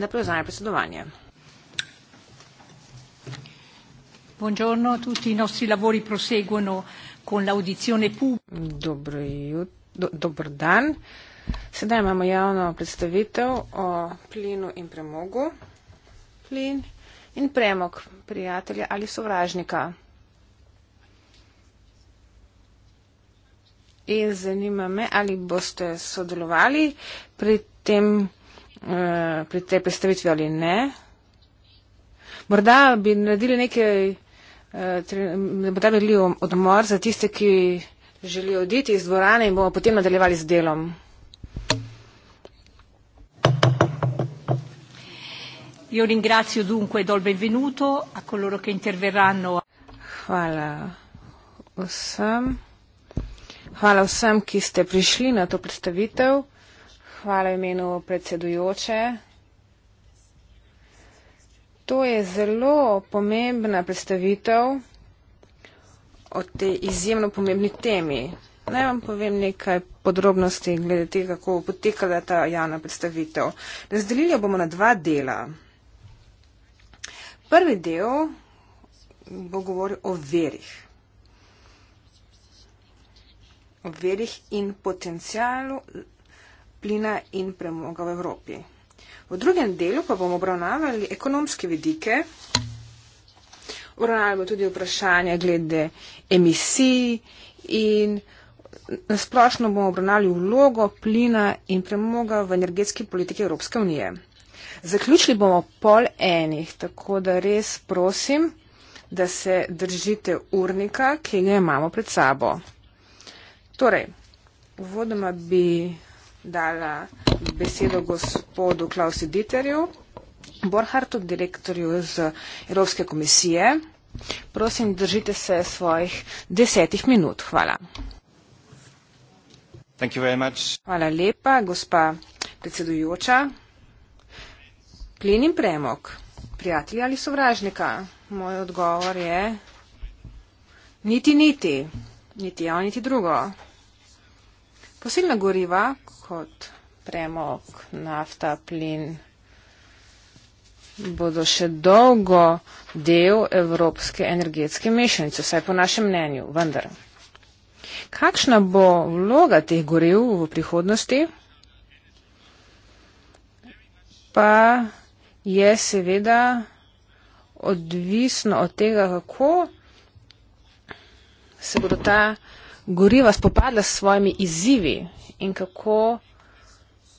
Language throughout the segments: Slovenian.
da prevzame predsedovanje. Buongiorno, tutti i nostri lavori proseguono con l'audizione pubblica. Dobro jut, do, dobro dan. Sedaj imamo javno predstavitev o plinu in premogu. Plin in premog, prijatelja ali sovražnika. In e, zanima me, ali boste sodelovali pri tem, Eh, pri tej predstavitvi ali ne. Morda bi naredili nekaj, eh, morda bi naredili odmor za tiste, ki želijo oditi iz dvorane in bomo potem nadaljevali z delom. Io ringrazio dunque e do il benvenuto a coloro che interverranno. Hvala vsem. Hvala vsem, ki ste prišli na to predstavitev. Hvala imenu predsedujoče. To je zelo pomembna predstavitev o tej izjemno pomembni temi. Naj vam povem nekaj podrobnosti glede tega, kako potekala ta javna predstavitev. Razdelili jo bomo na dva dela. Prvi del bo govoril o verih. O verih in potencijalu plina in premoga v Evropi. V drugem delu pa bomo obravnavali ekonomske vidike, obravnavali bomo tudi vprašanja glede emisij in nasplošno bomo obravnavali vlogo plina in premoga v energetski politiki Evropske unije. Zaključili bomo pol enih, tako da res prosim, da se držite urnika, ki ga imamo pred sabo. Torej, uvodoma bi dala besedo gospodu Klausu Diterju, Borhartu, direktorju z Evropske komisije. Prosim, držite se svojih desetih minut. Hvala. Hvala lepa, gospa predsedujoča. Plin in premog, prijatelji ali sovražnika? Moj odgovor je niti niti, niti on, ja, niti drugo. Posilna goriva, kot premog, nafta, plin, bodo še dolgo del evropske energetske mešanice, vsaj po našem mnenju, vendar. Kakšna bo vloga teh goriv v prihodnosti? Pa je seveda odvisno od tega, kako se bodo ta goriva spopadla s svojimi izzivi in kako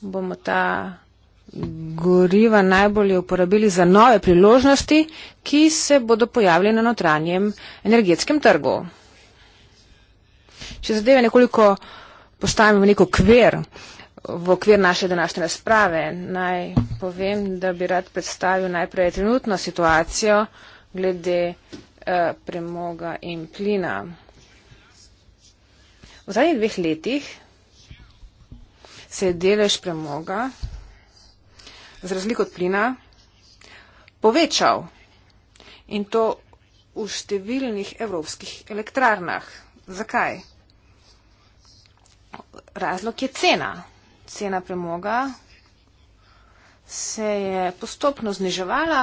bomo ta goriva najbolj uporabili za nove priložnosti, ki se bodo pojavili na notranjem energetskem trgu. Če zadeve nekoliko postavim v neko kver, v okvir naše današnje razprave, naj povem, da bi rad predstavil najprej trenutno situacijo glede eh, premoga in plina. V zadnjih dveh letih se je delež premoga z razliko od plina povečal in to v številnih evropskih elektrarnah. Zakaj? Razlog je cena. Cena premoga se je postopno zniževala,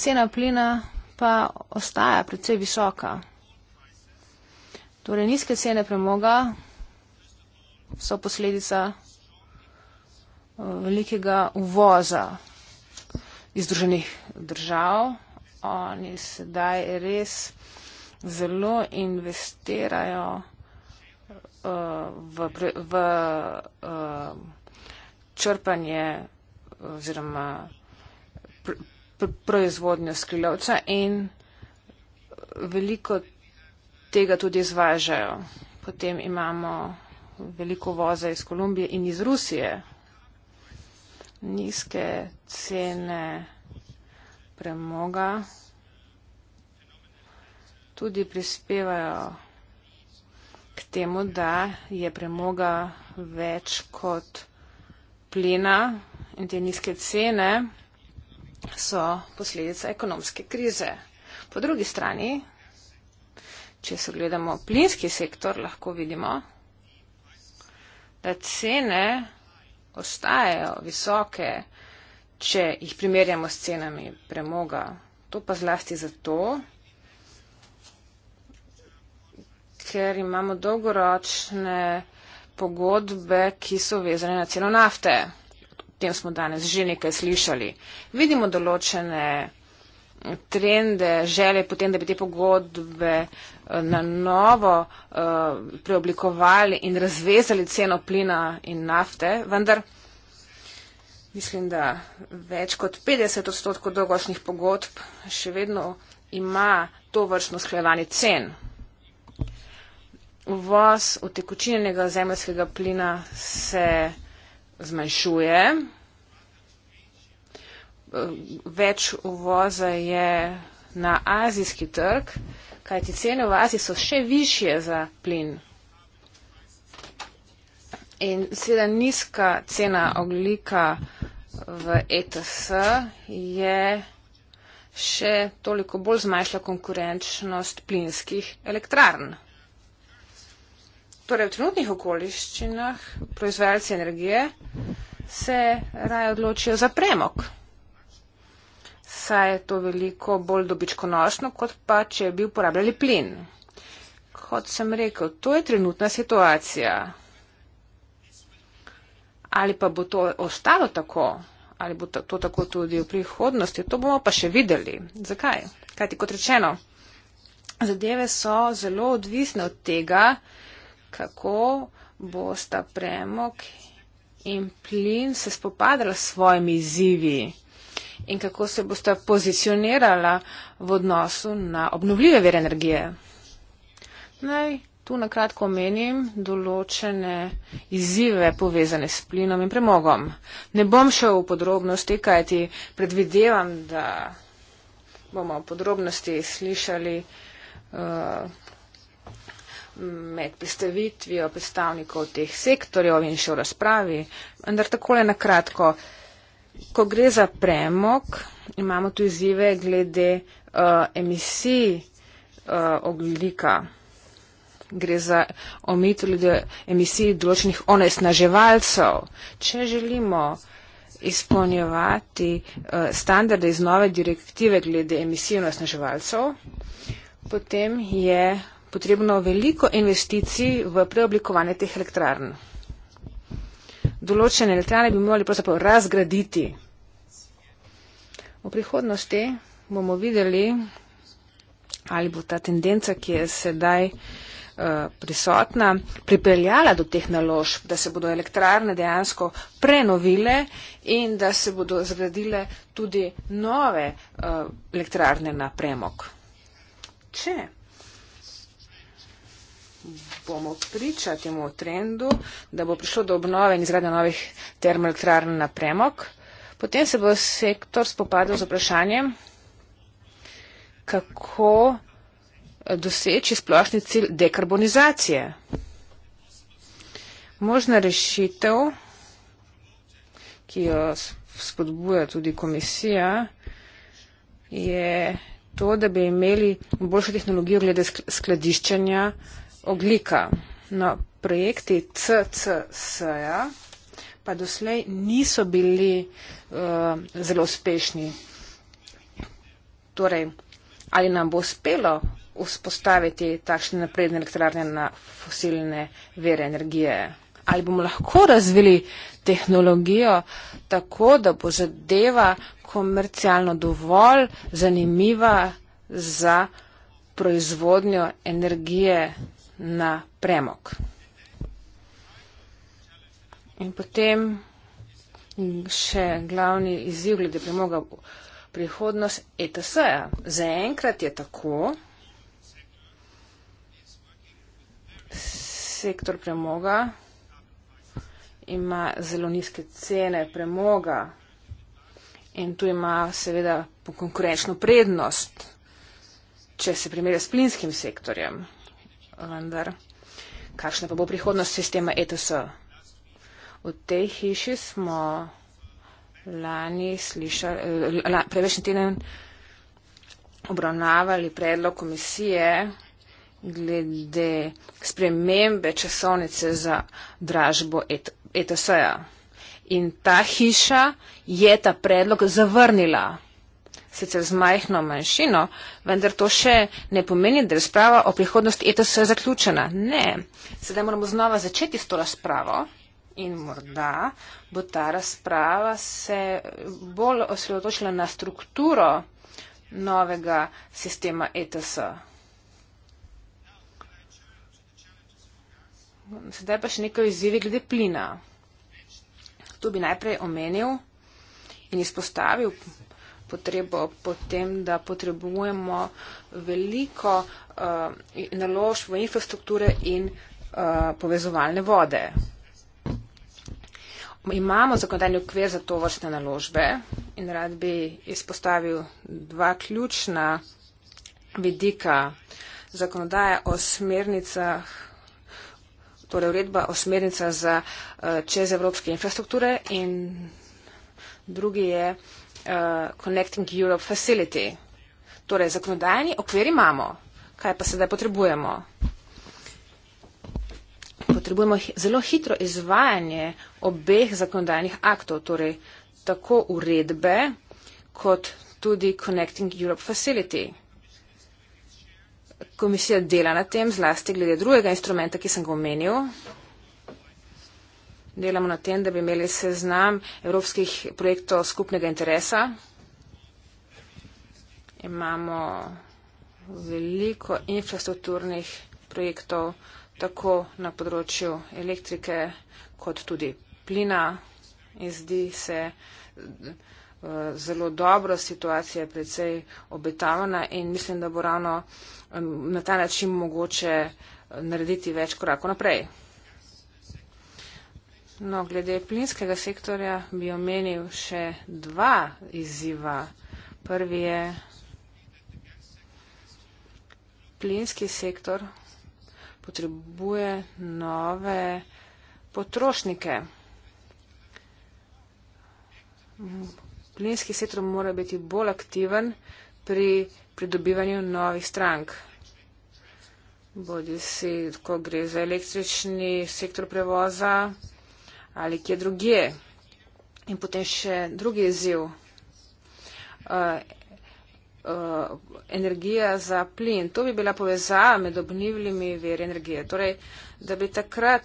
cena plina pa ostaja precej visoka. Torej, nizke cene premoga so posledica Eh, velikega uvoza iz druženih držav. Oni sedaj res zelo investirajo eh, v, v eh, črpanje oziroma proizvodnjo skrilovca in veliko tega tudi izvažajo. Potem imamo veliko voza iz Kolumbije in iz Rusije nizke cene premoga tudi prispevajo k temu, da je premoga več kot plina in te nizke cene so posledica ekonomske krize. Po drugi strani, če se gledamo plinski sektor, lahko vidimo, da cene ostajajo visoke, če jih primerjamo s cenami premoga. To pa zlasti zato, ker imamo dolgoročne pogodbe, ki so vezane na ceno nafte. O tem smo danes že nekaj slišali. Vidimo določene trende, želje potem, da bi te pogodbe eh, na novo uh, preoblikovali in razvezali ceno plina in nafte, vendar mislim, da več kot 50 odstotkov dolgočnih pogodb še vedno ima to vrstno sklevanje cen. Uvoz utekočinjenega zemljskega plina se zmanjšuje več uvoza je na azijski trg, kajti cene v Aziji so še višje za plin. In seveda nizka cena oglika v ETS je še toliko bolj zmanjšala konkurenčnost plinskih elektrarn. Torej, v trenutnih okoliščinah proizvajalci energije se raje odločijo za premog saj je to veliko bolj dobičkonosno, kot pa če bi uporabljali plin. Kot sem rekel, to je trenutna situacija. Ali pa bo to ostalo tako, ali bo to tako tudi v prihodnosti, to bomo pa še videli. Zakaj? Kajti kot rečeno, zadeve so zelo odvisne od tega, kako bosta premok in plin se spopadala s svojimi izzivi in kako se boste pozicionirala v odnosu na obnovljive vere energije. Naj tu na kratko omenim določene izzive povezane s plinom in premogom. Ne bom šel v podrobnosti, kajti predvidevam, da bomo v podrobnosti slišali uh, med predstavitvijo predstavnikov teh sektorjev in še v razpravi, vendar takole na kratko. Uh, Ko gre za premog, imamo tu izzive glede uh, emisij uh, oglika. Gre za omitev ljudi emisij določenih onesnaževalcev. Če želimo izpolnjevati uh, standarde iz nove direktive glede emisij onesnaževalcev, potem je potrebno veliko investicij v preoblikovanje teh elektrarn določene elektrane bi morali pravzaprav razgraditi. V prihodnosti bomo videli, ali bo ta tendenca, ki je sedaj eh, prisotna, pripeljala do teh naložb, da se bodo elektrarne dejansko prenovile in da se bodo zgradile tudi nove eh, elektrarne na premok. Če bomo priča temu trendu, da bo prišlo do obnove in izgradnja novih termoelektrarn na premok. Potem se bo sektor spopadal z vprašanjem, kako eh, doseči splošni cilj dekarbonizacije. Možna rešitev, ki jo spodbuja tudi komisija, je to, da bi imeli boljšo tehnologijo glede skladiščanja uh, oglika. No, projekti CCS-ja pa doslej niso bili uh, zelo uspešni. Torej, ali nam bo uspelo vzpostaviti takšne napredne elektrarne na fosilne vere energije? Ali bomo lahko razvili tehnologijo tako, da bo zadeva komercialno dovolj zanimiva za proizvodnjo energije na premok. In potem še glavni izziv glede premoga prihodnost ETS-ja. Zaenkrat je tako, sektor premoga ima zelo nizke cene premoga in tu ima seveda konkurenčno prednost, če se primerja s plinskim sektorjem vendar, kakšna pa bo prihodnost sistema ETS? V tej hiši smo lani slišali, eh, prejšnji teden obravnavali predlog komisije glede spremembe časovnice za dražbo ETS-ja. E In ta hiša je ta predlog zavrnila sicer z majhno manjšino, vendar to še ne pomeni, da je razprava o prihodnosti ETS zaključena. Ne, sedaj moramo znova začeti s to razpravo in morda bo ta razprava se bolj osredotočila na strukturo novega sistema ETS. Sedaj pa še nekaj izzivi glede plina. Tu bi najprej omenil in izpostavil potrebo potem, da potrebujemo veliko uh, eh, nalož v infrastrukture in uh, povezovalne vode. Imamo zakonodajni okvir za to vrstne naložbe in rad bi izpostavil dva ključna vidika zakonodaje o smernicah. Torej uredba o smernicah za eh, čezevropske infrastrukture in drugi je uh, uh, Connecting Europe Facility. Torej, zakonodajni okvir imamo. Kaj pa sedaj potrebujemo? Potrebujemo zelo hitro izvajanje obeh zakonodajnih aktov, torej tako uredbe kot tudi Connecting Europe Facility. Komisija dela na tem, zlasti glede drugega instrumenta, ki sem ga omenil, delamo na tem, da bi imeli seznam evropskih projektov skupnega interesa. Imamo veliko infrastrukturnih projektov, tako na področju elektrike, kot tudi plina. In zdi se eh, zelo dobro, situacija je precej obetavna in mislim, da bo ravno na ta način mogoče eh, narediti več korakov naprej. No, glede plinskega sektorja bi omenil še dva izziva. Prvi je plinski sektor potrebuje nove potrošnike. Plinski sektor mora biti bolj aktiven pri pridobivanju novih strank. Bodi si, ko gre za električni sektor prevoza, ali kje druge. In potem še drugi izziv. Uh, Uh, energija za plin. To bi bila povezava med obnovljivimi veri energije. Torej, da bi takrat,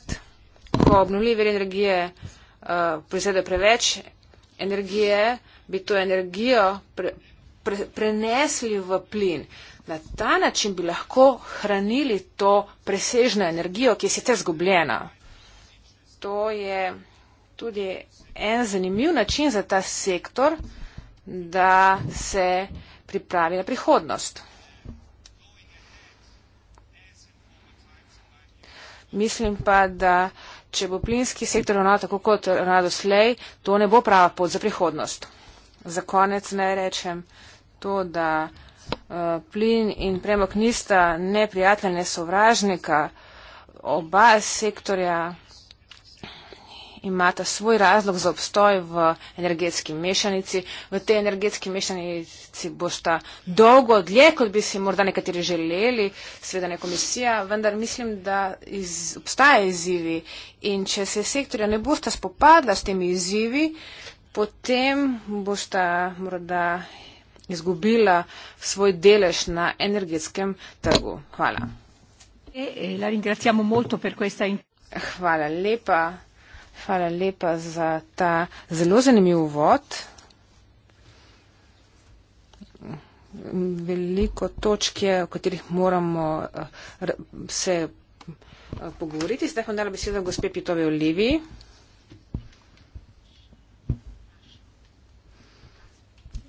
ko obnovljivi veri energije uh, eh, prizadejo preveč energije, bi to energijo pre, pre, prenesli v plin. Na ta način bi lahko hranili to presežno energijo, ki je sicer zgubljena to je tudi en zanimiv način za ta sektor, da se pripravi na prihodnost. Mislim pa, da če bo plinski sektor ravnal tako kot ravnal doslej, to ne bo prava pot za prihodnost. Za konec naj rečem to, da uh, plin in premog nista ne prijatelja, ne sovražnika, oba sektorja imata svoj razlog za obstoj v energetski mešanici. V tej energetski mešanici bosta dolgo dlje, kot bi si morda nekateri želeli, sveda ne komisija, vendar mislim, da iz, obstaja izzivi in če se sektorja ne bosta spopadla s temi izzivi, potem bosta morda izgubila svoj delež na energetskem trgu. Hvala. E, e, Hvala lepa. Hvala lepa za ta zelo zanimiv uvod. Veliko točk je, o katerih moramo eh, se eh, pogovoriti. Zdaj bom dala besedo gospe Pitovi Oliviji.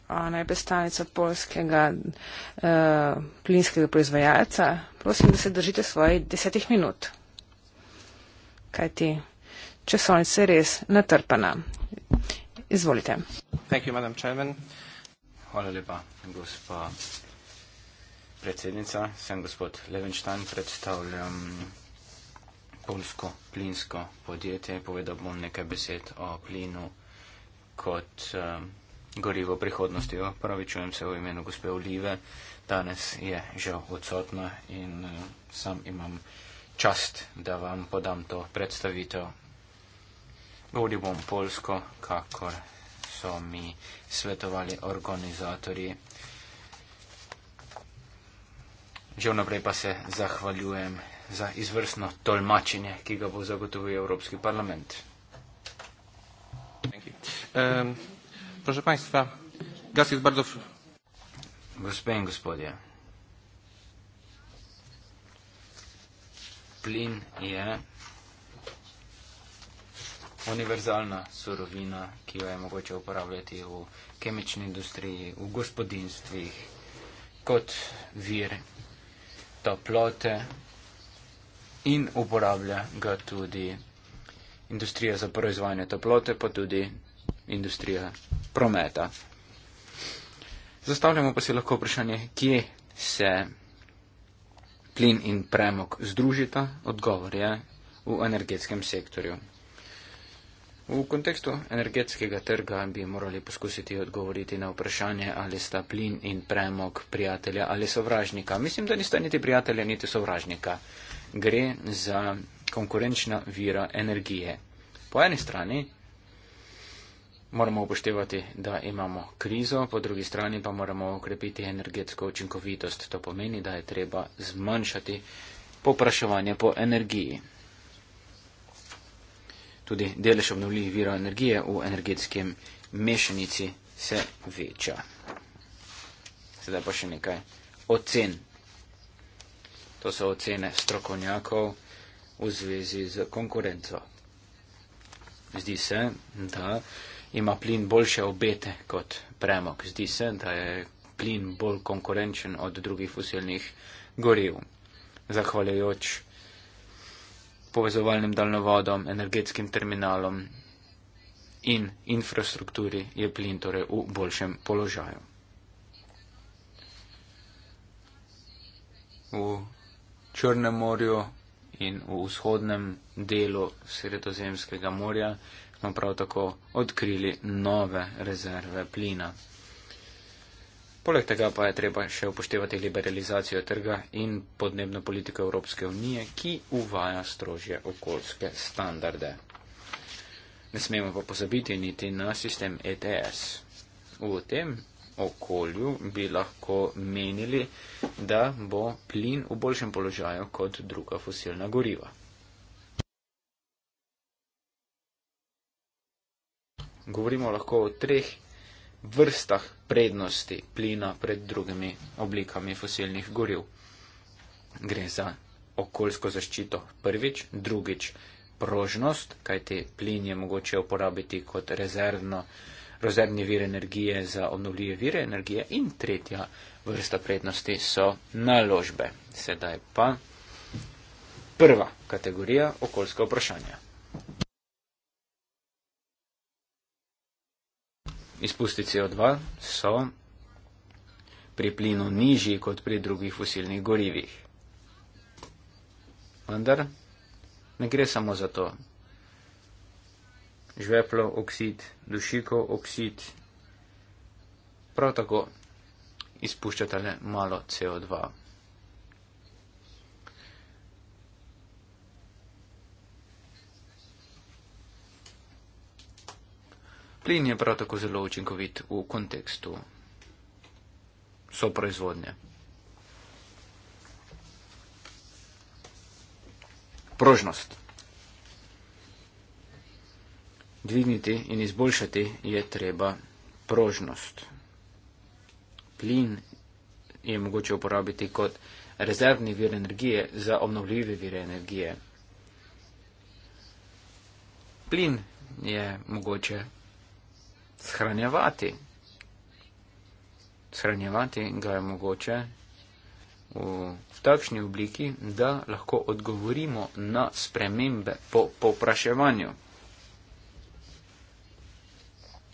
Ona je predstavnica polskega uh, plinskega proizvajalca. Prosim, da se držite svojih desetih minut. Kaj ti? če sonce res natrpana. Izvolite. Hvala lepa, gospa predsednica. Sem gospod Levenštajn, predstavljam polsko plinsko podjetje. Povedal bom nekaj besed o plinu kot um, gorivo prihodnosti. Opravičujem se v imenu gospe Olive. Danes je žal odsotna in uh, sam imam čast, da vam podam to predstavitev Govoril bom polsko, kakor so mi svetovali organizatori. Že vnaprej pa se zahvaljujem za izvrstno tolmačenje, ki ga bo zagotovil Evropski parlament. Um, proszę Państwa, gaz jest bardzo... Gospodin, gospodzie. Plin jest univerzalna surovina, ki jo je mogoče uporabljati v kemični industriji, v gospodinstvih, kot vir toplote in uporablja ga tudi industrija za proizvajanje toplote, pa tudi industrija prometa. Zastavljamo pa si lahko vprašanje, kje se plin in premog združita. Odgovor je v energetskem sektorju. V kontekstu energetskega trga bi morali poskusiti odgovoriti na vprašanje, ali sta plin in premog prijatelja ali sovražnika. Mislim, da nista niti prijatelja, niti sovražnika. Gre za konkurenčna vira energije. Po eni strani moramo upoštevati, da imamo krizo, po drugi strani pa moramo okrepiti energetsko učinkovitost. To pomeni, da je treba zmanjšati popraševanje po energiji tudi delež obnovljivih virov energije v energetskem mešanici se veča. Sedaj pa še nekaj ocen. To so ocene strokovnjakov v zvezi z konkurenco. Zdi se, da ima plin boljše obete kot premog. Zdi se, da je plin bolj konkurenčen od drugih fosilnih goriv. Zahvaljujoč povezovalnim daljnovodom, energetskim terminalom in infrastrukturi je plin torej v boljšem položaju. V Črnem morju in v vzhodnem delu Sredozemskega morja smo prav tako odkrili nove rezerve plina. Poleg tega pa je treba še upoštevati liberalizacijo trga in podnebno politiko Evropske unije, ki uvaja strožje okoljske standarde. Ne smemo pa pozabiti niti na sistem ETS. V tem okolju bi lahko menili, da bo plin v boljšem položaju kot druga fosilna goriva. Govorimo lahko o treh vrstah prednosti plina pred drugimi oblikami fosilnih goriv. Gre za okoljsko zaščito prvič, drugič prožnost, kajti plin je mogoče uporabiti kot rezervno, rezervni vir energije za obnovljive vire energije in tretja vrsta prednosti so naložbe. Sedaj pa prva kategorija okoljska vprašanja. izpusti CO2 so pri plinu nižji kot pri drugih fosilnih gorivih. Vendar ne gre samo za to. Žveplo oksid, dušikov oksid prav tako izpuščata le malo CO2. Plin je prav tako zelo učinkovit v kontekstu soproizvodnje. Prožnost. Dvigniti in izboljšati je treba prožnost. Plin je mogoče uporabiti kot rezervni vir energije za obnovljive vire energije. Plin je mogoče shranjevati. Shranjevati ga je mogoče v takšni obliki, da lahko odgovorimo na spremembe po popraševanju.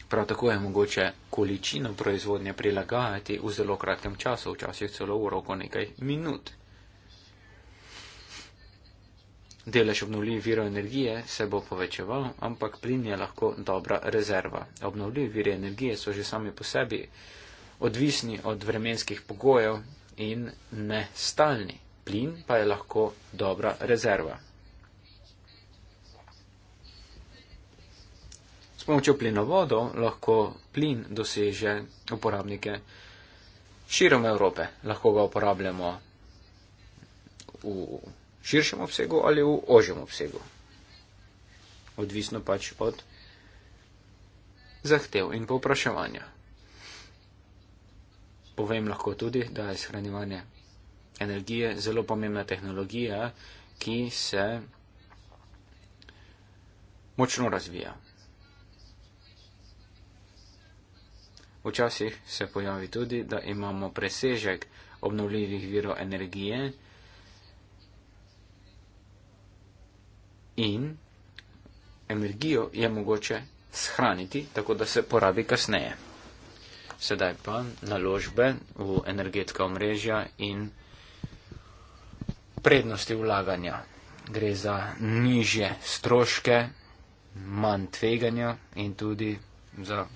Prav tako je mogoče količino proizvodnje prilagajati v zelo kratkem času, včasih celo v roko nekaj minut. Delež obnovljivih virov energije se bo povečeval, ampak plin je lahko dobra rezerva. Obnovljivi viri energije so že sami po sebi odvisni od vremenskih pogojev in ne stalni. Plin pa je lahko dobra rezerva. S pomočjo plinovodov lahko plin doseže uporabnike širom Evrope. Lahko ga uporabljamo v širšem obsegu ali v ožjem obsegu. Odvisno pač od zahtev in povpraševanja. Povem lahko tudi, da je shranjevanje energije zelo pomembna tehnologija, ki se močno razvija. Včasih se pojavi tudi, da imamo presežek obnovljivih virov energije, in energijo je mogoče shraniti, tako da se porabi kasneje. Sedaj pa naložbe v energetska omrežja in prednosti vlaganja. Gre za niže stroške, manj tveganja in tudi za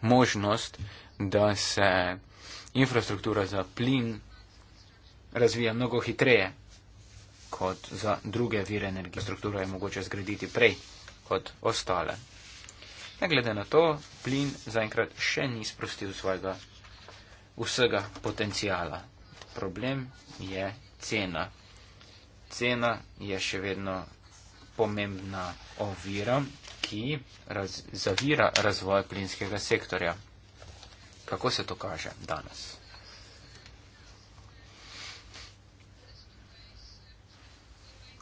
možnost, da se infrastruktura za plin razvija mnogo hitreje, kot za druge vire energije. Strukturo je mogoče zgraditi prej kot ostale. Ne glede na to, plin zaenkrat še ni sprostil svojega vsega potencijala. Problem je cena. Cena je še vedno pomembna ovira, ki raz zavira razvoj plinskega sektorja. Kako se to kaže danes?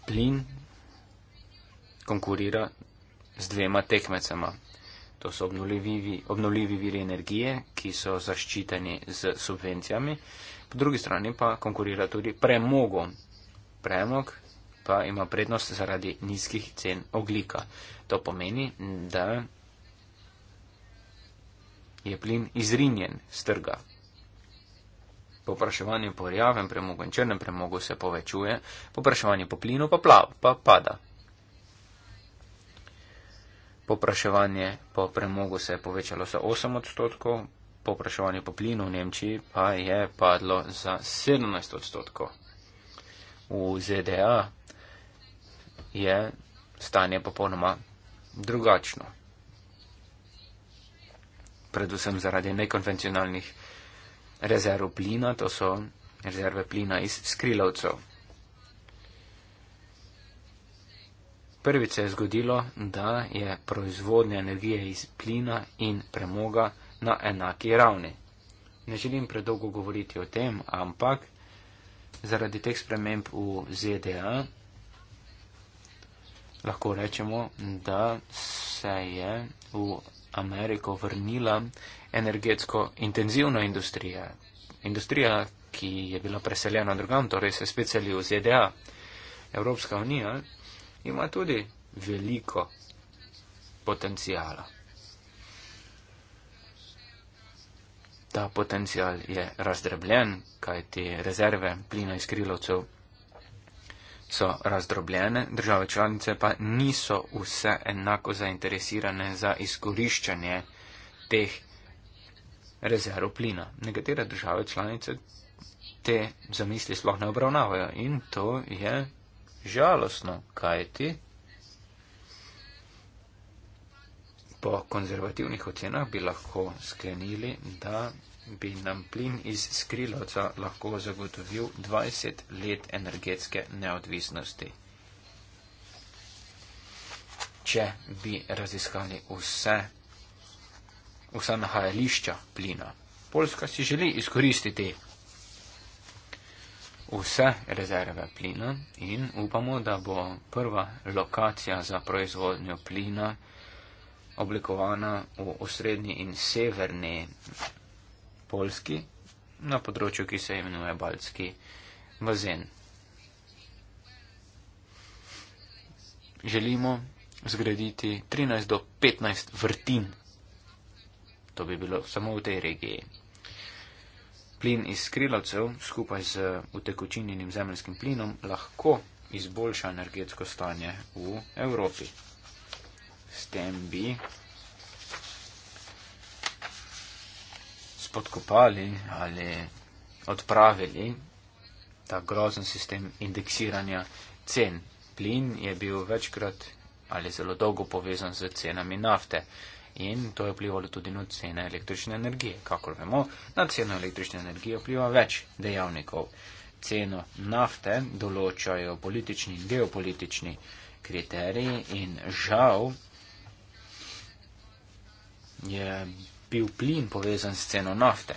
plin konkurira z dvema tekmecema. To so obnovljivi, obnovljivi viri energije, ki so zaščiteni z subvencijami, po drugi strani pa konkurira tudi premogo. Premog pa ima prednost zaradi nizkih cen oglika. To pomeni, da je plin izrinjen z trga. Popraševanje po rjavem premogu in črnem premogu se povečuje, popraševanje po plinu pa, pla, pa pada. Popraševanje po premogu se je povečalo za 8 odstotkov, popraševanje po plinu v Nemčiji pa je padlo za 17 odstotkov. V ZDA je stanje popolnoma drugačno. Predvsem zaradi nekonvencionalnih rezervo plina, to so rezerve plina iz skrilovcev. Prvič se je zgodilo, da je proizvodnja energije iz plina in premoga na enaki ravni. Ne želim predolgo govoriti o tem, ampak zaradi teh sprememb v ZDA lahko rečemo, da se je v Ameriko vrnila energetsko intenzivna industrija. Industrija, ki je bila preseljena drugam, torej se speceli v ZDA. Evropska unija ima tudi veliko potencijala. Ta potencijal je razdrobljen, kaj te rezerve plina iz krilovcev so razdrobljene, države članice pa niso vse enako zainteresirane za izkoriščanje teh rezerv plina. Nekatere države članice te zamisli sploh ne obravnavajo in to je žalostno, kajti po konzervativnih ocenah bi lahko sklenili, da bi nam plin iz skrilovca lahko zagotovil 20 let energetske neodvisnosti. Če bi raziskali vse vsa nahajališča plina. Poljska si želi izkoristiti vse rezerve plina in upamo, da bo prva lokacija za proizvodnjo plina oblikovana v osrednji in severni Poljski na področju, ki se imenuje Baltski bazen. Želimo zgraditi 13 do 15 vrtin to bi bilo samo v tej regiji. Plin iz skrilavcev skupaj z utekočinjenim zemljskim plinom lahko izboljša energetsko stanje v Evropi. S tem bi spodkopali ali odpravili ta grozen sistem indeksiranja cen. Plin je bil večkrat ali zelo dolgo povezan z cenami nafte. Uh, in to je vplivalo tudi na cene električne energije. Kakor vemo, na ceno električne energije vpliva več dejavnikov. Ceno nafte določajo politični in geopolitični kriteriji in žal je bil plin povezan s ceno nafte.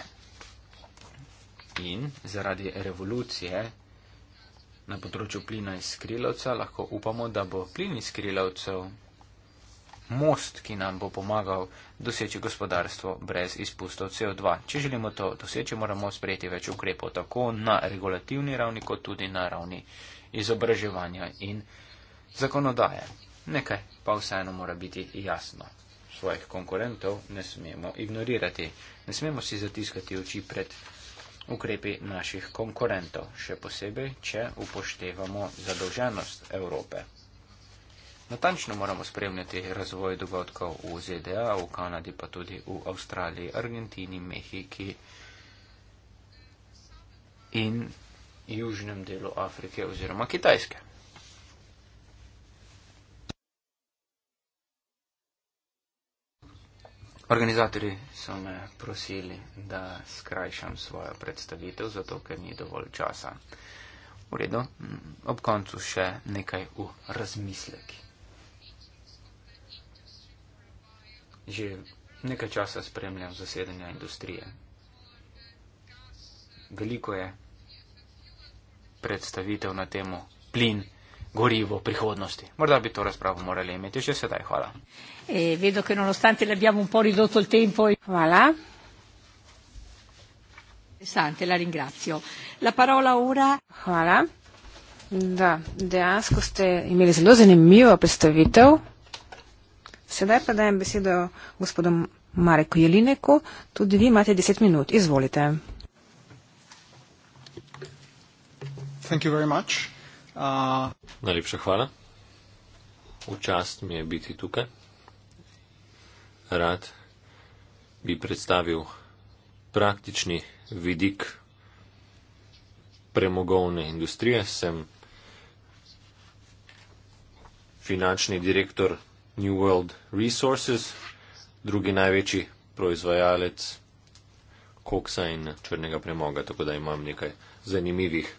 In zaradi revolucije na področju plina iz skrilovca lahko upamo, da bo plin iz skrilovcev most, ki nam bo pomagal doseči gospodarstvo brez izpustov CO2. Če želimo to doseči, moramo sprejeti več ukrepov, tako na regulativni ravni, kot tudi na ravni izobraževanja in zakonodaje. Nekaj pa vseeno mora biti jasno. Svojih konkurentov ne smemo ignorirati, ne smemo si zatiskati oči pred ukrepi naših konkurentov, še posebej, če upoštevamo zadolženost Evrope. Natančno moramo spremljati razvoj dogodkov v ZDA, v Kanadi, pa tudi v Avstraliji, Argentini, Mehiki in južnem delu Afrike oziroma Kitajske. Organizatori so me prosili, da skrajšam svojo predstavitev, zato ker ni dovolj časa. V redu, ob koncu še nekaj v razmislekih. že nekaj časa spremljam zasedanja industrije. Veliko je predstavitev na temo plin, gorivo prihodnosti. Morda bi to razpravo morali imeti že sedaj. Hvala. E, vedo, ker nonostante le abbiamo un po' ridotto il tempo. E- Hvala. Interessante, la ringrazio. La parola ora. Hvala. Da, dejansko ste imeli zelo zanimivo predstavitev. Sedaj pa dajem besedo gospodom Mareku Jelineku. Tudi vi imate 10 minut. Izvolite. Uh... Najlepša hvala. Včast mi je biti tukaj. Rad bi predstavil praktični vidik premogovne industrije. Sem finančni direktor New World Resources, drugi največji proizvajalec koksa in črnega premoga, tako da imam nekaj zanimivih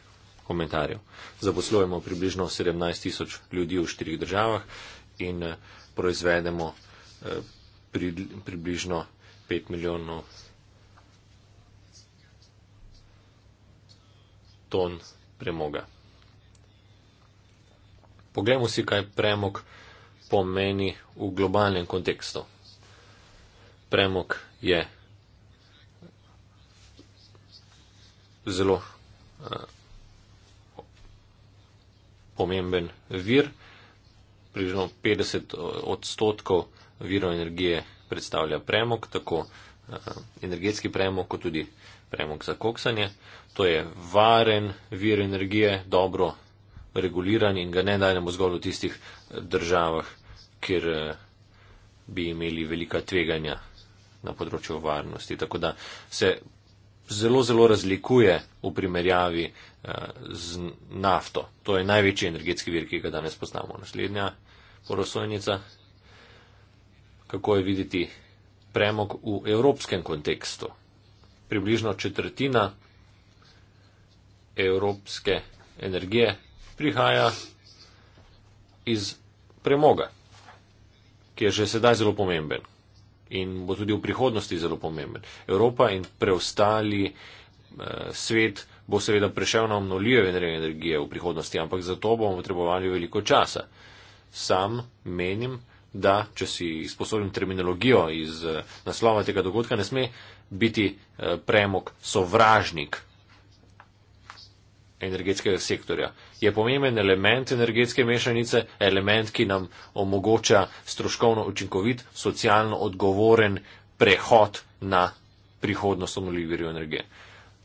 komentarjev. Zaposlujemo približno 17 tisoč ljudi v štirih državah in eh, proizvedemo eh, približno 5 milijonov ton premoga. Poglejmo si, kaj premog pomeni v globalnem kontekstu. Premog je zelo eh, pomemben vir, približno 50 eh, odstotkov virov energije predstavlja premog, tako eh, energetski premog, kot tudi premog za koksanje. To je varen vir energije, dobro reguliran in ga ne dajemo zgolj v tistih državah, kjer eh, bi imeli velika tveganja na področju varnosti. Tako da se zelo, zelo razlikuje v primerjavi eh, z nafto. To je največji energetski vir, ki ga danes poznamo. Naslednja porosojnica. Kako je videti premog v evropskem kontekstu? Približno četrtina evropske energije prihaja iz premoga ki je že sedaj zelo pomemben in bo tudi v prihodnosti zelo pomemben. Evropa in preostali eh, svet bo seveda prešel na obnovljive energije v prihodnosti, ampak za to bomo potrebovali veliko časa. Sam menim, da če si izposobim terminologijo iz eh, naslova tega dogodka, ne sme biti eh, premog sovražnik energetskega sektorja. Je pomemben element energetske mešanice, element, ki nam omogoča stroškovno učinkovit, socialno odgovoren prehod na prihodnost obnovljivih virov energije.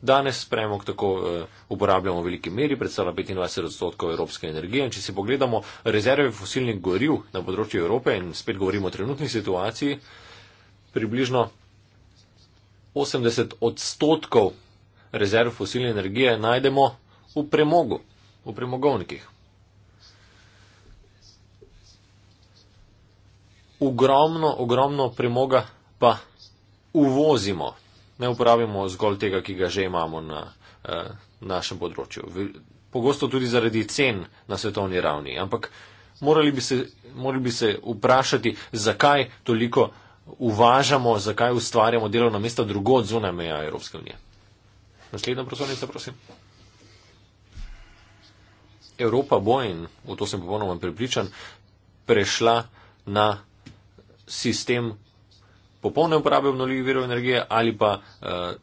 Danes premog tako eh, uporabljamo v veliki meri, predstavlja 25 odstotkov evropske energije. In če si pogledamo rezerve fosilnih goriv na področju Evrope in spet govorimo o trenutni situaciji, približno 80 odstotkov rezerv fosilne energije najdemo v premogu, v premogovnikih. Ogromno, ogromno premoga pa uvozimo. Ne uporabimo zgolj tega, ki ga že imamo na eh, našem področju. Pogosto tudi zaradi cen na svetovni ravni. Ampak morali bi se, morali bi se vprašati, zakaj toliko uvažamo, zakaj ustvarjamo delovna mesta drugod zunaj meja Evropske unije. Naslednja prosovnica, prosim. Evropa bo in v to sem popolnoma pripričan, prešla na sistem popolne uporabe obnovljivih virov energije ali pa uh,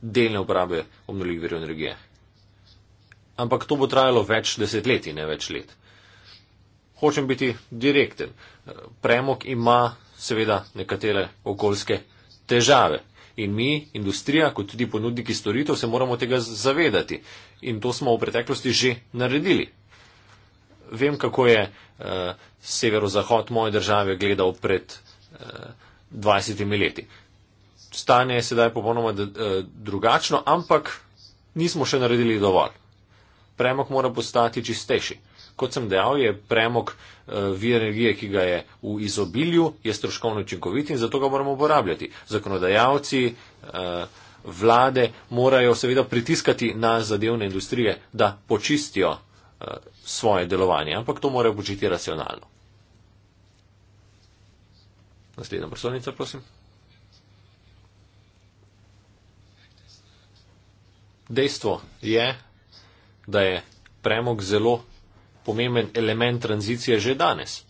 delne uporabe obnovljivih virov energije. Ampak to bo trajalo več desetletij, ne več let. Hočem biti direkten. Eh, Premok ima seveda nekatere okoljske težave. In mi, industrija, kot tudi ponudniki storitev, se moramo tega zavedati. In to smo v preteklosti že naredili. Vem, kako je eh, severozahod moje države gledal pred eh, 20 leti. Stanje je sedaj popolnoma eh, drugačno, ampak nismo še naredili dovolj. Premok mora postati čistejši kot sem dejal, je premog eh, vir energije, ki ga je v izobilju, je stroškovno učinkovit in zato ga moramo uporabljati. Zakonodajalci, eh, vlade morajo seveda pritiskati na zadevne industrije, da počistijo eh, svoje delovanje, ampak to morajo početi racionalno. Naslednja prosovnica, prosim. Dejstvo je, da je premog zelo pomemben element tranzicije že danes.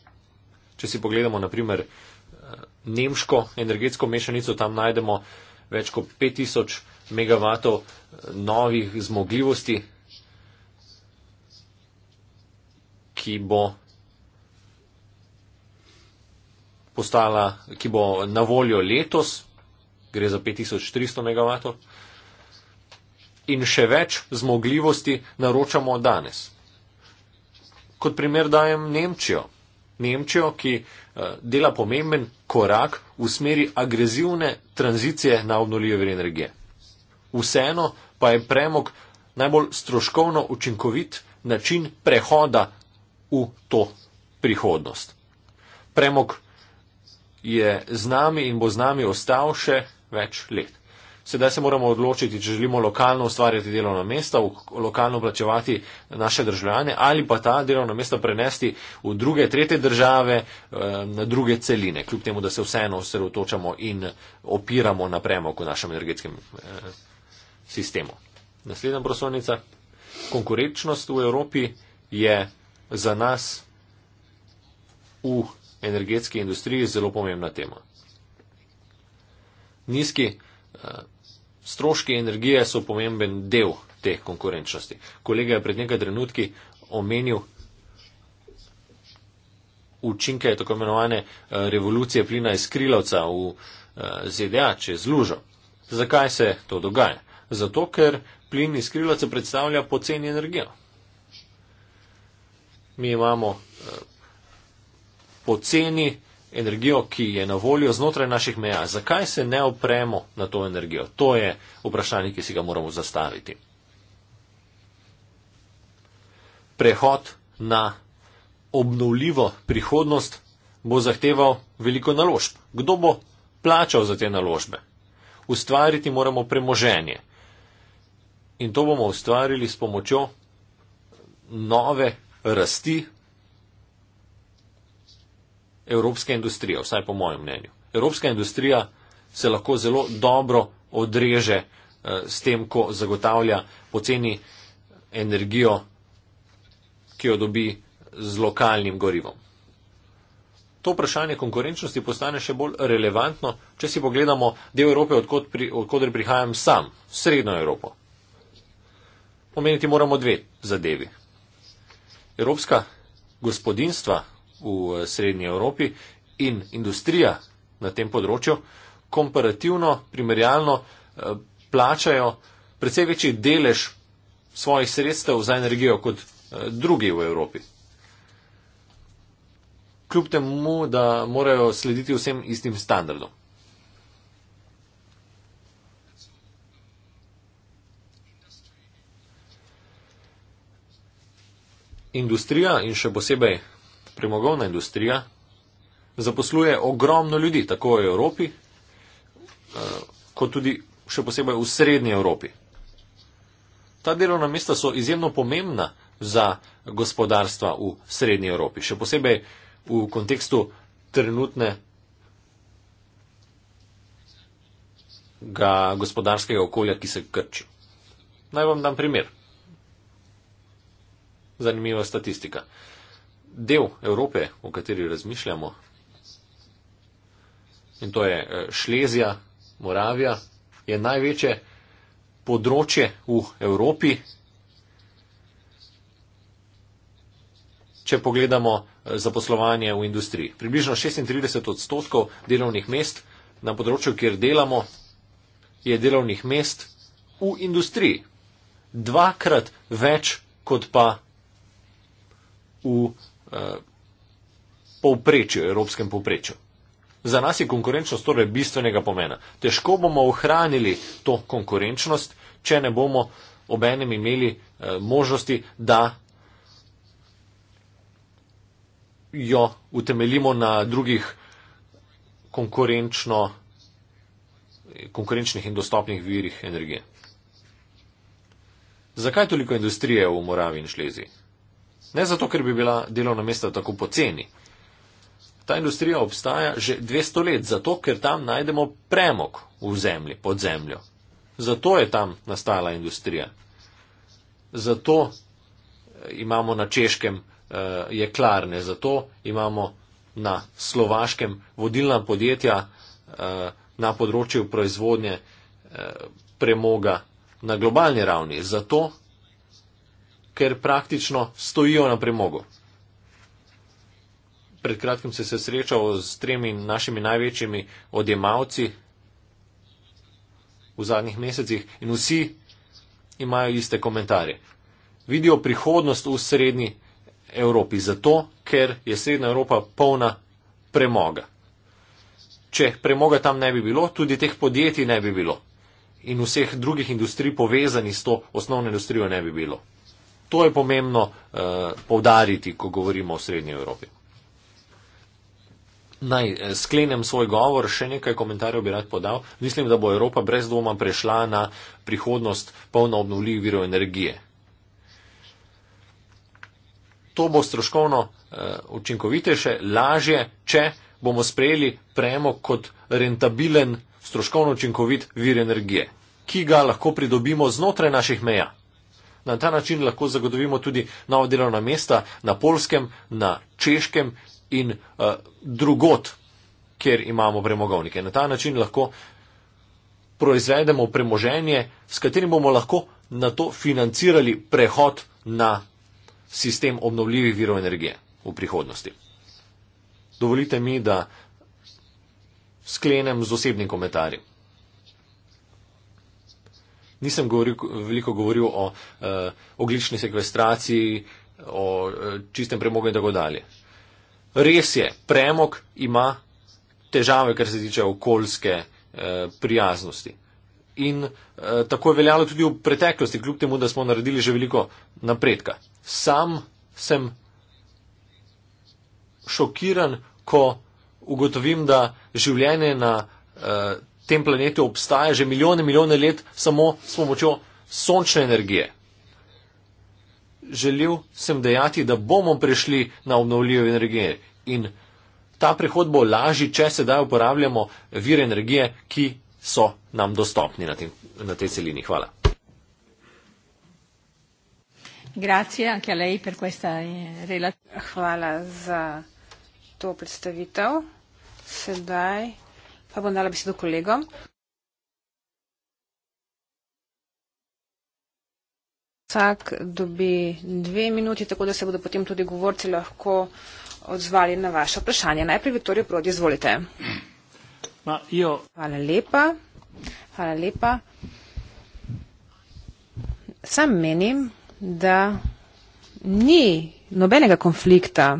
Če si pogledamo, naprimer, eh, nemško energetsko mešanico, tam najdemo več kot 5000 MW eh, novih zmogljivosti, ki bo, postala, ki bo na voljo letos, gre za 5300 MW, in še več zmogljivosti naročamo danes kot primer dajem Nemčijo. Nemčijo, ki eh, dela pomemben korak v smeri agresivne tranzicije na obnovljive vire energije. Vseeno pa je premog najbolj stroškovno učinkovit način prehoda v to prihodnost. Premog je z nami in bo z nami ostal še več let sedaj se moramo odločiti, če želimo lokalno ustvarjati delovno mesto, lokalno plačevati naše državljane ali pa ta delovno mesto prenesti v druge, tretje države, eh, na druge celine, kljub temu, da se vseeno osredotočamo in opiramo na premog v našem energetskem eh, sistemu. Naslednja prosovnica. Konkurenčnost v Evropi je za nas v energetski industriji zelo pomembna tema. Nizki eh, stroški energije so pomemben del te konkurenčnosti. Kolega je pred nekaj trenutki omenil učinke tako imenovane eh, revolucije plina iz krilovca v eh, ZDA čez lužo. Zakaj se to dogaja? Zato, ker plin iz krilovca predstavlja poceni energijo. Mi imamo eh, poceni energijo, ki je na voljo znotraj naših meja. Zakaj se ne opremo na to energijo? To je vprašanje, ki si ga moramo zastaviti. Prehod na obnovljivo prihodnost bo zahteval veliko naložb. Kdo bo plačal za te naložbe? Ustvariti moramo premoženje. In to bomo ustvarili s pomočjo nove rasti evropska industrija, vsaj po mojem mnenju. Evropska industrija se lahko zelo dobro odreže eh, s tem, ko zagotavlja poceni energijo, ki jo dobi z lokalnim gorivom. To vprašanje konkurenčnosti postane še bolj relevantno, če si pogledamo del Evrope, odkot pri, odkotr prihajam sam, srednjo Evropo. Omeniti moramo dve zadevi. Evropska gospodinstva v eh, srednji Evropi in industrija na tem področju komparativno, primerjalno eh, plačajo precej večji delež svojih sredstev za energijo kot eh, drugi v Evropi. Kljub temu, da morajo slediti vsem istim standardom. Industrija in še posebej premogovna industrija zaposluje ogromno ljudi, tako v Evropi, eh, kot tudi še posebej v srednji Evropi. Ta delovna mesta so izjemno pomembna za gospodarstva v srednji Evropi, še posebej v kontekstu trenutne gospodarskega okolja, ki se krči. Naj vam dam primer. Zanimiva statistika del Evrope, o kateri razmišljamo. In to je eh, Šlezija, Moravija, je največje področje v Evropi. Če pogledamo eh, zaposlovanje v industriji, približno 36 odstotkov delovnih mest na področju, kjer delamo, je delovnih mest v industriji. Dvakrat več kot pa v Eh, povprečju, evropskem povprečju. Za nas je konkurenčnost torej bistvenega pomena. Težko bomo ohranili to konkurenčnost, če ne bomo obenem imeli eh, možnosti, da jo utemeljimo na drugih konkurenčnih in dostopnih virih energije. Zakaj toliko industrije v Moravi in Šleziji? Ne zato, ker bi bila delovna mesta tako poceni. Ta industrija obstaja že 200 let, zato ker tam najdemo premog v zemlji, pod zemljo. Zato je tam nastala industrija. Zato eh, imamo na češkem uh, jeklarne, zato imamo na slovaškem vodilna podjetja uh, na področju proizvodnje uh, premoga na globalni ravni. Zato ker praktično stojijo na premogu. Pred kratkim sem se srečal s tremi našimi največjimi odjemalci v zadnjih mesecih in vsi imajo iste komentarje. Vidijo prihodnost v srednji Evropi zato, ker je srednja Evropa polna premoga. Če premoga tam ne bi bilo, tudi teh podjetij ne bi bilo in vseh drugih industrij povezanih s to osnovno industrijo ne bi bilo. To je pomembno uh, eh, povdariti, ko govorimo o Srednji Evropi. Naj eh, sklenem svoj govor, še nekaj komentarjev bi rad podal. Mislim, da bo Evropa brez dvoma prešla na prihodnost polno obnovljivih virov energije. To bo stroškovno uh, učinkovitejše, lažje, če bomo sprejeli premo kot rentabilen, stroškovno učinkovit vir energije, ki ga lahko pridobimo znotraj naših meja na ta način lahko zagotovimo tudi nova delovna mesta na polskem, na češkem in uh, eh, drugot, kjer imamo premogovnike. Na ta način lahko proizvedemo premoženje, s katerim bomo lahko na to financirali prehod na sistem obnovljivih virov energije v prihodnosti. Dovolite mi, da sklenem z osebnim komentarjem nisem govoril, veliko govoril o uh, eh, oglični sekvestraciji, o uh, čistem premogu in tako dalje. Res je, premog ima težave, kar se tiče okoljske uh, prijaznosti. In uh, tako je veljalo tudi v preteklosti, kljub temu, da smo naredili že veliko napredka. Sam sem šokiran, ko ugotovim, da življenje na uh, tem planetu obstaja že milijone in milijone let samo s pomočjo sončne energije. Želel sem dejati, da bomo prišli na obnovljive energije in ta prehod bo lažji, če sedaj uporabljamo vire energije, ki so nam dostopni na, tem, na tej celini. Hvala. Grazie anche a lei per questa eh, relazione. Hvala za to predstavitev. Sedaj Pa bom dala besedo kolegom. Vsak dobi dve minuti, tako da se bodo potem tudi govorci lahko odzvali na vaše vprašanje. Najprej Vitorijo Prodi, izvolite. Ma, Hvala lepa. Hvala lepa. Sam menim, da ni nobenega konflikta,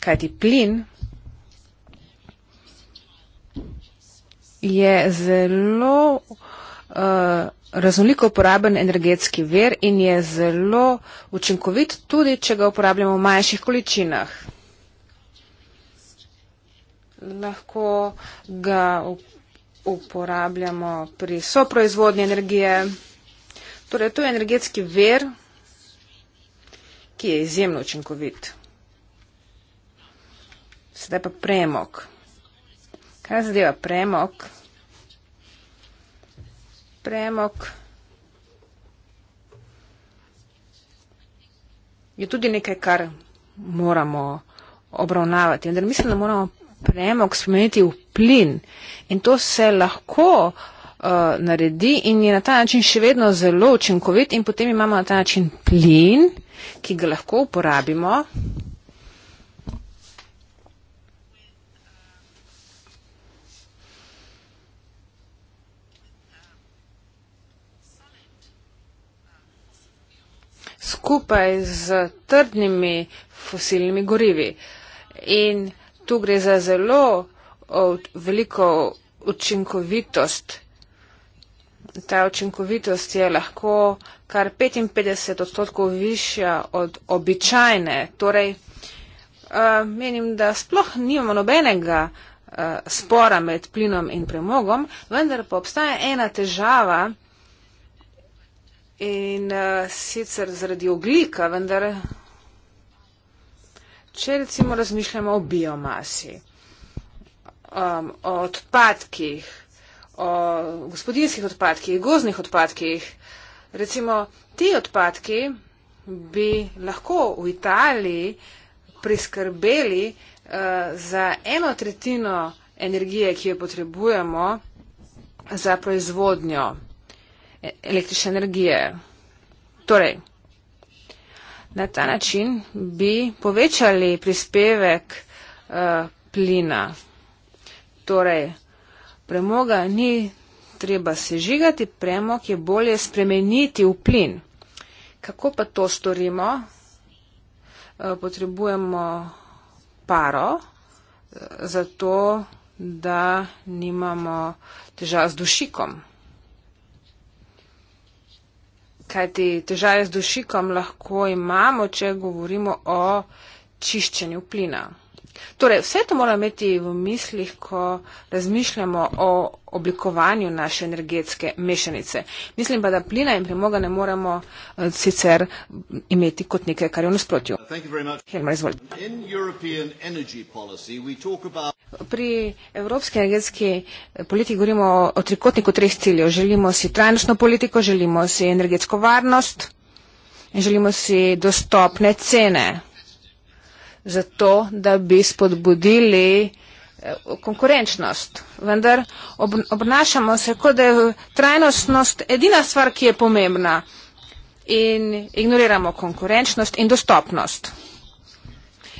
kajti plin je zelo uh, raznoliko uporaben energetski ver in je zelo učinkovit, tudi če ga uporabljamo v manjših količinah. Lahko ga uporabljamo pri soproizvodnji energije. Torej, to je energetski ver, ki je izjemno učinkovit. Sedaj pa premog. Kaj zadeva premok? Premok je tudi nekaj, kar moramo obravnavati. Vendar mislim, da moramo premok spomeniti v plin. In to se lahko uh, naredi in je na ta način še vedno zelo učinkovit. In potem imamo na ta način plin, ki ga lahko uporabimo. skupaj z trdnimi fosilnimi gorivi. In tu gre za zelo veliko učinkovitost. Ta učinkovitost je lahko kar 55 odstotkov višja od običajne. Torej, eh, menim, da sploh nimamo nobenega eh, spora med plinom in premogom, vendar pa obstaja ena težava, In uh, sicer zaradi oglika, vendar, če recimo razmišljamo o biomasi, um, o odpadkih, o gospodinskih odpadkih, gozdnih odpadkih, recimo ti odpadki bi lahko v Italiji priskrbeli uh, za eno tretjino energije, ki jo potrebujemo za proizvodnjo električne energije. Torej, na ta način bi povečali prispevek uh, plina. Torej, premoga ni treba sežigati, premog je bolje spremeniti v plin. Kako pa to storimo? Eh, potrebujemo paro, eh, zato da nimamo težav z dušikom kajti težave z dušikom lahko imamo, če govorimo o čiščenju plina. Torej, vse to moramo imeti v mislih, ko razmišljamo o oblikovanju naše energetske mešanice. Mislim pa, da plina in premoga ne moremo eh, sicer imeti kot nekaj, kar je v nasprotju. Helmar, izvolite. Pri evropski energetski eh, politiki govorimo o trikotniku treh ciljev. Želimo si trajnostno politiko, želimo si energetsko varnost in želimo si dostopne cene zato, da bi spodbudili eh, konkurenčnost. Vendar ob, obnašamo se, kot da je trajnostnost edina stvar, ki je pomembna in ignoriramo konkurenčnost in dostopnost.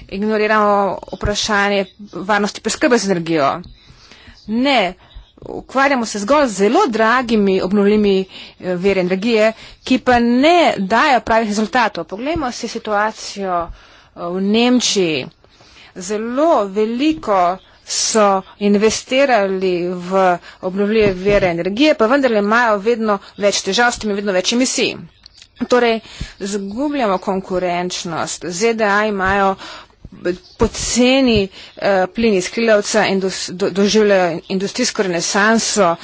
Ignoriramo vprašanje varnosti preskrbe z energijo. Ne, ukvarjamo se zgolj z zelo dragimi obnovljimi eh, vere energije, ki pa ne dajo pravih rezultatov. Poglejmo si situacijo v Nemčiji. Zelo veliko so investirali v obnovljive vere energije, pa vendarle imajo vedno več težav s temi vedno več emisij. Torej, zgubljamo konkurenčnost. ZDA imajo poceni eh, plin iz krilavca in do, doživljajo industrijsko renesanso.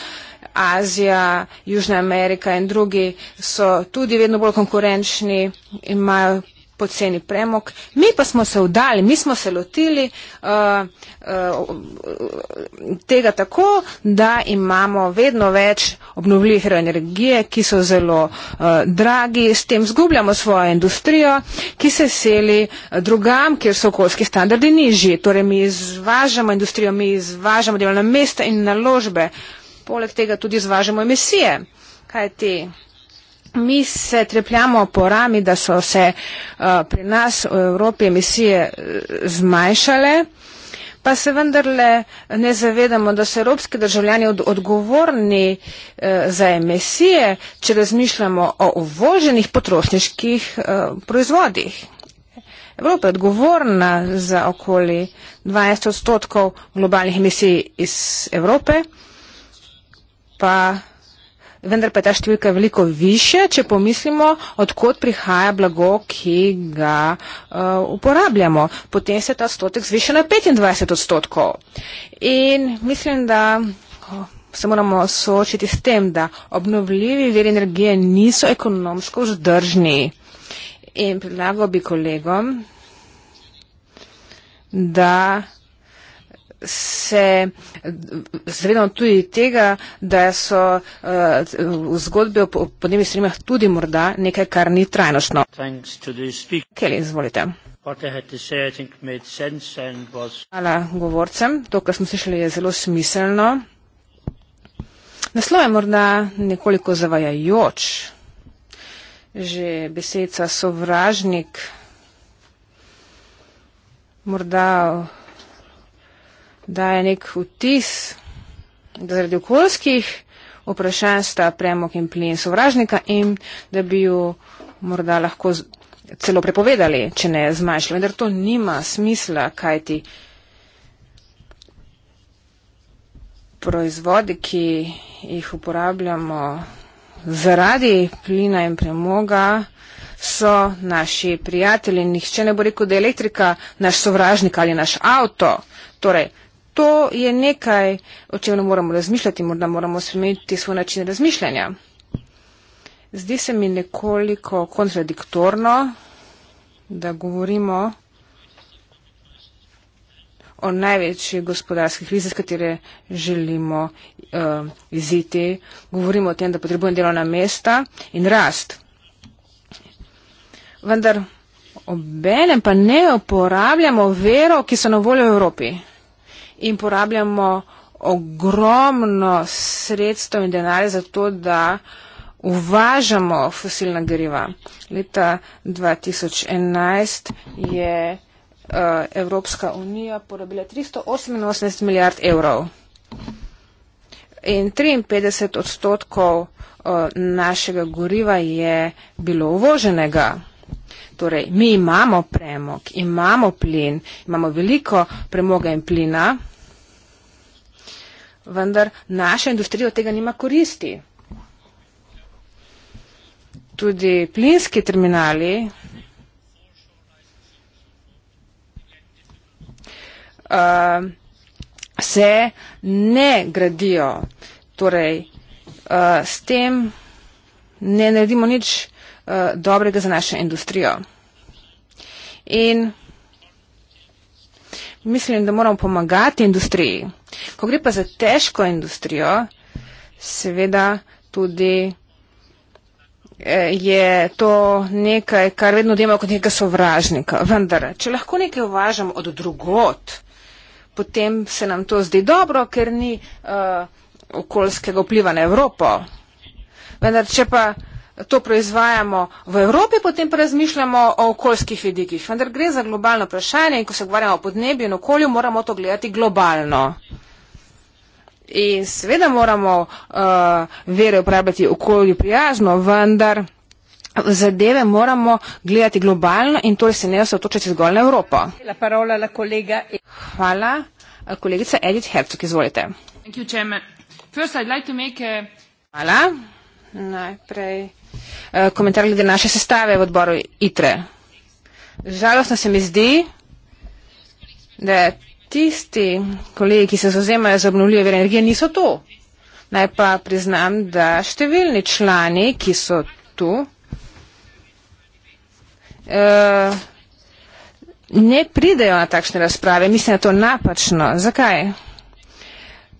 Azija, Južna Amerika in drugi so tudi vedno bolj konkurenčni, imajo poceni premog. Mi pa smo se vdali, mi smo se lotili uh, uh, tega tako, da imamo vedno več obnovljivih energije, ki so zelo uh, dragi, s tem zgubljamo svojo industrijo, ki se seli uh, drugam, kjer so okoljski standardi nižji. Torej, mi izvažamo industrijo, mi izvažamo delovna mesta in naložbe. Poleg tega tudi izvažamo emisije. Kaj ti? Mi se trepljamo po rami, da so se uh, pri nas v Evropi emisije eh, zmanjšale, pa se vendarle ne zavedamo, da so evropski državljani od odgovorni uh, za emisije, če razmišljamo o uvoženih potrošniških uh, proizvodih. Evropa je odgovorna za okoli 20 odstotkov globalnih emisij iz Evrope, pa vendar pa je ta številka veliko više, če pomislimo, odkot prihaja blago, ki ga uh, uporabljamo. Potem se ta stotek zviša na 25 odstotkov. In mislim, da se moramo soočiti s tem, da obnovljivi veri energije niso ekonomsko vzdržni. In predlago bi kolegom, da se zavedamo tudi tega, da so uh, zgodbe o podnebnih spremembah tudi morda nekaj, kar ni trajnostno. Kelly, izvolite. Hvala govorcem. To, kar smo slišali, je zelo smiselno. Naslov je morda nekoliko zavajajoč. Že beseda sovražnik morda daje nek vtis, da zaradi okoljskih vprašanj sta premog in plin sovražnika in da bi jo morda lahko celo prepovedali, če ne zmanjšali. Vendar to nima smisla, kajti proizvodi, ki jih uporabljamo zaradi plina in premoga, so naši prijatelji. Nihče ne bo rekel, da je elektrika naš sovražnik ali naš avto. Torej, to je nekaj, o čem ne moramo razmišljati, morda moramo spremeniti svoj način razmišljanja. Zdi se mi nekoliko kontradiktorno, da govorimo o največji gospodarski krizi, s katere želimo uh, iziti. Govorimo o tem, da potrebujemo delovna mesta in rast. Vendar obenem pa ne uporabljamo vero, ki so na voljo v Evropi in porabljamo ogromno sredstev in denarja za to, da uvažamo fosilna goriva. Leta 2011 je uh, Evropska unija porabila 388 milijard evrov in 53 odstotkov uh, našega goriva je bilo uvoženega. Torej, mi imamo premog, imamo plin, imamo veliko premoga in plina, vendar naša industrija od tega nima koristi. Tudi plinski terminali uh, se ne gradijo. Torej, uh, s tem ne naredimo nič uh, dobrega za našo industrijo. In mislim, da moramo pomagati industriji. Ko gre pa za težko industrijo, seveda tudi eh, je to nekaj, kar vedno dojemamo kot nekega sovražnika. Vendar, če lahko nekaj uvažamo od drugot, potem se nam to zdi dobro, ker ni uh, okoljskega vpliva na Evropo. Vendar, če pa uh, to proizvajamo v Evropi, potem pa razmišljamo o okoljskih vidikih. Vendar gre za globalno vprašanje in ko se govarjamo o podnebju in okolju, moramo to gledati globalno. In seveda moramo uh, vere uporabljati okolju prijazno, vendar zadeve moramo gledati globalno in torej se ne osotočiti zgolj na Evropo. E- Hvala. Kolegica Edith Herzog, izvolite. You, First, like a... Hvala. Najprej. Eh, komentar glede naše sestave v odboru ITRE. Žalostno se mi zdi, da tisti kolegi, ki se zauzemajo za obnovljive vere energije, niso tu. Naj pa priznam, da številni člani, ki so tu, eh, ne pridejo na takšne razprave. Mislim, da je to napačno. Zakaj?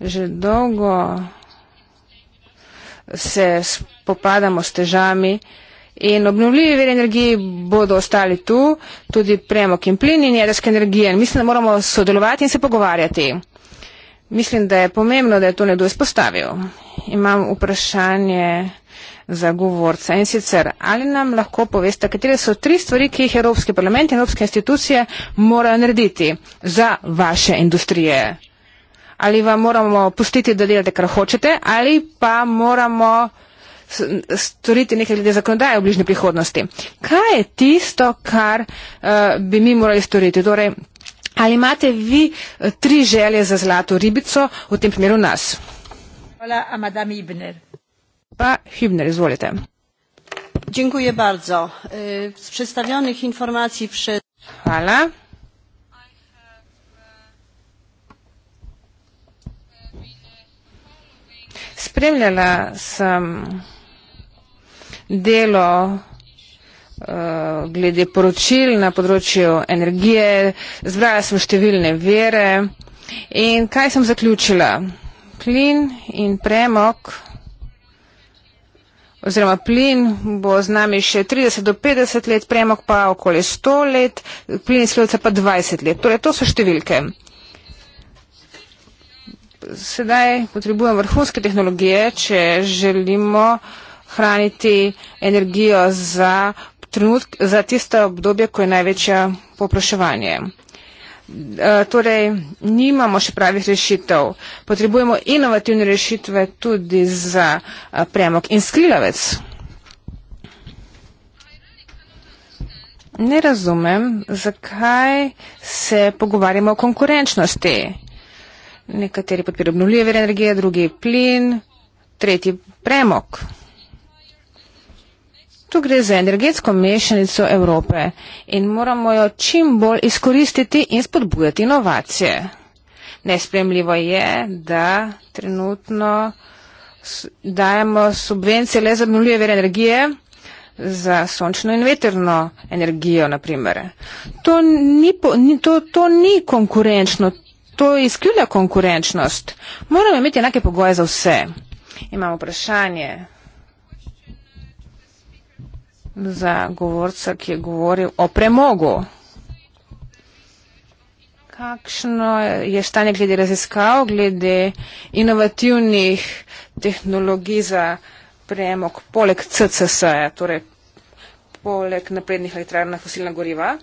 Že dolgo se spopadamo s težami in obnovljivi veri energiji bodo ostali tu, tudi premok in plin in jedrske energije. Mislim, da moramo sodelovati in se pogovarjati. Mislim, da je pomembno, da je to nekdo izpostavil. Imam vprašanje za govorca in sicer, ali nam lahko poveste, katere so tri stvari, ki jih Evropski parlament in Evropske institucije morajo narediti za vaše industrije? ali vam moramo pustiti, da delate, kar hočete, ali pa moramo storiti nekaj glede zakonodaje v bližnji prihodnosti. Kaj je tisto, kar uh, bi mi morali storiti? Torej, ali imate vi eh, tri želje za zlato ribico, v tem primeru nas? Hvala, Amadam Ibner. Pa Hibner, izvolite. Dziękuję bardzo. E, z przedstawionych informacji przez. Hvala. Spremljala sem delo eh, glede poročil na področju energije, zbrala sem številne vere in kaj sem zaključila? Plin in premok oziroma plin bo z nami še 30 do 50 let, premok pa okoli 100 let, plin iz hljivca pa 20 let. Torej, to so številke sedaj potrebujemo vrhunske tehnologije, če želimo hraniti energijo za, trenutk, za tisto obdobje, ko je največje poproševanje. E, torej, nimamo še pravih rešitev. Potrebujemo inovativne rešitve tudi za a, e, premok in skrilavec. Ne razumem, zakaj se pogovarjamo o konkurenčnosti nekateri podpirajo obnovljive vire energije, drugi plin, tretji premok. Tu gre za energetsko mešanico Evrope in moramo jo čim bolj izkoristiti in spodbujati inovacije. Nespremljivo je, da trenutno dajemo subvencije le za obnovljive vire energije, za sončno in veterno energijo, naprimer. To ni, po, ni, to, to ni konkurenčno, to izkljuje konkurenčnost. Moramo imeti enake pogoje za vse. Imamo vprašanje za govorca, ki je govoril o premogu. Kakšno je stanje glede raziskav, glede inovativnih tehnologij za premog poleg CCS-a, torej poleg naprednih elektrarn na fosilna goriva?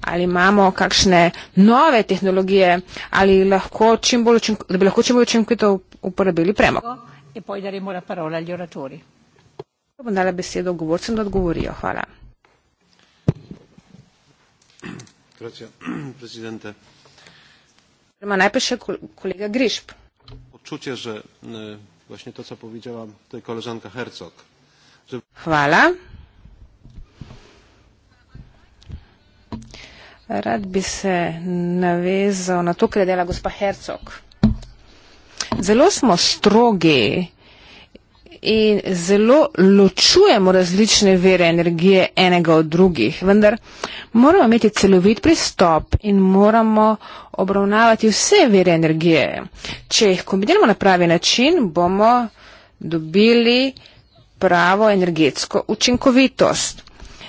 ali imamo kakšne nove tehnologije, ali lahko čim bolj, da bi lahko čim bolj učinkovito uporabili premog. E bom dala besedo govorcem, da odgovorijo. Hvala. Prema najprej še kolega Grišp. Občutje, že, ne, to, Hvala. Rad bi se navezal na to, kar je dela gospa Hercog. Zelo smo strogi in zelo ločujemo različne vere energije enega od drugih, vendar moramo imeti celovit pristop in moramo obravnavati vse vere energije. Če jih kombiniramo na pravi način, bomo dobili pravo energetsko učinkovitost.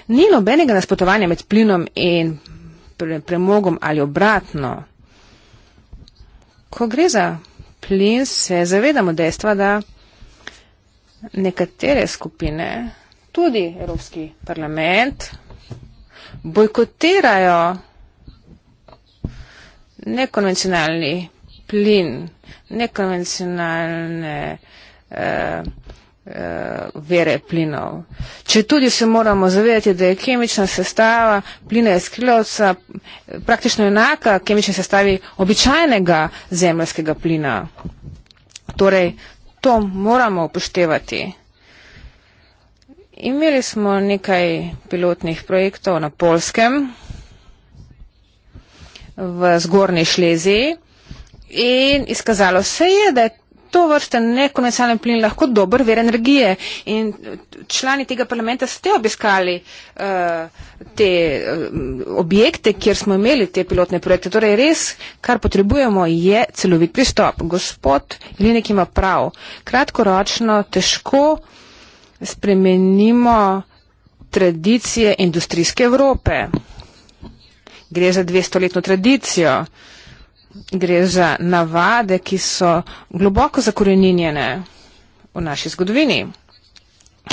Ni nobenega nasprotovanja med plinom in pre, premogom ali obratno. Ko gre za plin, se zavedamo dejstva, da nekatere skupine, tudi Evropski parlament, bojkotirajo nekonvencionalni plin, nekonvencionalne. Eh, uh, vere plinov. Če tudi se moramo zavedati, da je kemična sestava plina iz krilovca eh, praktično enaka kemični sestavi običajnega zemljskega plina. Torej, to moramo upoštevati. Imeli smo nekaj pilotnih projektov na Polskem v zgornji Šleziji in izkazalo se je, da je to vrste nekonvencionalen plin lahko dober vir energije. In člani tega parlamenta ste obiskali uh, te uh, objekte, kjer smo imeli te pilotne projekte. Torej res, kar potrebujemo, je celovit pristop. Gospod Ilinek ima prav. Kratkoročno težko spremenimo tradicije industrijske Evrope. Gre za 200-letno tradicijo. Uh, gre za navade, ki so globoko zakorenjene v naši zgodovini.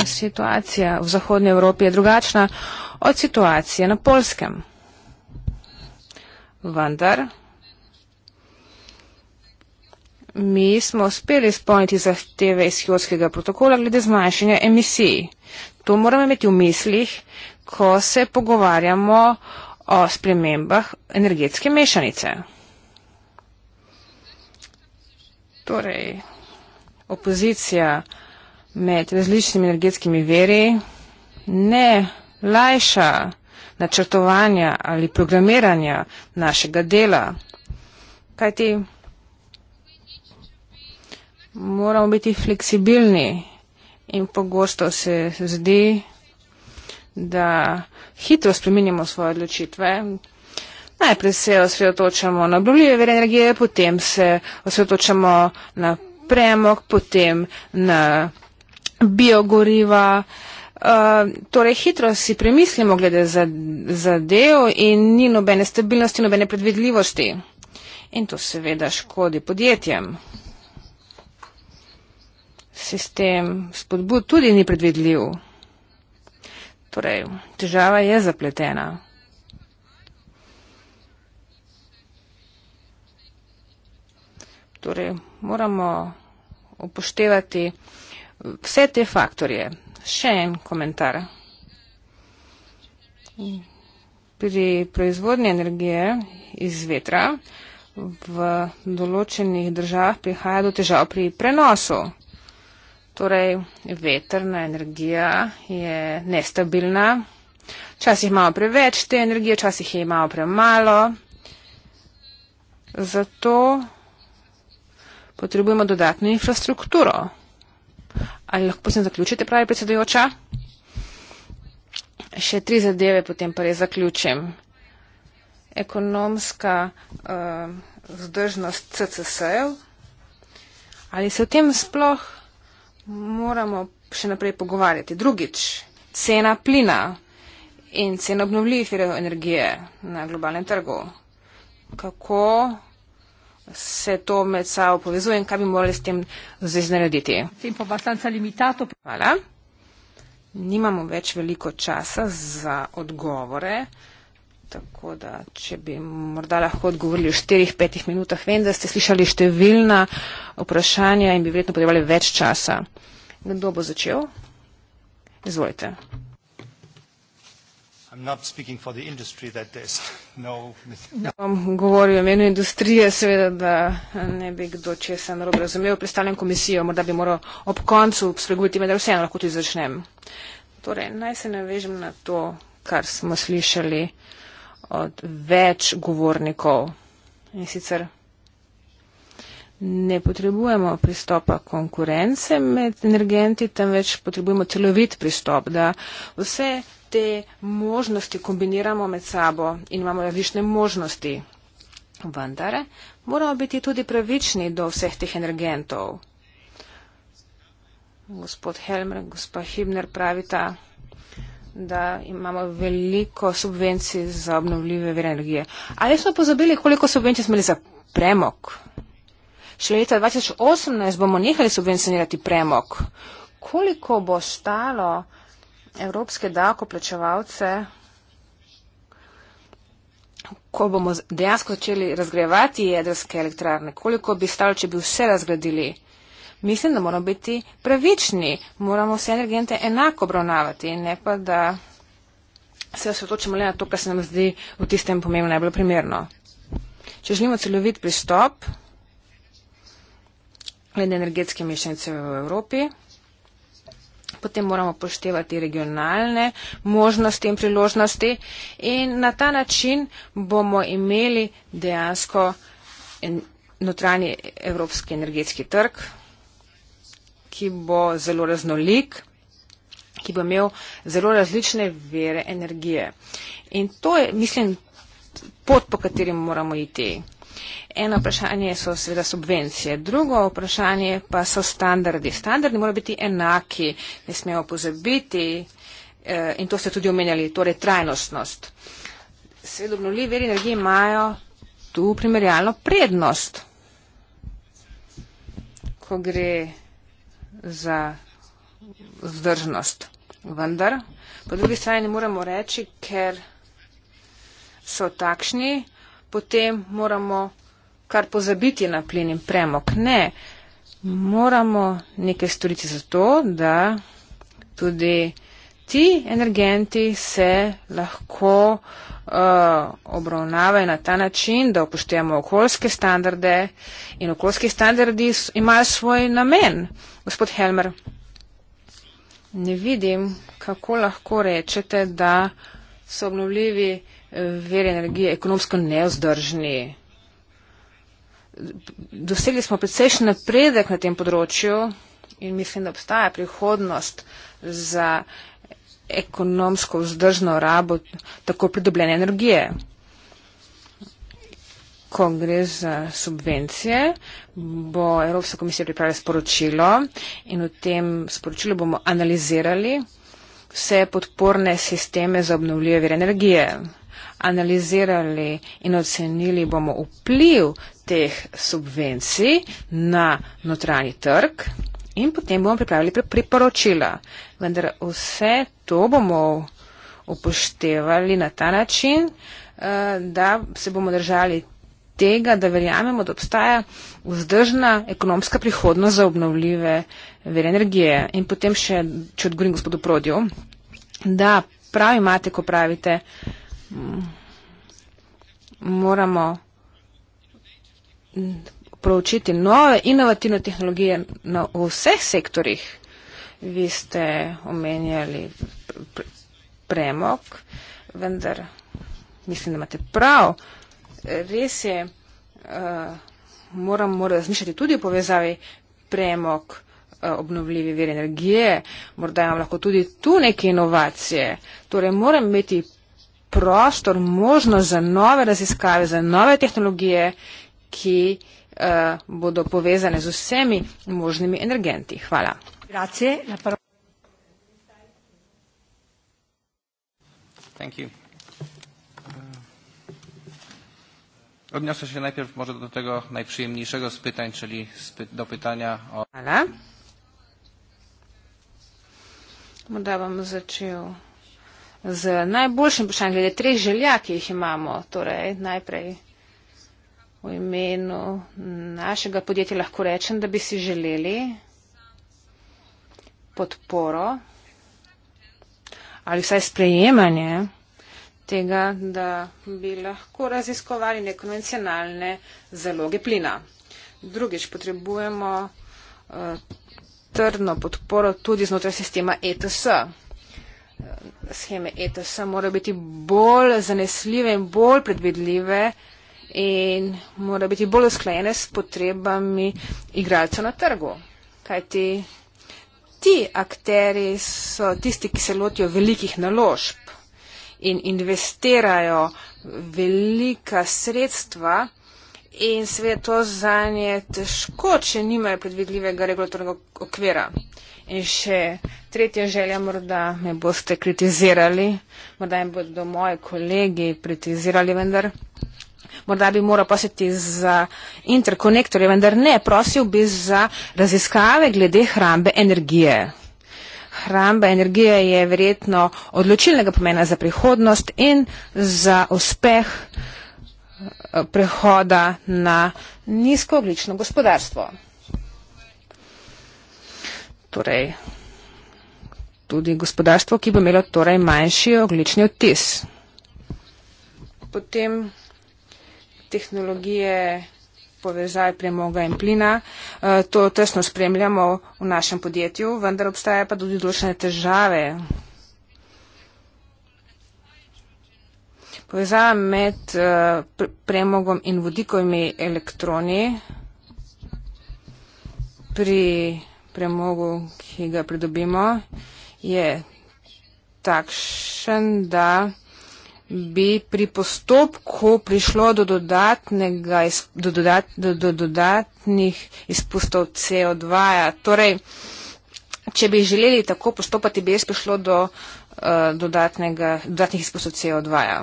Situacija v Zahodnji Evropi je drugačna od situacije na Polskem. Vendar mi smo uspeli izpolniti zahteve iz Hjotskega protokola glede zmanjšanja emisij. To moramo imeti v mislih, ko se pogovarjamo o spremembah energetske mešanice. Torej, opozicija med različnimi energetskimi veri ne lajša načrtovanja ali programiranja našega dela. Kajti moramo biti fleksibilni in pogosto se zdi, da hitro spremenjamo svoje odločitve, Najprej se osredotočamo na obnovljive vere energije, potem se osredotočamo na premog, potem na biogoriva. Uh, torej, hitro si premislimo glede za, za del in ni nobene stabilnosti, nobene predvidljivosti. In to seveda škodi podjetjem. Sistem spodbud tudi ni predvidljiv. Torej, težava je zapletena. Torej, moramo upoštevati vse te faktorje. Še en komentar. Pri proizvodnji energije iz vetra v določenih državah prihaja do težav pri prenosu. Torej, vetrna energija je nestabilna. Včasih imamo preveč te energije, včasih je imamo premalo. Zato potrebujemo dodatno infrastrukturo. Ali lahko sem zaključite, pravi predsedujoča? Še tri zadeve, potem pa res zaključim. Ekonomska uh, vzdržnost CCS-ev. Ali se o tem sploh moramo še naprej pogovarjati? Drugič, cena plina in cena obnovljivih virov energije na globalnem trgu. Kako se to med sabo povezuje in kaj bi morali s tem zaznarediti. Hvala. Nimamo več veliko časa za odgovore, tako da če bi morda lahko odgovorili v 4-5 minutah, vem, da ste slišali številna vprašanja in bi verjetno potrebovali več časa. Kdo bo začel? Izvolite. Ne no ja bom govoril o imenu industrije, seveda, da ne bi kdo česa narobe razumel. Predstavljam komisijo, morda bi moral ob koncu spregovoriti, vendar vseeno lahko tudi začnem. Torej, naj se navežem na to, kar smo slišali od več govornikov. In sicer ne potrebujemo pristopa konkurence med energenti, temveč potrebujemo celovit pristop, da vse te možnosti kombiniramo med sabo in imamo različne možnosti. Vendar moramo biti tudi pravični do vseh teh energentov. Gospod Helmer, gospa Hibner pravita, da imamo veliko subvencij za obnovljive vire energije. Ali smo pozabili, koliko subvencij smo imeli za premok? Še leta 2018 bomo nehali subvencionirati premok. Koliko bo stalo evropske davkoplačevalce, ko bomo dejansko začeli razgrajevati jedrske elektrarne, koliko bi stalo, če bi vse razgradili. Mislim, da moramo biti pravični, moramo vse energente enako obravnavati, ne pa da se osredotočimo le na to, kar se nam zdi v tistem pomembno najbolj primerno. Če želimo celovit pristop, glede energetske mešanice v Evropi potem moramo poštevati regionalne možnosti in priložnosti in na ta način bomo imeli dejansko notranji evropski energetski trg, ki bo zelo raznolik, ki bo imel zelo različne vere energije. In to je, mislim, pot, po katerem moramo iti eno vprašanje so seveda subvencije, drugo vprašanje pa so standardi. Standardi morajo biti enaki, ne smemo pozabiti eh, in to ste tudi omenjali, torej trajnostnost. Seveda obnovljivi veri energije imajo tu primerjalno prednost, ko gre za vzdržnost. Vendar, po drugi strani ne moremo reči, ker so takšni, potem moramo kar pozabiti na plin in premok. Ne, moramo nekaj storiti za to, da tudi ti energenti se lahko uh, obravnavajo na ta način, da upoštevamo okoljske standarde in okoljski standardi imajo svoj namen. Gospod Helmer, ne vidim, kako lahko rečete, da so obnovljivi veri energije ekonomsko neozdržni dosegli smo precejšen napredek na tem področju in mislim, da obstaja prihodnost za ekonomsko vzdržno rabo tako pridobljene energije. Ko gre za subvencije, bo Evropska komisija pripravila sporočilo in v tem sporočilu bomo analizirali vse podporne sisteme za obnovljive vire energije analizirali in ocenili bomo vpliv teh subvencij na notranji trg in potem bomo pripravili priporočila. Vendar vse to bomo upoštevali na ta način, eh, da se bomo držali tega, da verjamemo, da obstaja vzdržna ekonomska prihodnost za obnovljive vere energije. In potem še, če odgovorim gospodu Prodju, da prav imate, ko pravite, Mm. moramo proučiti nove inovativne tehnologije na vseh sektorjih. Vi ste omenjali premog, vendar mislim, da imate prav. Res je, uh, eh, moram, moram razmišljati tudi o povezavi premog, uh, obnovljivi vir energije, morda imam lahko tudi tu neke inovacije. Torej, moram imeti prostor, možnost za nove raziskave, za nove tehnologije, ki uh, bodo povezane z vsemi možnimi energenti. Hvala. E, odniosę się najpierw może do tego najprzyjemniejszego z pytań, czyli z py do pytania o... Ale? Może bym zaczął z najboljšim vprašanjem glede treh želja, ki jih imamo. Torej, najprej v imenu našega podjetja lahko rečem, da bi si želeli podporo ali vsaj sprejemanje tega, da bi lahko raziskovali nekonvencionalne zaloge plina. Drugič, potrebujemo uh, trdno podporo tudi znotraj sistema ETS scheme etosa morajo biti bolj zanesljive in bolj predvidljive in morajo biti bolj usklajene s potrebami igralcev na trgu. Kajti ti akteri so tisti, ki se lotijo velikih naložb in investirajo velika sredstva in seveda to zanje težko, če nimajo predvidljivega regulatornega okvira. Uh, In še tretja želja, morda me boste kritizirali, morda jim bodo moji kolegi kritizirali, vendar. Morda bi moral prositi za interkonektorje, vendar ne, prosil bi za raziskave glede hrambe energije. Hramba energije je verjetno odločilnega pomena za prihodnost in za uspeh eh, prehoda na nizkooglično gospodarstvo torej tudi gospodarstvo, ki bo imelo torej manjši oglični odtis. Potem tehnologije povezaj premoga in plina. Eh, to tesno spremljamo v našem podjetju, vendar obstaja pa tudi določene težave. Povezava med eh, premogom in vodikovimi elektroni pri premogu, ki ga pridobimo, je takšen, da bi pri postopku prišlo do, dodatnega, do, dodat, do, do dodatnih izpustov CO2. -ja. Torej, če bi želeli tako postopati, bi res prišlo do uh, dodatnih izpustov CO2. -ja.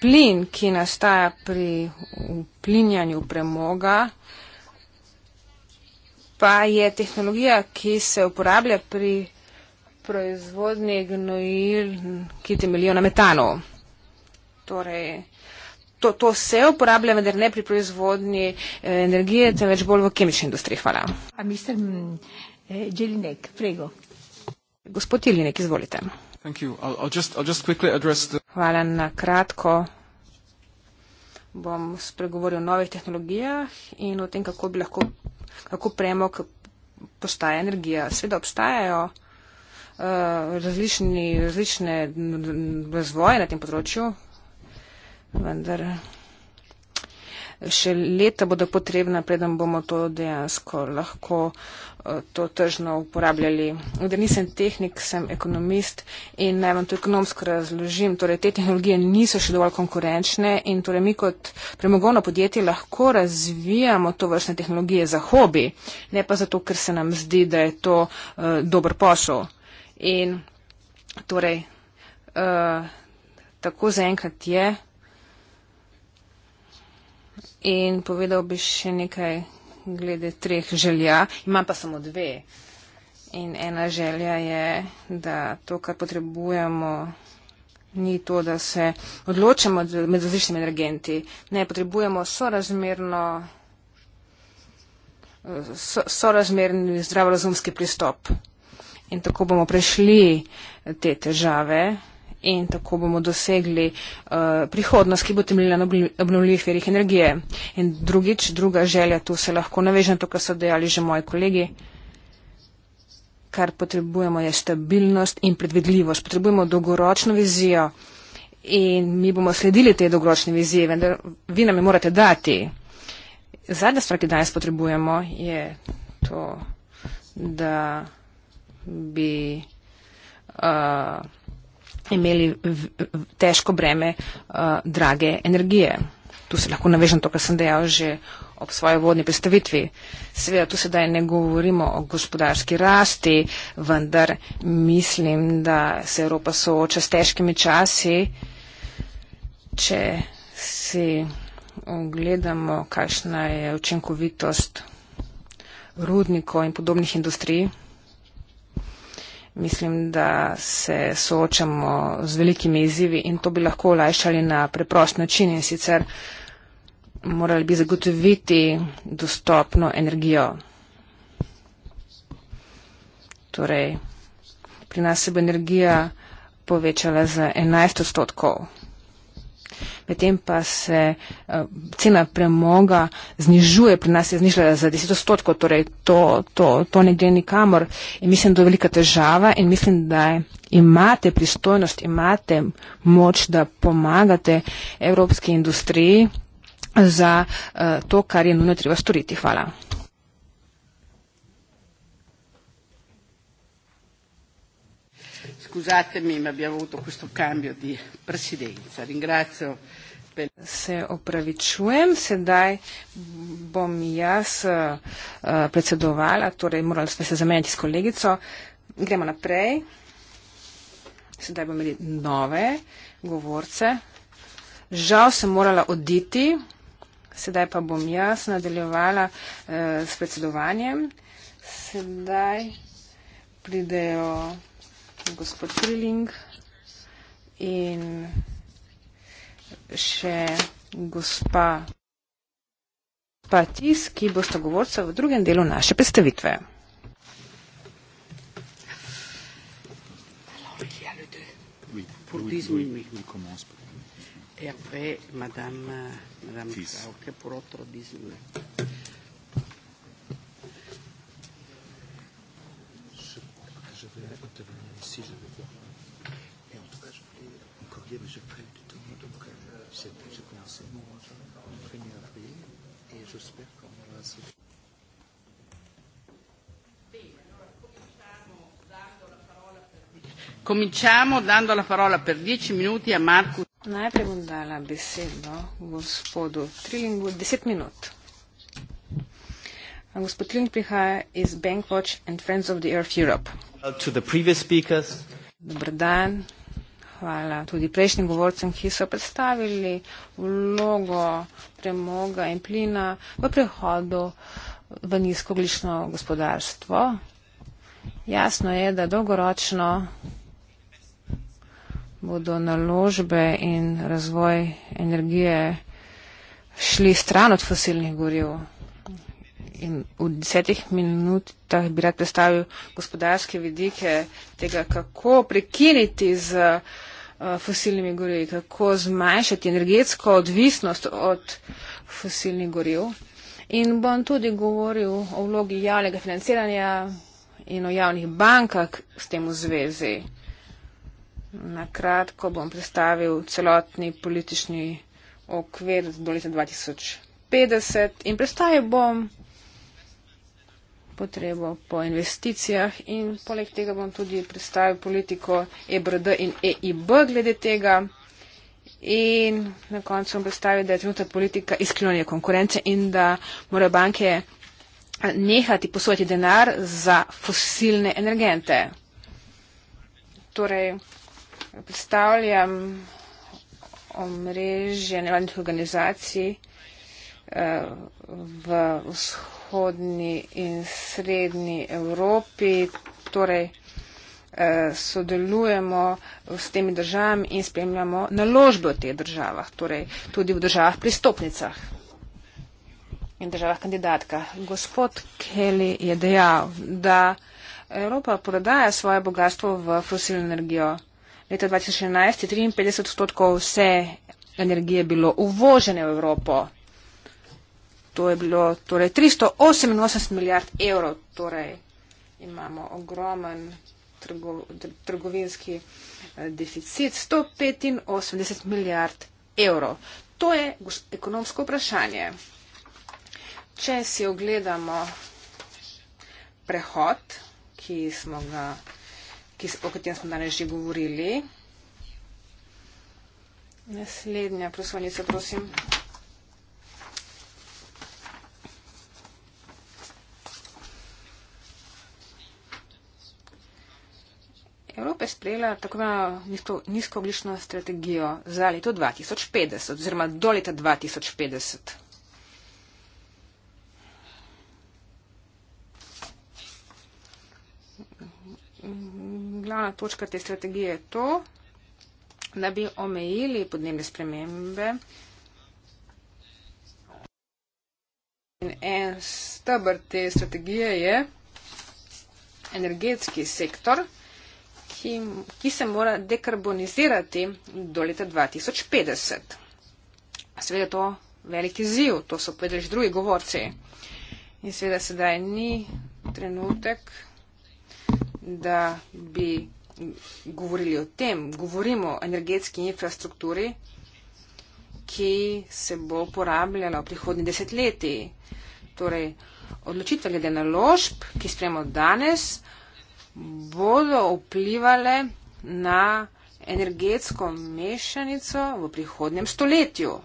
Plin, ki nastaja pri uplinjanju premoga, uh, pa je tehnologija, ki se uporablja pri proizvodnji gnojil, ki temeljijo na metanu. Torej, to, to se uporablja, vendar ne pri proizvodnji eh, energije, temveč bolj v kemični industriji. Hvala. Mister, mm, eh, Jelinek, Gospod Ilinek, izvolite. I'll, I'll just, I'll just Hvala na kratko. Bom spregovoril o novih tehnologijah in o tem, kako bi lahko kako premog postaja energija. Sveda obstajajo uh, različni, različne razvoje na tem področju, vendar še leta bodo potrebna, predem bomo to dejansko lahko eh, to tržno uporabljali. Da nisem tehnik, sem ekonomist in naj vam to ekonomsko razložim. Torej, te tehnologije niso še dovolj konkurenčne in torej mi kot premogovno podjetje lahko razvijamo to vrstne tehnologije za hobi, ne pa zato, ker se nam zdi, da je to uh, dober posel. In torej, uh, tako zaenkrat je. In povedal bi še nekaj glede treh želja. Imam pa samo dve. In ena želja je, da to, kar potrebujemo, ni to, da se odločamo med različnimi energenti. Ne, potrebujemo sorazmerno sorazmerni zdravorazumski pristop. In tako bomo prešli te težave in tako bomo dosegli uh, prihodnost, ki bo temeljila na obnovljivih verjih energije. In drugič, druga želja, tu se lahko navežem to, kar so dejali že moji kolegi, kar potrebujemo je stabilnost in predvidljivost. Potrebujemo dolgoročno vizijo in mi bomo sledili te dolgoročne vizije, vendar vi nam jo morate dati. Zadnja stvar, ki danes potrebujemo, je to, da bi. Uh, imeli v, v, težko breme uh, drage energije. Tu se lahko navežem to, kar sem dejal že ob svoji vodni predstavitvi. Seveda, tu sedaj ne govorimo o gospodarski rasti, vendar mislim, da se Evropa sooča s težkimi časi. Če si ogledamo, kakšna je učinkovitost rudnikov in podobnih industrij, Mislim, da se soočamo z velikimi izzivi in to bi lahko olajšali na preprost način in sicer morali bi zagotoviti dostopno energijo. Torej, pri nas se bo energija povečala za 11 odstotkov medtem pa se uh, cena premoga znižuje, pri nas je znižala za 10 odstotkov, torej to, to, to ne gre nikamor in mislim, da je to velika težava in mislim, da je imate pristojnost, imate moč, da pomagate evropski industriji za uh, to, kar je nujno treba storiti. Hvala. scusatemi ma abbiamo avuto questo cambio di presidenza. Ringrazio per... Se opravičujem, sedaj bom jaz uh, predsedovala, torej morala sva se zamenjati s kolegico. Gremo naprej. Sedaj bomo imeli nove govorce. Žal sem morala oditi, sedaj pa bom jaz nadaljevala uh, s predsedovanjem. Sedaj pridejo gospod Freling in še gospa Patis, ki bosta govorca v drugem delu naše predstavitve. Et après, madame, euh, madame Fils. Frau, que pour autre disons. Cominciamo dando la parola per dieci minuti a Marco. Najprej bom dala besedo gospodu Trilingu. Deset minut. Gospod Triling prihaja iz Bankwatch and Friends of the Earth Europe. To the previous speakers. Dobar dan. Hvala tudi prejšnjim govorcem, ki so predstavili vlogo premoga in plina v prehodu v nizkoglično gospodarstvo. Jasno je, da dolgoročno bodo naložbe in razvoj energije šli stran od fosilnih goriv. In v desetih minutah bi rad predstavil gospodarske vidike tega, kako prekiniti z eh, fosilnimi gorivi, kako zmanjšati energetsko odvisnost od fosilnih goriv. In bom tudi govoril o vlogi javnega financiranja in o javnih bankah s tem v zvezi. Na kratko bom predstavil celotni politični okvir do leta 2050 in predstavil bom potrebo po investicijah in poleg tega bom tudi predstavil politiko EBRD in EIB glede tega. In na koncu bom predstavil, da je trenutna politika izklonjena konkurence in da morajo banke nehati posojati denar za fosilne energente. Torej, predstavljam omrežje nevladnih organizacij eh, v vzhodni in srednji Evropi. Torej, eh, sodelujemo s temi državami in spremljamo naložbe v teh državah, torej tudi v državah pristopnicah in državah kandidatka. Gospod Kelly je dejal, da Evropa prodaja svoje bogatstvo v fosilno energijo leta 2016 je 53 odstotkov vse energije bilo uvožene v Evropo. To je bilo torej 388 milijard evrov, torej imamo ogromen trgo, trgovinski eh, deficit, 185 milijard evrov. To je ekonomsko vprašanje. Če si ogledamo prehod, ki smo ga ki, o katerem smo danes že govorili. Naslednja prosovnica, prosim. Evropa je sprejela tako imenovano nizkooglično strategijo za leto 2050 oziroma do leta 2050. glavna točka te strategije je to, da bi omejili podnebne spremembe. In en stebr te strategije je energetski sektor, ki, ki se mora dekarbonizirati do leta 2050. Seveda je to veliki ziv, to so povedali že drugi govorci. In seveda sedaj ni trenutek da bi govorili o tem. Govorimo o energetski infrastrukturi, ki se bo uporabljala v prihodnji desetletji. Torej, odločitve glede naložb, ki spremo danes, bodo vplivale na energetsko mešanico v prihodnjem stoletju.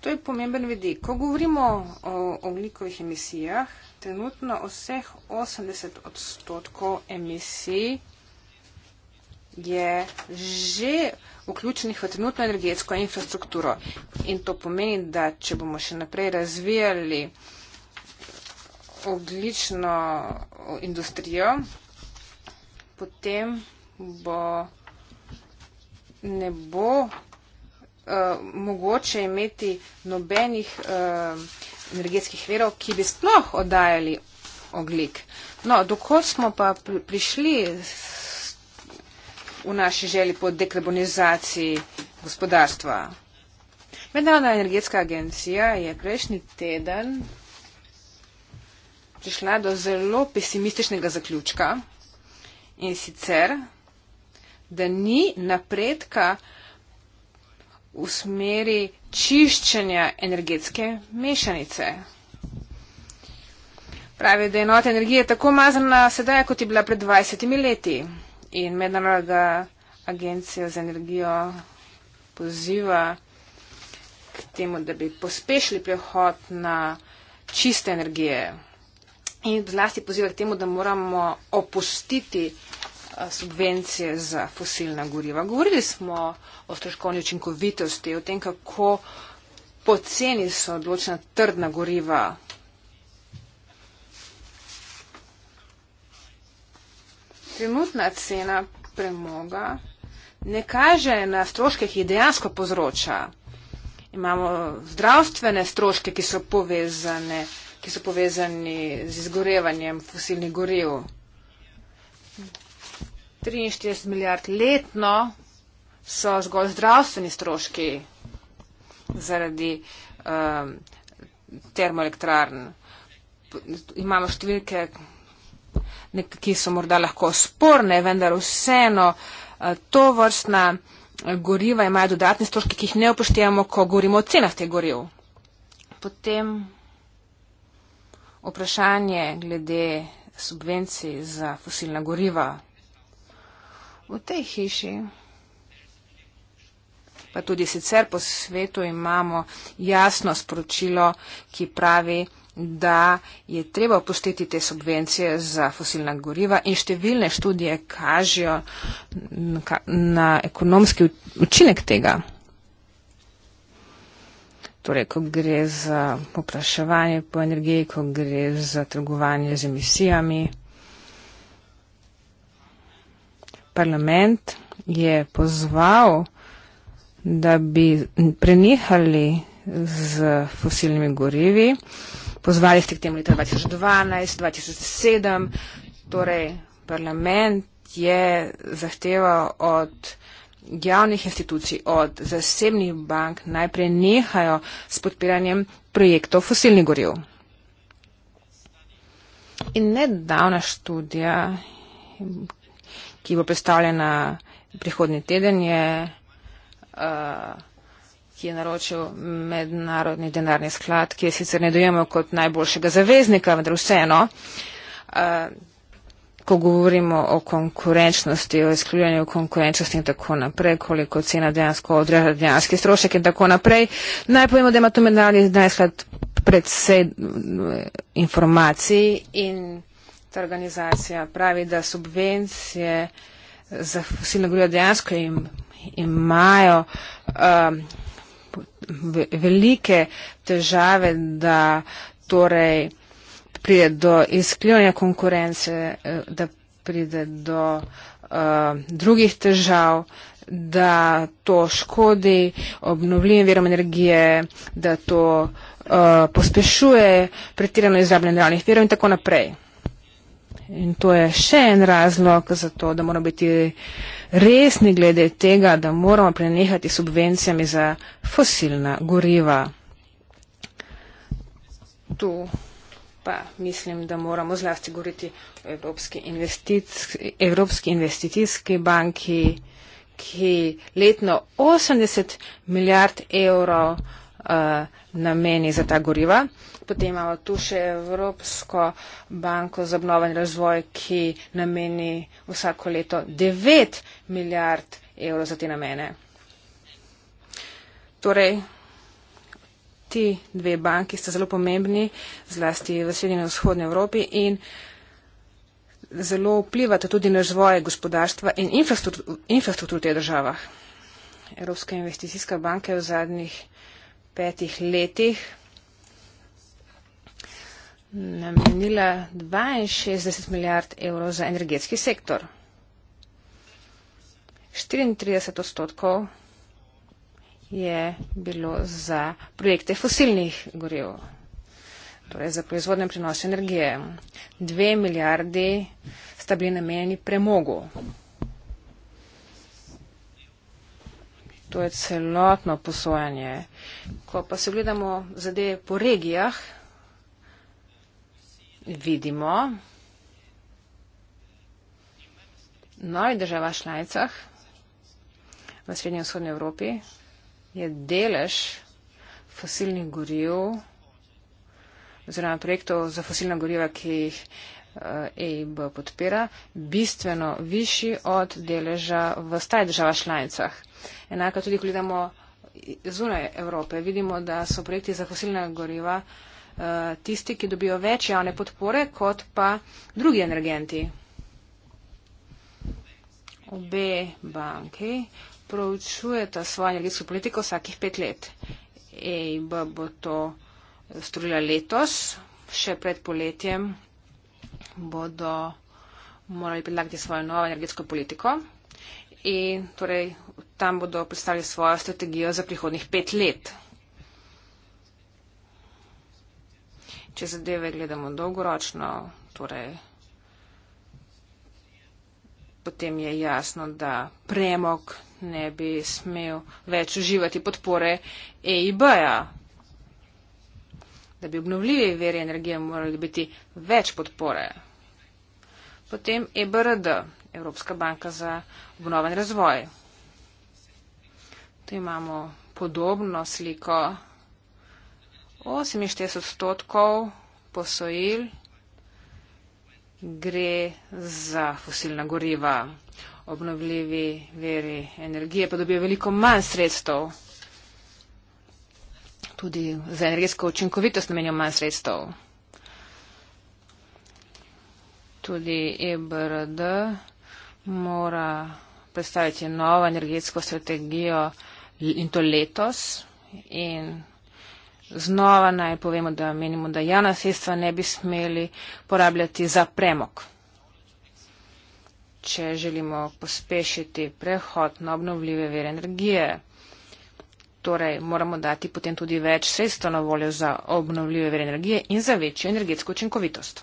To je pomemben vidik. Ko govorimo o oglikovih emisijah, trenutno vseh 80 odstotkov emisij je že vključenih v trenutno energetsko infrastrukturo. In to pomeni, da če bomo še naprej razvijali odlično industrijo, potem bo, ne bo uh, mogoče imeti nobenih uh, energetskih verov, ki bi sploh oddajali oglik. No, dokot smo pa prišli v naši želi po dekarbonizaciji gospodarstva. Mednarodna energetska agencija je prejšnji teden prišla do zelo pesimističnega zaključka in sicer, da ni napredka v smeri čiščenja energetske mešanice. Pravi, da je enota energije tako mazana sedaj, kot je bila pred 20 leti. In mednarodna agencija za energijo poziva k temu, da bi pospešili prehod na čiste energije. In zlasti poziva k temu, da moramo opustiti subvencije za fosilna goriva. Govorili smo o stroškovni učinkovitosti, o tem, kako poceni so odločena trdna goriva. Trenutna cena premoga ne kaže na stroške, ki jih dejansko povzroča. Imamo zdravstvene stroške, ki so povezane, ki so povezani z izgorevanjem fosilnih goriv. 43 milijard letno so zgolj zdravstveni stroški zaradi um, termoelektrarn. Imamo številke, ki so morda lahko sporne, vendar vseeno uh, to vrstna goriva imajo dodatne stroške, ki jih ne upoštevamo, ko govorimo o cenah teh goriv. Potem vprašanje glede subvencij za fosilna goriva v tej hiši. Pa tudi sicer po svetu imamo jasno sporočilo, ki pravi, da je treba opustiti te subvencije za fosilna goriva in številne študije kažejo na ekonomski učinek tega. Torej, ko gre za popraševanje po energiji, ko gre za trgovanje z emisijami. parlament je pozval, da bi prenehali z fosilnimi gorivi. Pozvali ste k temu leta 2012, 2007. Torej, parlament je zahteval od javnih institucij, od zasebnih bank najprej nehajo s podpiranjem projektov fosilnih goriv. In nedavna študija, ki bo predstavljena prihodnji teden, je, uh, ki je naročil mednarodni denarni sklad, ki je sicer ne dojemal kot najboljšega zaveznika, vendar vseeno, uh, ko govorimo o konkurenčnosti, o izkljujanju konkurenčnosti in tako naprej, koliko cena dejansko odreža dejanski strošek in tako naprej, naj povemo, da ima to mednarodni denarni sklad predvsej eh, informacij in ta organizacija pravi, da subvencije za fosilno gorivo dejansko im, imajo um, velike težave, da torej pride do izkljuvanja konkurence, eh, da pride do uh, drugih težav, da to škodi obnovljivim verom energije, da to uh, pospešuje pretirano izrabljanje realnih verov in tako naprej. In to je še en razlog za to, da moramo biti resni glede tega, da moramo prenehati subvencijami za fosilna goriva. Tu pa mislim, da moramo zlasti govoriti o Evropski, investic Evropski investicijski banki, ki letno 80 milijard evrov uh, nameni za ta goriva potem imamo tu še Evropsko banko za obnovo in razvoj, ki nameni vsako leto 9 milijard evrov za te namene. Torej, ti dve banki sta zelo pomembni, zlasti v srednji in vzhodnji Evropi in zelo vplivata tudi na razvoj gospodarstva in infrastruktur v teh državah. Evropska investicijska banka je v zadnjih petih letih namenila 62 milijard evrov za energetski sektor. 34 odstotkov je bilo za projekte fosilnih goriv, torej za proizvodne prenose energije. 2 milijardi sta bili namenjeni premogu. To je celotno posojanje. Ko pa se gledamo zadeve po regijah, vidimo v novih državah šlajcah v srednji in vzhodni Evropi je delež fosilnih goriv oziroma projektov za fosilna goriva, ki jih EIB eh, e podpira, bistveno višji od deleža v staj država šlanicah. Enako tudi, ko gledamo zunaj Evrope, vidimo, da so projekti za fosilna goriva uh, Eh, tisti, ki dobijo več javne podpore, kot pa drugi energenti. Obe banki proučujeta svojo energetsko politiko vsakih pet let. EIB bo to storila letos, še pred poletjem bodo morali predlagati svojo novo energetsko politiko in torej tam bodo predstavili svojo strategijo za prihodnih pet let. če zadeve gledamo dolgoročno, torej potem je jasno, da premog ne bi smel več uživati podpore EIB-ja. Da bi obnovljivi veri energije morali biti več podpore. Potem EBRD, Evropska banka za obnoven razvoj. Tu imamo podobno sliko 48 odstotkov posojil gre za fosilna goriva. Obnovljivi veri energije pa dobijo veliko manj sredstev. Tudi za energetsko učinkovitost namenijo manj sredstev. Tudi EBRD mora predstaviti novo energetsko strategijo in to letos. In Znova naj povemo, da menimo, da javna sredstva ne bi smeli porabljati za premog. Če želimo pospešiti prehod na obnovljive vere energije, torej moramo dati potem tudi več sredstva na voljo za obnovljive vere energije in za večjo energetsko učinkovitost.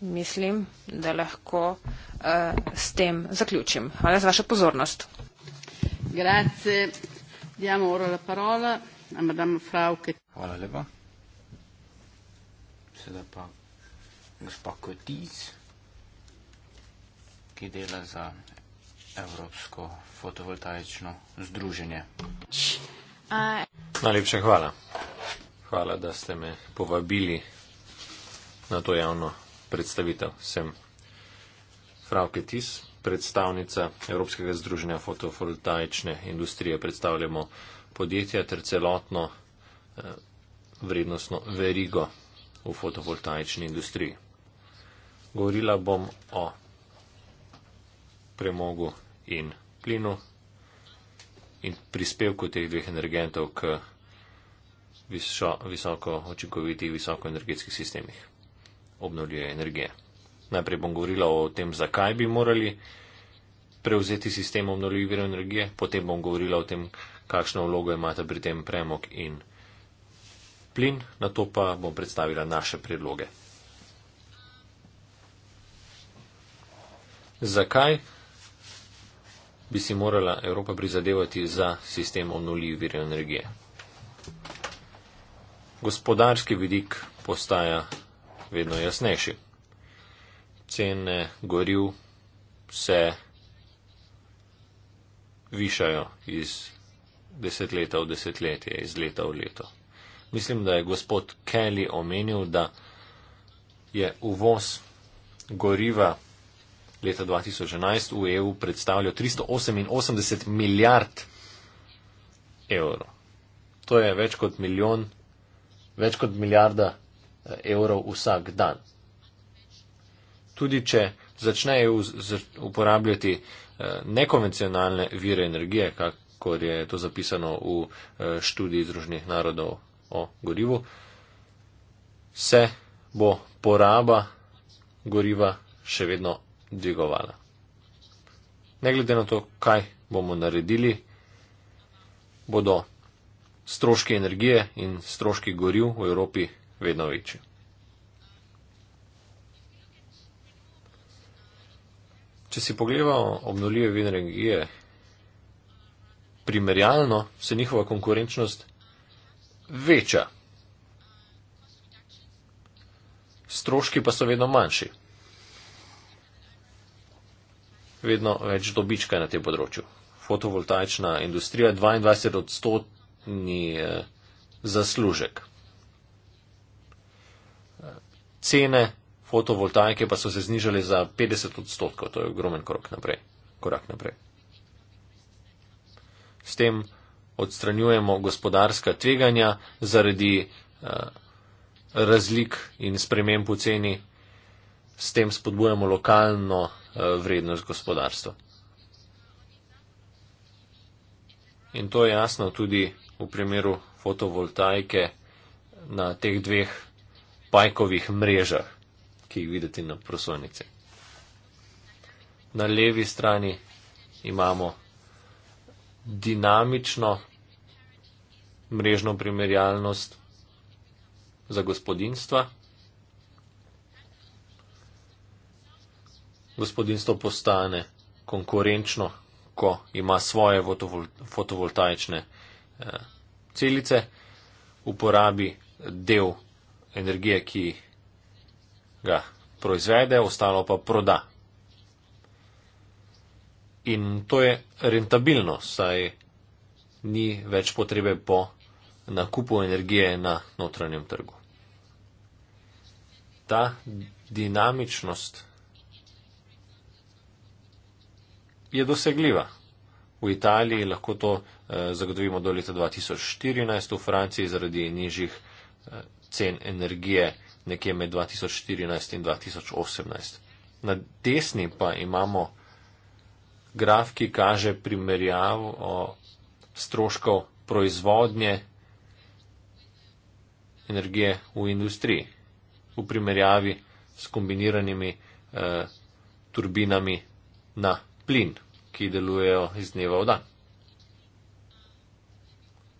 Mislim, da lahko uh, s tem zaključim. Hvala za vašo pozornost. Grazie. Diamo ora la parola. Hvala lepa. Sedaj pa gospa Kotic, ki dela za Evropsko fotovoltaično združenje. Najlepša hvala. Hvala, da ste me povabili na to javno predstavitev. Sem Frau Kotic, predstavnica Evropskega združenja fotovoltaične industrije. Predstavljamo podjetja ter celotno eh, vrednostno verigo v fotovoltaični industriji. Govorila bom o premogu in plinu in prispevku teh dveh energentov k viso, visoko očinkovitih visokoenergetskih sistemih obnovljive energije. Najprej bom govorila o tem, zakaj bi morali prevzeti sistem obnovljivih virov energije, potem bom govorila o tem, kakšno vlogo imata pri tem premog in plin, na to pa bom predstavila naše predloge. Zakaj bi si morala Evropa prizadevati za sistem obnovljivih virov energije? Gospodarski vidik postaja vedno jasnejši. Cene goril se višajo iz desetleta v desetletje, iz leta v leto. Mislim, da je gospod Kelly omenil, da je uvoz goriva leta 2011 v EU predstavljal 388 milijard evrov. To je več kot milijon, več kot milijarda eh, evrov vsak dan. Tudi če začnejo e uporabljati eh, nekonvencionalne vire energije, kak, kot je to zapisano v eh, študiji Združenih narodov o gorivu, se bo poraba goriva še vedno dvigovala. Ne glede na to, kaj bomo naredili, bodo stroški energije in stroški goriv v Evropi vedno večji. Če si pogledamo obnovljive vire energije primerjalno se njihova konkurenčnost veča. Stroški pa so vedno manjši. Vedno več dobička na tem področju. Fotovoltaična industrija 22 odstotni eh, zaslužek. Cene fotovoltaike pa so se znižali za 50 odstotkov. To je ogromen korak naprej. Korak naprej s tem odstranjujemo gospodarska tveganja zaradi eh, razlik in sprememb v ceni, s tem spodbujamo lokalno eh, vrednost gospodarstva. In to je jasno tudi v primeru fotovoltaike na teh dveh pajkovih mrežah, ki jih vidite na prosojnici. Na levi strani imamo dinamično mrežno primerjalnost za gospodinstva. Gospodinstvo postane konkurenčno, ko ima svoje fotovol fotovoltaične eh, celice, uporabi del energije, ki ga proizvede, ostalo pa proda in to je rentabilno, saj ni več potrebe po nakupu energije na notranjem trgu. Ta dinamičnost je dosegljiva. V Italiji lahko to eh, zagotovimo do leta 2014, v Franciji zaradi nižjih eh, cen energije nekje med 2014 in 2018. Na desni pa imamo graf, ki kaže primerjavo stroškov proizvodnje energije v industriji v primerjavi s kombiniranimi eh, turbinami na plin, ki delujejo iz dneva v dan.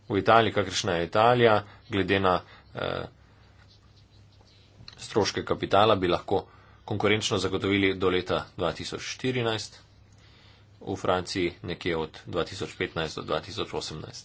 V Italiji, kakršna je Italija, glede na eh, stroške kapitala bi lahko konkurenčno zagotovili do leta 2014 v Franciji nekje od 2015 do 2018.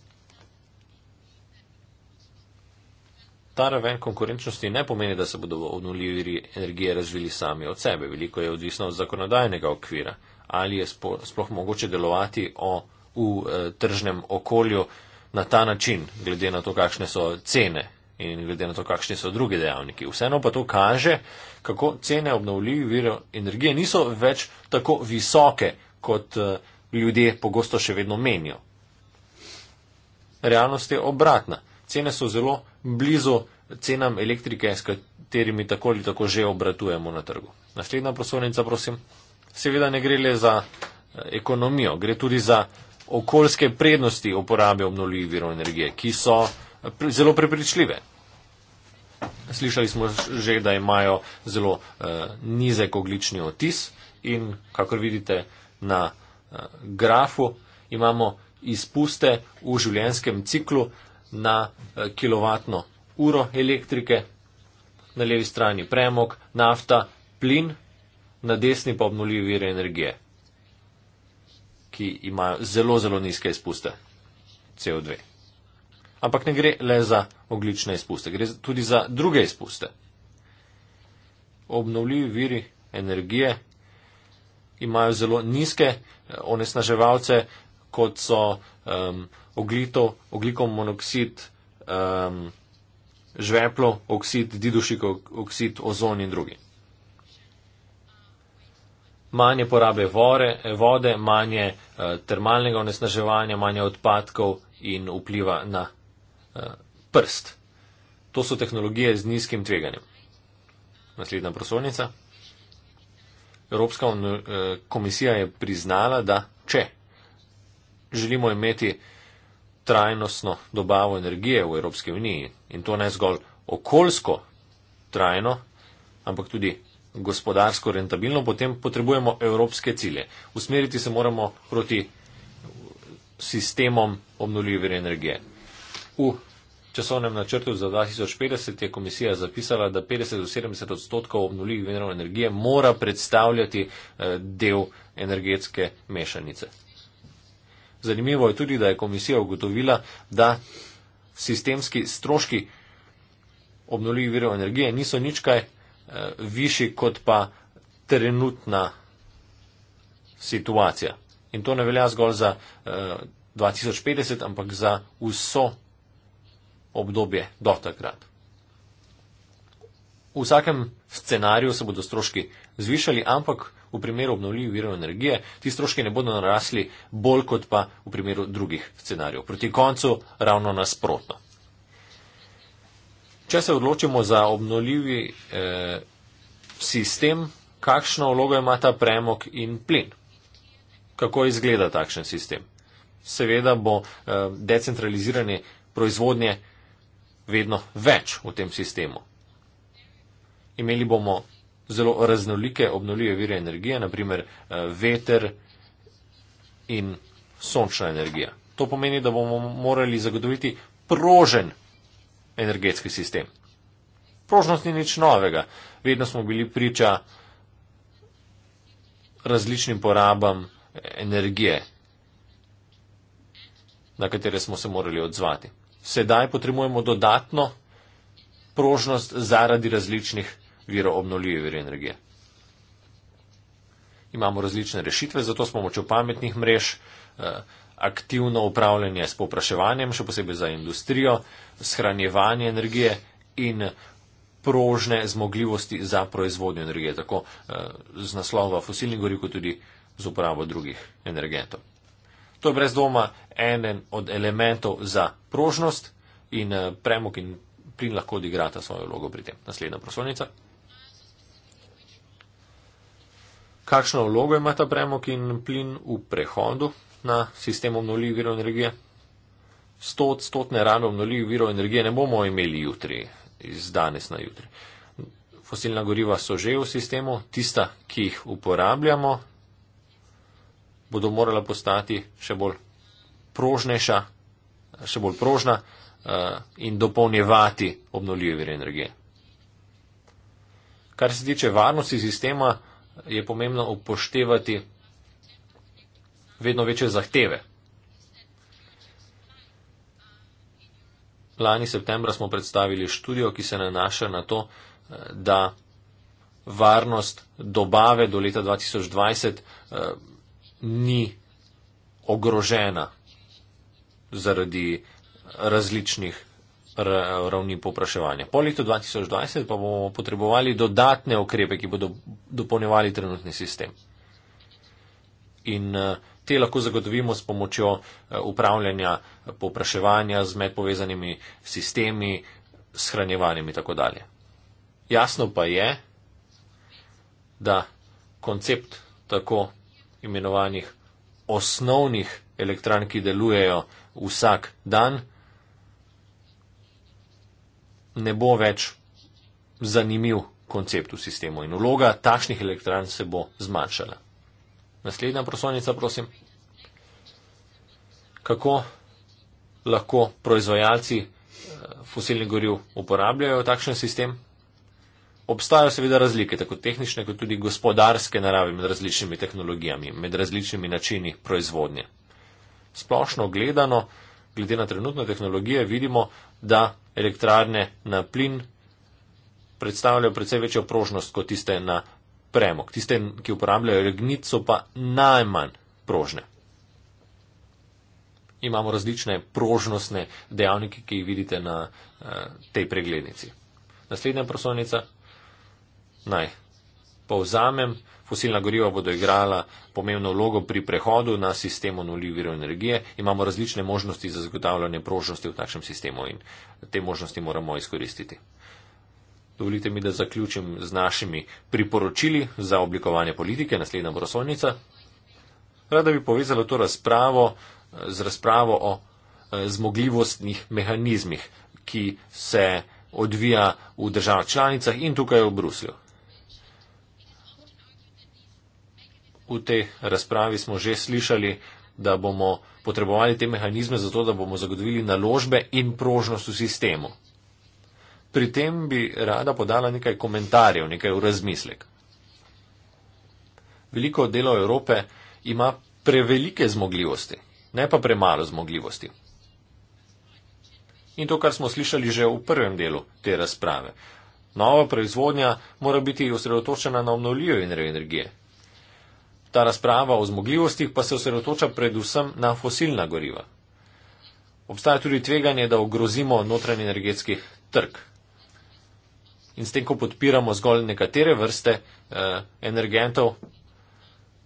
Ta raven konkurenčnosti ne pomeni, da se bodo obnovljivi viri energije razvili sami od sebe. Veliko je odvisno od zakonodajnega okvira, ali je sploh mogoče delovati o, v eh, tržnem okolju na ta način, glede na to, kakšne so cene in glede na to, kakšni so drugi dejavniki. Vseeno pa to kaže, kako cene obnovljivi viri energije niso več tako visoke, kot eh, ljudje pogosto še vedno menijo. Realnost je obratna. Cene so zelo blizu cenam elektrike, s katerimi tako ali tako že obratujemo na trgu. Naslednja prosovnica, prosim. Seveda ne gre le za eh, ekonomijo, gre tudi za okoljske prednosti uporabe obnovljivih virov energije, ki so eh, zelo prepričljive. Slišali smo že, da imajo zelo eh, nizek oglični otis in, kakor vidite, eh, na eh, grafu, imamo izpuste v življenskem ciklu na eh, kilovatno uro elektrike, na levi strani premog, nafta, plin, na desni pa obnuljivi vire energije, ki imajo zelo, zelo nizke izpuste CO2. Ampak ne gre le za oglične izpuste, gre tudi za druge izpuste. Obnovljivi viri energije imajo zelo nizke eh, onesnaževalce, kot so um, oglito, oglikov monoksid, um, žveplo, oksid, didušik, oksid, ozon in drugi. Manje porabe vore, eh, vode, manje uh, termalnega onesnaževanja, manje odpadkov in vpliva na uh, prst. To so tehnologije z nizkim tveganjem. Naslednja prosovnica. Evropska eh, komisija je priznala, da če želimo imeti trajnostno dobavo energije v Evropski uniji in to ne zgolj okoljsko trajno, ampak tudi gospodarsko rentabilno, potem potrebujemo evropske cilje. Usmeriti se moramo proti sistemom obnoljive energije. V časovnem načrtu za 2050 je komisija zapisala, da 50 do 70 odstotkov obnuljivih virov energije mora predstavljati eh, del energetske mešanice. Zanimivo je tudi, da je komisija ugotovila, da sistemski stroški obnuljivih virov energije niso nič kaj eh, višji kot pa trenutna situacija. In to ne velja zgolj za 2050, eh, ampak za vso obdobje do takrat. V vsakem scenariju se bodo stroški zvišali, ampak v primeru obnovljivih virov energije ti stroški ne bodo narasli bolj kot pa v primeru drugih scenarijev. Proti koncu ravno nasprotno. Če se odločimo za obnovljivi eh, sistem, kakšno vlogo ima ta premog in plin? Kako izgleda takšen sistem? Seveda bo eh, decentraliziranje proizvodnje vedno več v tem sistemu. Imeli bomo zelo raznolike obnoljive vire energije, naprimer eh, veter in sončna energija. To pomeni, da bomo morali zagotoviti prožen energetski sistem. Prožnost ni nič novega. Vedno smo bili priča različnim porabam eh, energije, na katere smo se morali odzvati sedaj potrebujemo dodatno prožnost zaradi različnih virov obnovljive vire energije. Imamo različne rešitve, zato smo močjo pametnih mrež, eh, aktivno upravljanje s popraševanjem, še posebej za industrijo, shranjevanje energije in prožne zmogljivosti za proizvodnjo energije, tako eh, z naslova fosilnih goriv, kot tudi z uporabo drugih energentov. To je brez dvoma eden od elementov za prožnost in eh, premog in plin lahko odigrata svojo vlogo pri tem. Naslednja prosojnica. Kakšno vlogo ima ta premog in plin v prehodu na sistem obnovljivih virov energije? 100 odstotne rane obnovljivih virov energije ne bomo imeli jutri, iz danes na jutri. Fosilna goriva so že v sistemu, tista, ki jih uporabljamo, bodo morala postati še bolj prožnejša, še bolj prožna eh, in dopolnjevati obnovljive vire energije. Kar se tiče varnosti sistema, je pomembno upoštevati vedno večje zahteve. Lani septembra smo predstavili študijo, ki se nanaša na to, eh, da varnost dobave do leta 2020 eh, ni ogrožena zaradi različnih ravni popraševanja. Po letu 2020 pa bomo potrebovali dodatne ukrepe, ki bodo dopolnjevali trenutni sistem. In eh, te lahko zagotovimo s pomočjo eh, upravljanja popraševanja z medpovezanimi sistemi, shranjevanjem in tako dalje. Jasno pa je, da koncept tako imenovanih osnovnih elektran, ki delujejo vsak dan, ne bo več zanimiv koncept v sistemu in vloga takšnih elektran se bo zmanjšala. Naslednja prosojnica, prosim. Kako lahko proizvajalci eh, fosilnih goril uporabljajo takšen sistem? Obstajajo seveda razlike, tako tehnične kot tudi gospodarske narave med različnimi tehnologijami, med različnimi načini proizvodnje splošno gledano, glede na trenutne tehnologije, vidimo, da elektrarne na plin predstavljajo precej večjo prožnost kot tiste na premog. Tiste, ki uporabljajo regnit, so pa najmanj prožne. Imamo različne prožnostne dejavnike, ki jih vidite na eh, tej preglednici. Naslednja prosovnica. Naj povzamem. Fosilna goriva bodo igrala pomembno vlogo pri prehodu na sistem nulji virov energije. Imamo različne možnosti za zagotavljanje prožnosti v takšnem sistemu in te možnosti moramo izkoristiti. Dovolite mi, da zaključim z našimi priporočili za oblikovanje politike. Naslednja brosovnica. Rada bi povezala to razpravo z razpravo o eh, zmogljivostnih mehanizmih, ki se odvija v državah članicah in tukaj v Bruslju. v tej razpravi smo že slišali, da bomo potrebovali te mehanizme zato, da bomo zagotovili naložbe in prožnost v sistemu. Pri tem bi rada podala nekaj komentarjev, nekaj v razmislek. Veliko delo Evrope ima prevelike zmogljivosti, ne pa premalo zmogljivosti. In to, kar smo slišali že v prvem delu te razprave. Nova proizvodnja mora biti osredotočena na obnovljive energije. Ta razprava o zmogljivostih pa se osredotoča predvsem na fosilna goriva. Obstaja tudi tveganje, da ogrozimo notranji energetski trg. In s tem, ko podpiramo zgolj nekatere vrste eh, energentov,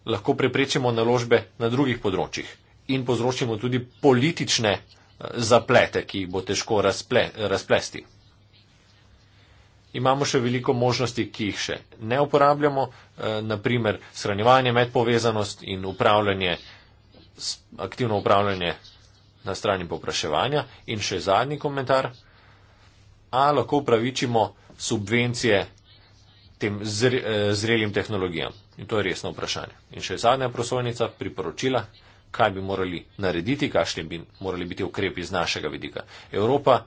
lahko preprečimo naložbe na drugih področjih in povzročimo tudi politične eh, zaplete, ki jih bo težko razple, razplesti imamo še veliko možnosti, ki jih še ne uporabljamo, eh, naprimer shranjevanje, medpovezanost in upravljanje, aktivno upravljanje na strani popraševanja. In še zadnji komentar, a lahko upravičimo subvencije tem eh, zrelim tehnologijam. In to je resno vprašanje. In še zadnja prosojnica, priporočila, kaj bi morali narediti, kakšni bi morali biti ukrepi z našega vidika. Evropa,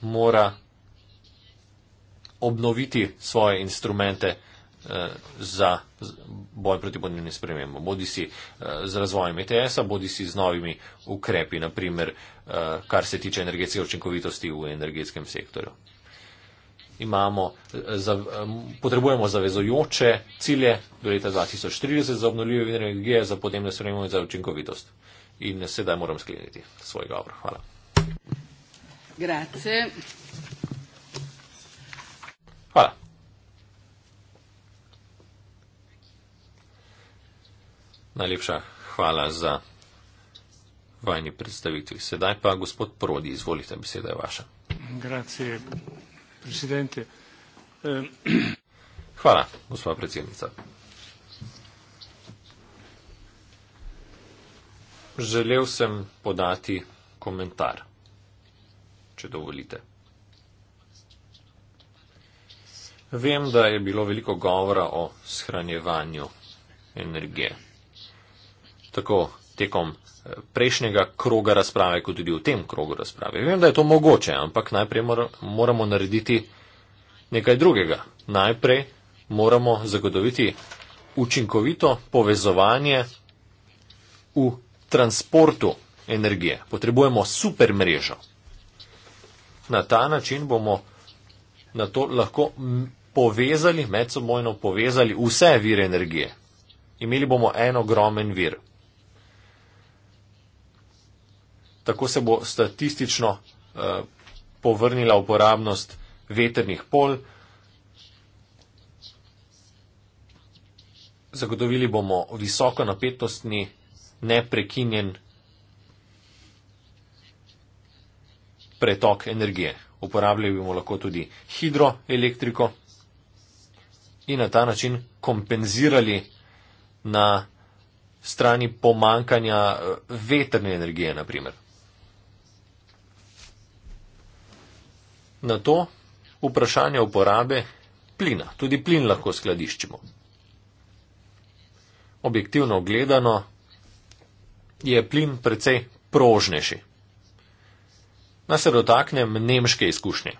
mora obnoviti svoje instrumente eh, za boj proti podnebnim spremembam, bodi si eh, z razvojem ETS-a, bodi si z novimi ukrepi, naprimer, eh, kar se tiče energetske učinkovitosti v energetskem sektorju. Imamo, potrebujemo zavezojoče cilje do leta 2030 za obnovljive energije, za podnebne spremembe in za učinkovitost. In sedaj moram skleniti svoj govor. Hvala. Grazie. Voilà. Najlepša hvala za vajni predstavitvi. Sedaj pa gospod Prodi, izvolite, beseda je vaša. Grazie, predsednik. Ehm. Hvala, gospod predsednica. Želel sem podati komentar če dovolite. Vem, da je bilo veliko govora o shranjevanju energije. Tako tekom eh, prejšnjega kroga razprave, kot tudi v tem krogu razprave. Vem, da je to mogoče, ampak najprej moramo narediti nekaj drugega. Najprej moramo zagotoviti učinkovito povezovanje v transportu energije. Potrebujemo super mrežo na ta način bomo na to lahko povezali, medsebojno povezali vse vire energije. Imeli bomo en ogromen vir. Tako se bo statistično eh, povrnila uporabnost veternih pol. Zagotovili bomo visoko napetostni, neprekinjen pretok energije. Uporabljali bomo lahko tudi hidroelektriko in na ta način kompenzirali na strani pomankanja eh, vetrne energije, naprimer. Na to vprašanje uporabe plina. Tudi plin lahko skladiščimo. Objektivno gledano je plin precej prožnejši. Na se dotaknem nemške izkušnje.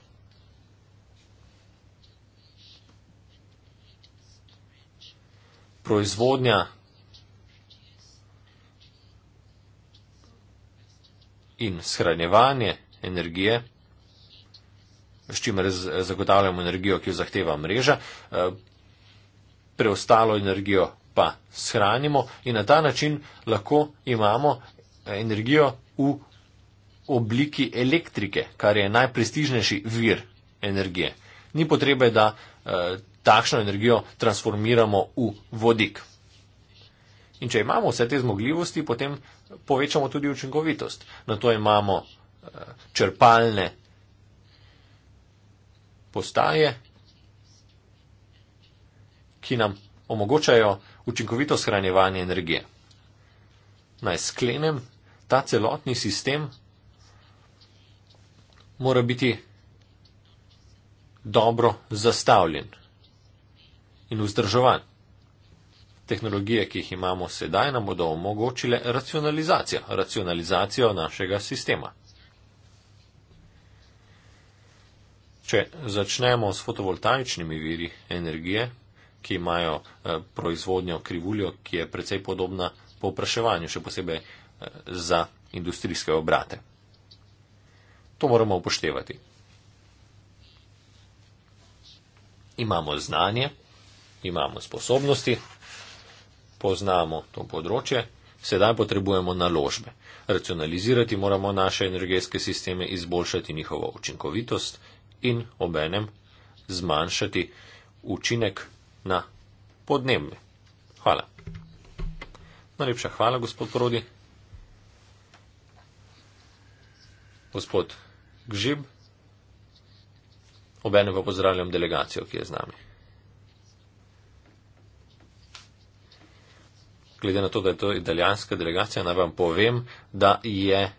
Proizvodnja in shranjevanje energije, s čimer zagotavljamo energijo, ki jo zahteva mreža, eh, preostalo energijo pa shranimo in na ta način lahko imamo energijo v obliki elektrike, kar je najprestižnejši vir energije. Ni potrebe, da eh, takšno energijo transformiramo v vodik. In če imamo vse te zmogljivosti, potem povečamo tudi učinkovitost. Na to imamo eh, črpalne postaje, ki nam omogočajo učinkovito shranjevanje energije. Naj sklenem, ta celotni sistem mora biti dobro zastavljen in vzdrževan. Tehnologije, ki jih imamo sedaj, nam bodo omogočile racionalizacijo, racionalizacijo našega sistema. Če začnemo s fotovoltaičnimi viri energije, ki imajo eh, proizvodnjo krivuljo, ki je precej podobna povpraševanju, še posebej eh, za industrijske obrate. To moramo upoštevati. Imamo znanje, imamo sposobnosti, poznamo to področje, sedaj potrebujemo naložbe. Racionalizirati moramo naše energetske sisteme, izboljšati njihovo učinkovitost in obenem zmanjšati učinek na podnebje. Hvala. Najlepša hvala, gospod Prodi. Gospod. Gžib. Obenem pa pozdravljam delegacijo, ki je z nami. Glede na to, da je to italijanska delegacija, naj vam povem, da je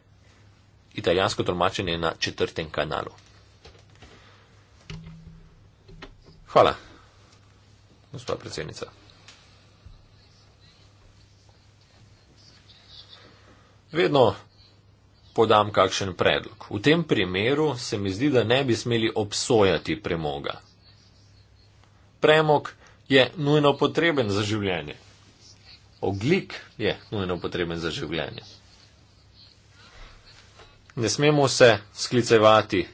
italijansko tolmačenje na četrtem kanalu. Hvala, gospod predsednica. Vedno podam kakšen predlog. V tem primeru se mi zdi, da ne bi smeli obsojati premoga. Premog je nujno potreben za življenje. Oglik je nujno potreben za življenje. Ne smemo se sklicevati eh,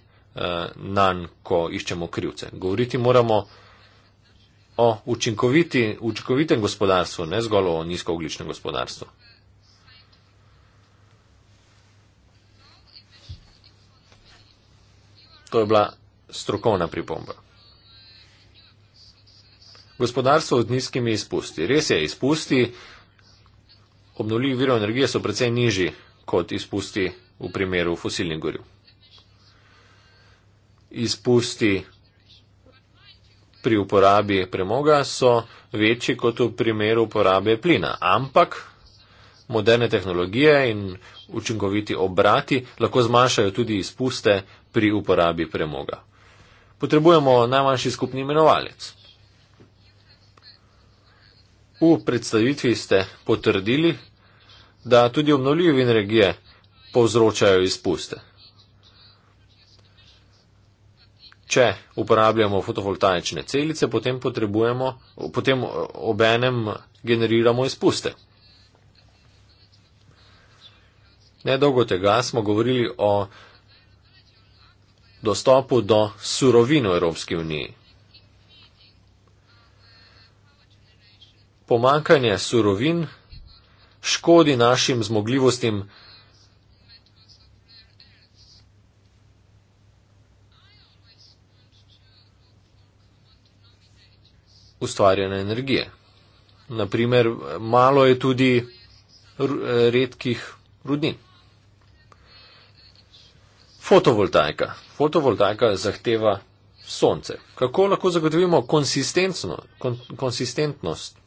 na njen, ko iščemo krivce. Govoriti moramo o učinkovitem gospodarstvu, ne zgolj o nizkoogličnem gospodarstvu. To je bila strokovna pripomba. Gospodarstvo z nizkimi izpusti. Res je, izpusti obnovljivih virov energije so precej nižji kot izpusti v primeru fosilnih goriv. Izpusti pri uporabi premoga so večji kot v primeru uporabe plina, ampak moderne tehnologije in učinkoviti obrati lahko zmanjšajo tudi izpuste pri uporabi premoga. Potrebujemo najmanjši skupni imenovalec. V predstavitvi ste potrdili, da tudi obnovljivi energije povzročajo izpuste. Če uporabljamo fotovoltaične celice, potem potrebujemo, potem obenem generiramo izpuste. Nedolgo tega smo govorili o dostopu do surovin v Evropski uniji. Pomankanje surovin škodi našim zmogljivostim ustvarjene energije. Naprimer, malo je tudi redkih rudnin. Fotovoltaika. Fotovoltaika zahteva sonce. Kako lahko zagotovimo konsistentno, kon, konsistentnost?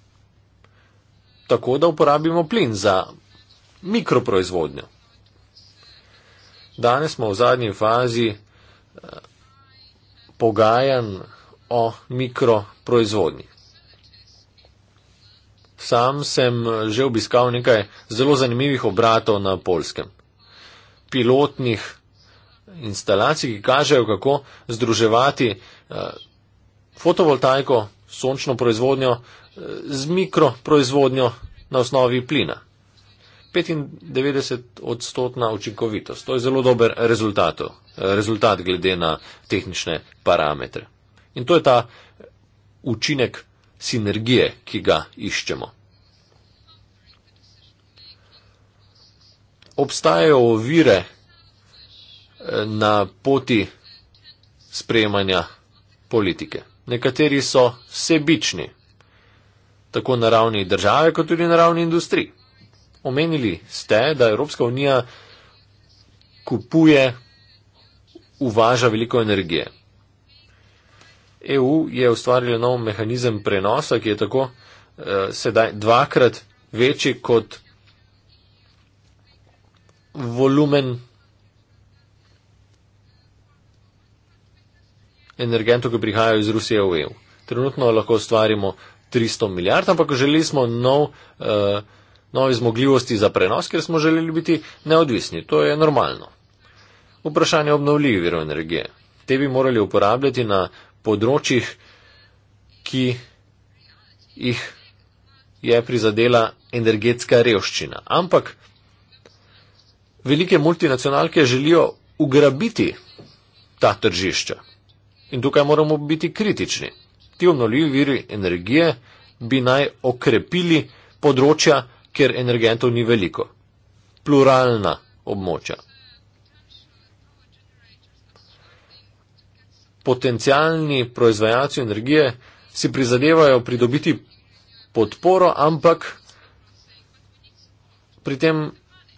Tako, da uporabimo plin za mikroproizvodnjo. Danes smo v zadnji fazi eh, pogajanj o mikroproizvodnji. Sam sem že obiskal nekaj zelo zanimivih obratov na polskem. Pilotnih instalacij, ki kažejo, kako združevati eh, fotovoltaiko, sončno proizvodnjo eh, z mikroproizvodnjo na osnovi plina. 95 odstotna učinkovitost. To je zelo dober rezultat, rezultat glede na tehnične parametre. In to je ta učinek sinergije, ki ga iščemo. Obstajajo ovire, na poti sprejemanja politike. Nekateri so sebični, tako na ravni države, kot tudi na ravni industrije. Omenili ste, da Evropska unija kupuje, uvaža veliko energije. EU je ustvarila nov mehanizem prenosa, ki je tako eh, sedaj dvakrat večji kot volumen energentov, ki prihajajo iz Rusije v EU. Trenutno lahko ustvarimo 300 milijard, ampak želeli smo nov, uh, nove zmogljivosti za prenos, ker smo želeli biti neodvisni. To je normalno. Vprašanje obnovljivih virov energije. Te bi morali uporabljati na področjih, ki jih je prizadela energetska revščina. Ampak velike multinacionalke želijo ugrabiti ta tržišča. In tukaj moramo biti kritični. Ti obnovljivi viri energije bi naj okrepili področja, kjer energentov ni veliko. Pluralna območja. Potencialni proizvajalci energije si prizadevajo pridobiti podporo, ampak pri tem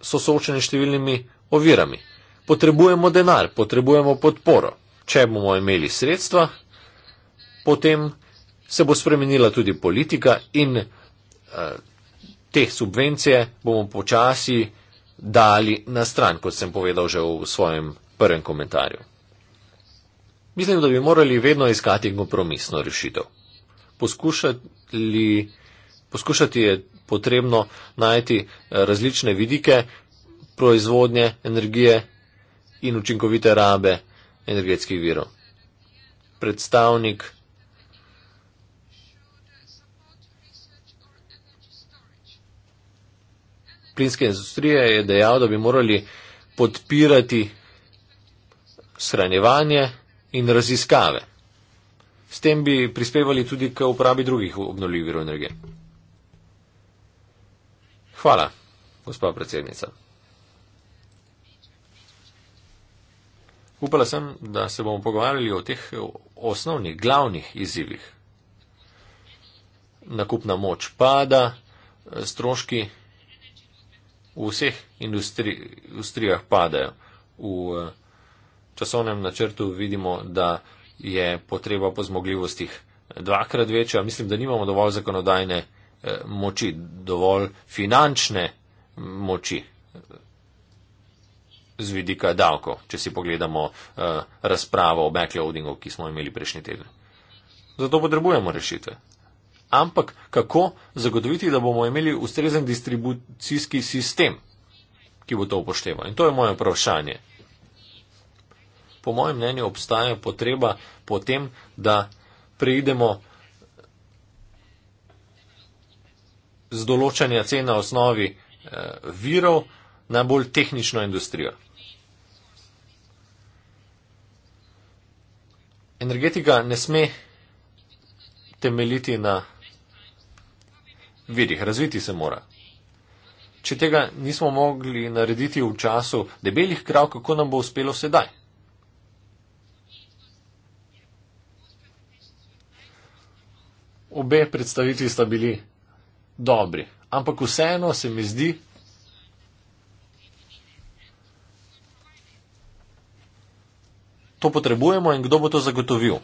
so soočeni številnimi ovirami. Potrebujemo denar, potrebujemo podporo. Če bomo imeli sredstva, potem se bo spremenila tudi politika in eh, te subvencije bomo počasi dali na stran, kot sem povedal že v svojem prvem komentarju. Mislim, da bi morali vedno iskati kompromisno rešitev. Poskušali, poskušati je potrebno najti eh, različne vidike proizvodnje energije in učinkovite rabe energetskih virov. Predstavnik plinske industrije je dejal, da bi morali podpirati shranjevanje in raziskave. S tem bi prispevali tudi k uporabi drugih obnovljivih virov energije. Hvala, gospod predsednica. Upala sem, da se bomo pogovarjali o teh osnovnih, glavnih izzivih. Nakupna moč pada, stroški v vseh industrijah padajo. V časovnem načrtu vidimo, da je potreba po zmogljivostih dvakrat večja. Mislim, da nimamo dovolj zakonodajne eh, moči, dovolj finančne eh, moči z vidika davkov, če si pogledamo eh, razpravo o backloadingu, ki smo imeli prejšnji teden. Zato potrebujemo rešitve. Ampak kako zagotoviti, da bomo imeli ustrezen distribucijski sistem, ki bo to upošteval? In to je moje vprašanje. Po mojem mnenju obstaja potreba po tem, da preidemo z določanja cen na osnovi eh, virov na bolj tehnično industrijo. energetika ne sme temeljiti na virih, razviti se mora. Če tega nismo mogli narediti v času debelih krav, kako nam bo uspelo sedaj? Obe predstavitvi sta bili dobri, ampak vseeno se mi zdi, to potrebujemo in kdo bo to zagotovil.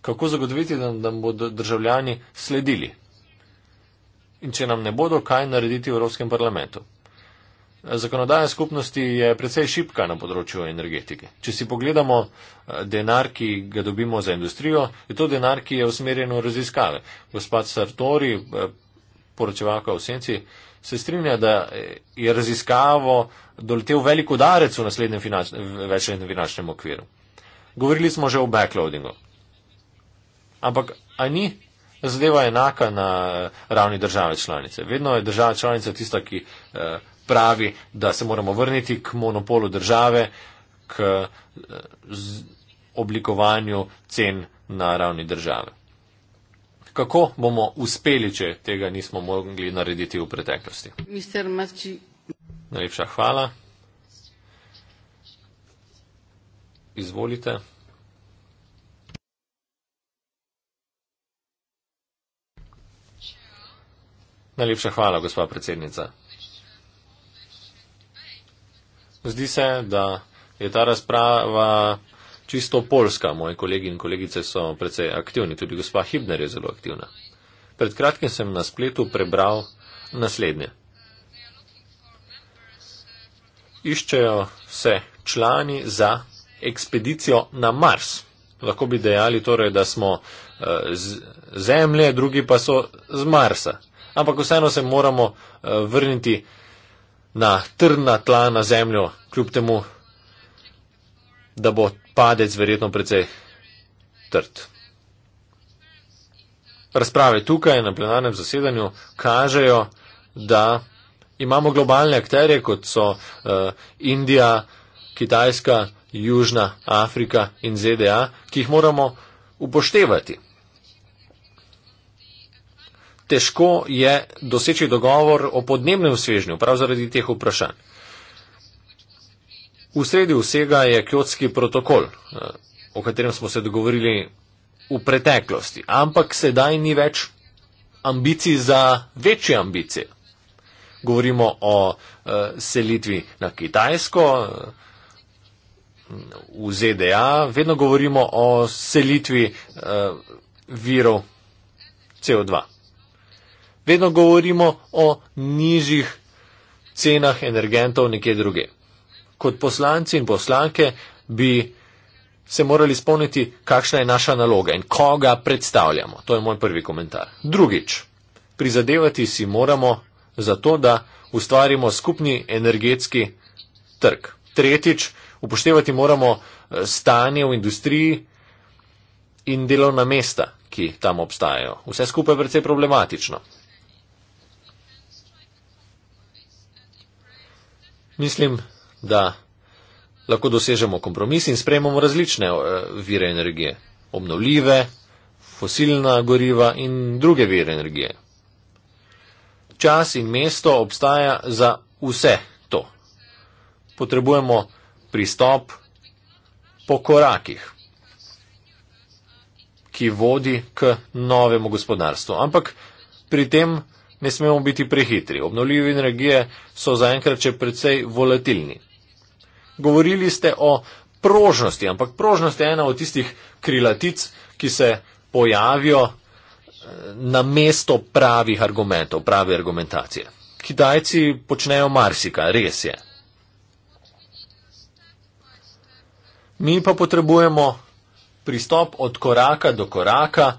Kako zagotoviti, da nam bodo državljani sledili? In če nam ne bodo, kaj narediti v Evropskem parlamentu? Zakonodaja skupnosti je precej šipka na področju energetike. Če si pogledamo eh, denar, ki ga dobimo za industrijo, je to denar, ki je usmerjen v raziskave. Gospod Sartori, eh, poročevalka v senci, se strinja, da eh, je raziskavo doletel velik udarec v naslednjem večletnem finančnem okviru. Govorili smo že o backloadingu. Ampak a ni zadeva enaka na eh, ravni države članice? Vedno je država članica tista, ki eh, pravi, da se moramo vrniti k monopolu države, k eh, oblikovanju cen na ravni države. Kako bomo uspeli, če tega nismo mogli narediti v preteklosti? Najlepša hvala. Izvolite. Najlepša hvala, gospa predsednica. Zdi se, da je ta razprava čisto polska. Moji kolegi in kolegice so precej aktivni, tudi gospa Hibner je zelo aktivna. Pred kratkim sem na spletu prebral naslednje iščejo se člani za ekspedicijo na Mars. Lahko bi dejali torej, da smo eh, z Zemlje, drugi pa so z Marsa. Ampak vseeno se moramo eh, vrniti na trdna tla na Zemljo, kljub temu, da bo padec verjetno precej trd. Razprave tukaj na plenarnem zasedanju kažejo, da imamo globalne akterje, kot so uh, Indija, Kitajska, Južna Afrika in ZDA, ki jih moramo upoštevati. Težko je doseči dogovor o podnebnem svežnju, prav zaradi teh vprašanj. V sredi vsega je kjotski protokol, eh, o katerem smo se dogovorili v preteklosti, ampak sedaj ni več ambicij za večje ambicije govorimo o uh, selitvi na Kitajsko, uh, v ZDA, vedno govorimo o selitvi uh, virov CO2. Vedno govorimo o nižjih cenah energentov nekje druge. Kot poslanci in poslanke bi se morali spomniti, kakšna je naša naloga in koga predstavljamo. To je moj prvi komentar. Drugič, prizadevati si moramo zato, da ustvarimo skupni energetski trg. Tretjič, upoštevati moramo eh, stanje v industriji in delovna mesta, ki tam obstajajo. Vse skupaj je precej problematično. Mislim, da lahko dosežemo kompromis in sprejmemo različne eh, vire energije. Obnovljive, fosilna goriva in druge vire energije čas in mesto obstaja za vse to. Potrebujemo pristop po korakih, ki vodi k novemu gospodarstvu. Ampak pri tem ne smemo biti prehitri. Obnovljive energije so zaenkrat še precej volatilni. Govorili ste o prožnosti, ampak prožnost je ena od tistih krilatic, ki se pojavijo na mesto pravih argumentov, prave argumentacije. Kitajci počnejo marsika, res je. Mi pa potrebujemo pristop od koraka do koraka,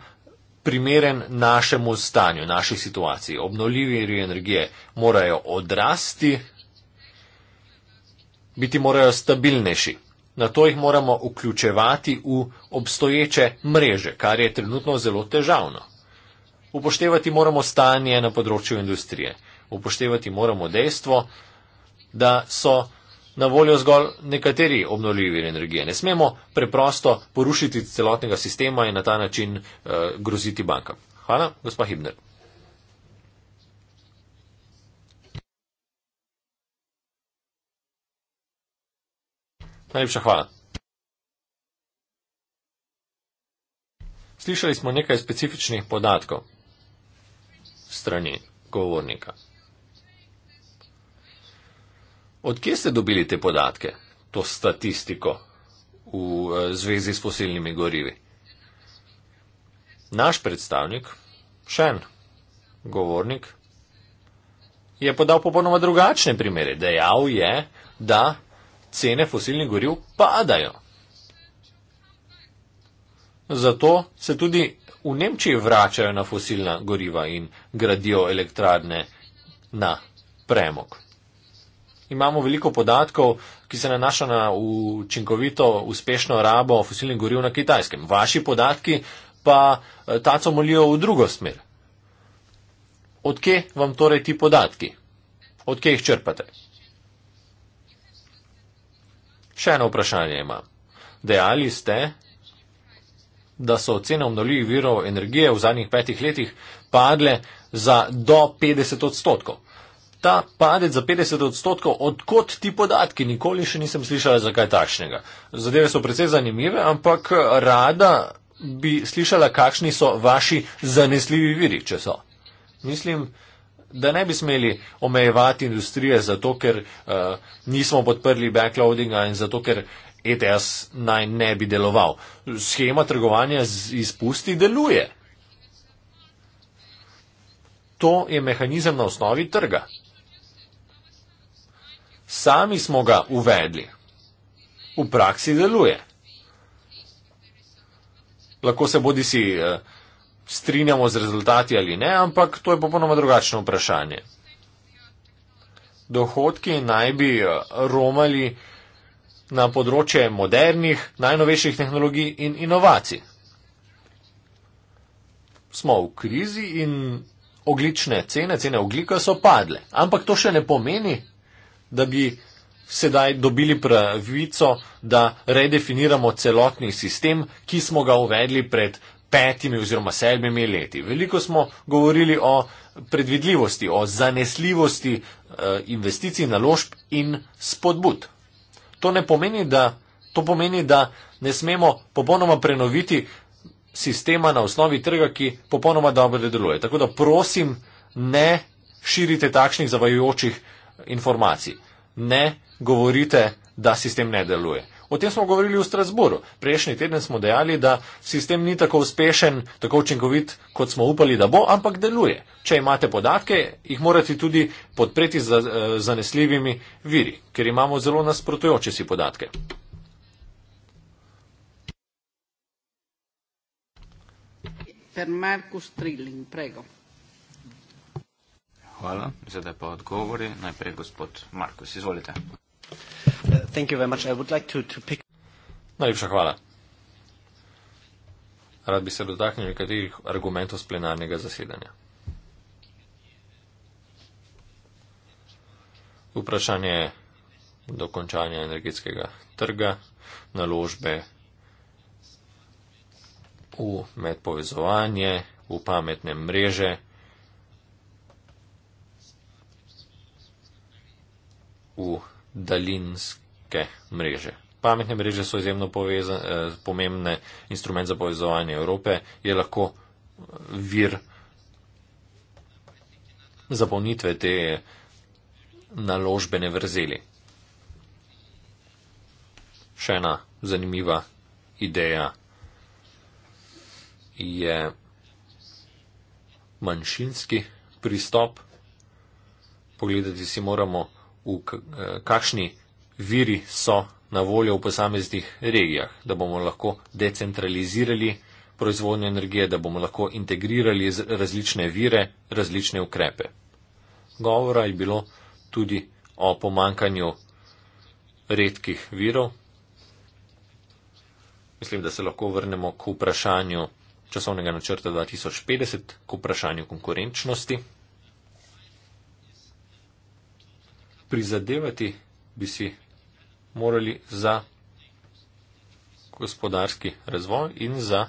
primeren našemu stanju, naši situaciji. Obnovljivi viri energije morajo odrasti, biti morajo stabilnejši. Na to jih moramo vključevati v obstoječe mreže, kar je trenutno zelo težavno. Upoštevati moramo stanje na področju industrije. Upoštevati moramo dejstvo, da so na voljo zgolj nekateri obnovljivi energije. Ne smemo preprosto porušiti celotnega sistema in na ta način uh, groziti bankam. Hvala, gospa Hibner. Najlepša hvala. Slišali smo nekaj specifičnih podatkov strani govornika. Odkje ste dobili te podatke, to statistiko v eh, zvezi s fosilnimi gorivi? Naš predstavnik, še en govornik, je podal popolnoma drugačne primere. Dejal je, da cene fosilnih goriv padajo. Zato se tudi v Nemčiji vračajo na fosilna goriva in gradijo elektrarne na premog. Imamo veliko podatkov, ki se nanaša na učinkovito, uspešno rabo fosilnih goriv na kitajskem. Vaši podatki pa eh, taco molijo v drugo smer. Odkje vam torej ti podatki? Odkje jih črpate? Še eno vprašanje imam. Dejali ste, da so cene obnovljivih virov energije v zadnjih petih letih padle za do 50 odstotkov. Ta padec za 50 odstotkov, odkot ti podatki, nikoli še nisem slišala za kaj takšnega. Zadeve so precej zanimive, ampak rada bi slišala, kakšni so vaši zanesljivi viri, če so. Mislim, da ne bi smeli omejevati industrije zato, ker uh, nismo podprli backloadinga in zato, ker ETS naj ne bi deloval. Schema trgovanja z izpusti deluje. To je mehanizem na osnovi trga. Sami smo ga uvedli. V praksi deluje. Lahko se bodi si eh, strinjamo z rezultati ali ne, ampak to je popolnoma drugačno vprašanje. Dohodki naj bi eh, romali na področje modernih, najnovejših tehnologij in inovacij. Smo v krizi in oglične cene, cene oglika so padle. Ampak to še ne pomeni, da bi sedaj dobili pravico, da redefiniramo celotni sistem, ki smo ga uvedli pred petimi oziroma sedmimi leti. Veliko smo govorili o predvidljivosti, o zanesljivosti eh, investicij, naložb in spodbud. To ne pomeni, da, to pomeni, da ne smemo popolnoma prenoviti sistema na osnovi trga, ki popolnoma dobro deluje. Tako da prosim, ne širite takšnih zavajojočih informacij. Ne govorite, da sistem ne deluje. O tem smo govorili v Strasburu. Prejšnji teden smo dejali, da sistem ni tako uspešen, tako učinkovit, kot smo upali, da bo, ampak deluje. Če imate podatke, jih morate tudi podpreti z eh, zanesljivimi viri, ker imamo zelo nasprotujoče si podatke. Hvala za te pa odgovori. Najprej gospod Markus, izvolite. Thank you very much. I would like to, to pick... Najlepša hvala. Rad bi se dotaknil nekaterih argumentov z plenarnega zasedanja. Vprašanje dokončanja energetskega trga, naložbe v medpovezovanje, v pametne mreže, v daljinske mreže. Pametne mreže so izjemno povezan, eh, pomembne instrument za povezovanje Evrope, je lahko vir zapolnitve te naložbene vrzeli. Še ena zanimiva ideja je manjšinski pristop. Pogledati si moramo v eh, kakšni viri so na voljo v posameznih regijah, da bomo lahko decentralizirali proizvodnjo energije, da bomo lahko integrirali različne vire, različne ukrepe. Govora je bilo tudi o pomankanju redkih virov. Mislim, da se lahko vrnemo k vprašanju časovnega načrta 2050, k vprašanju konkurenčnosti. prizadevati bi si morali za gospodarski razvoj in za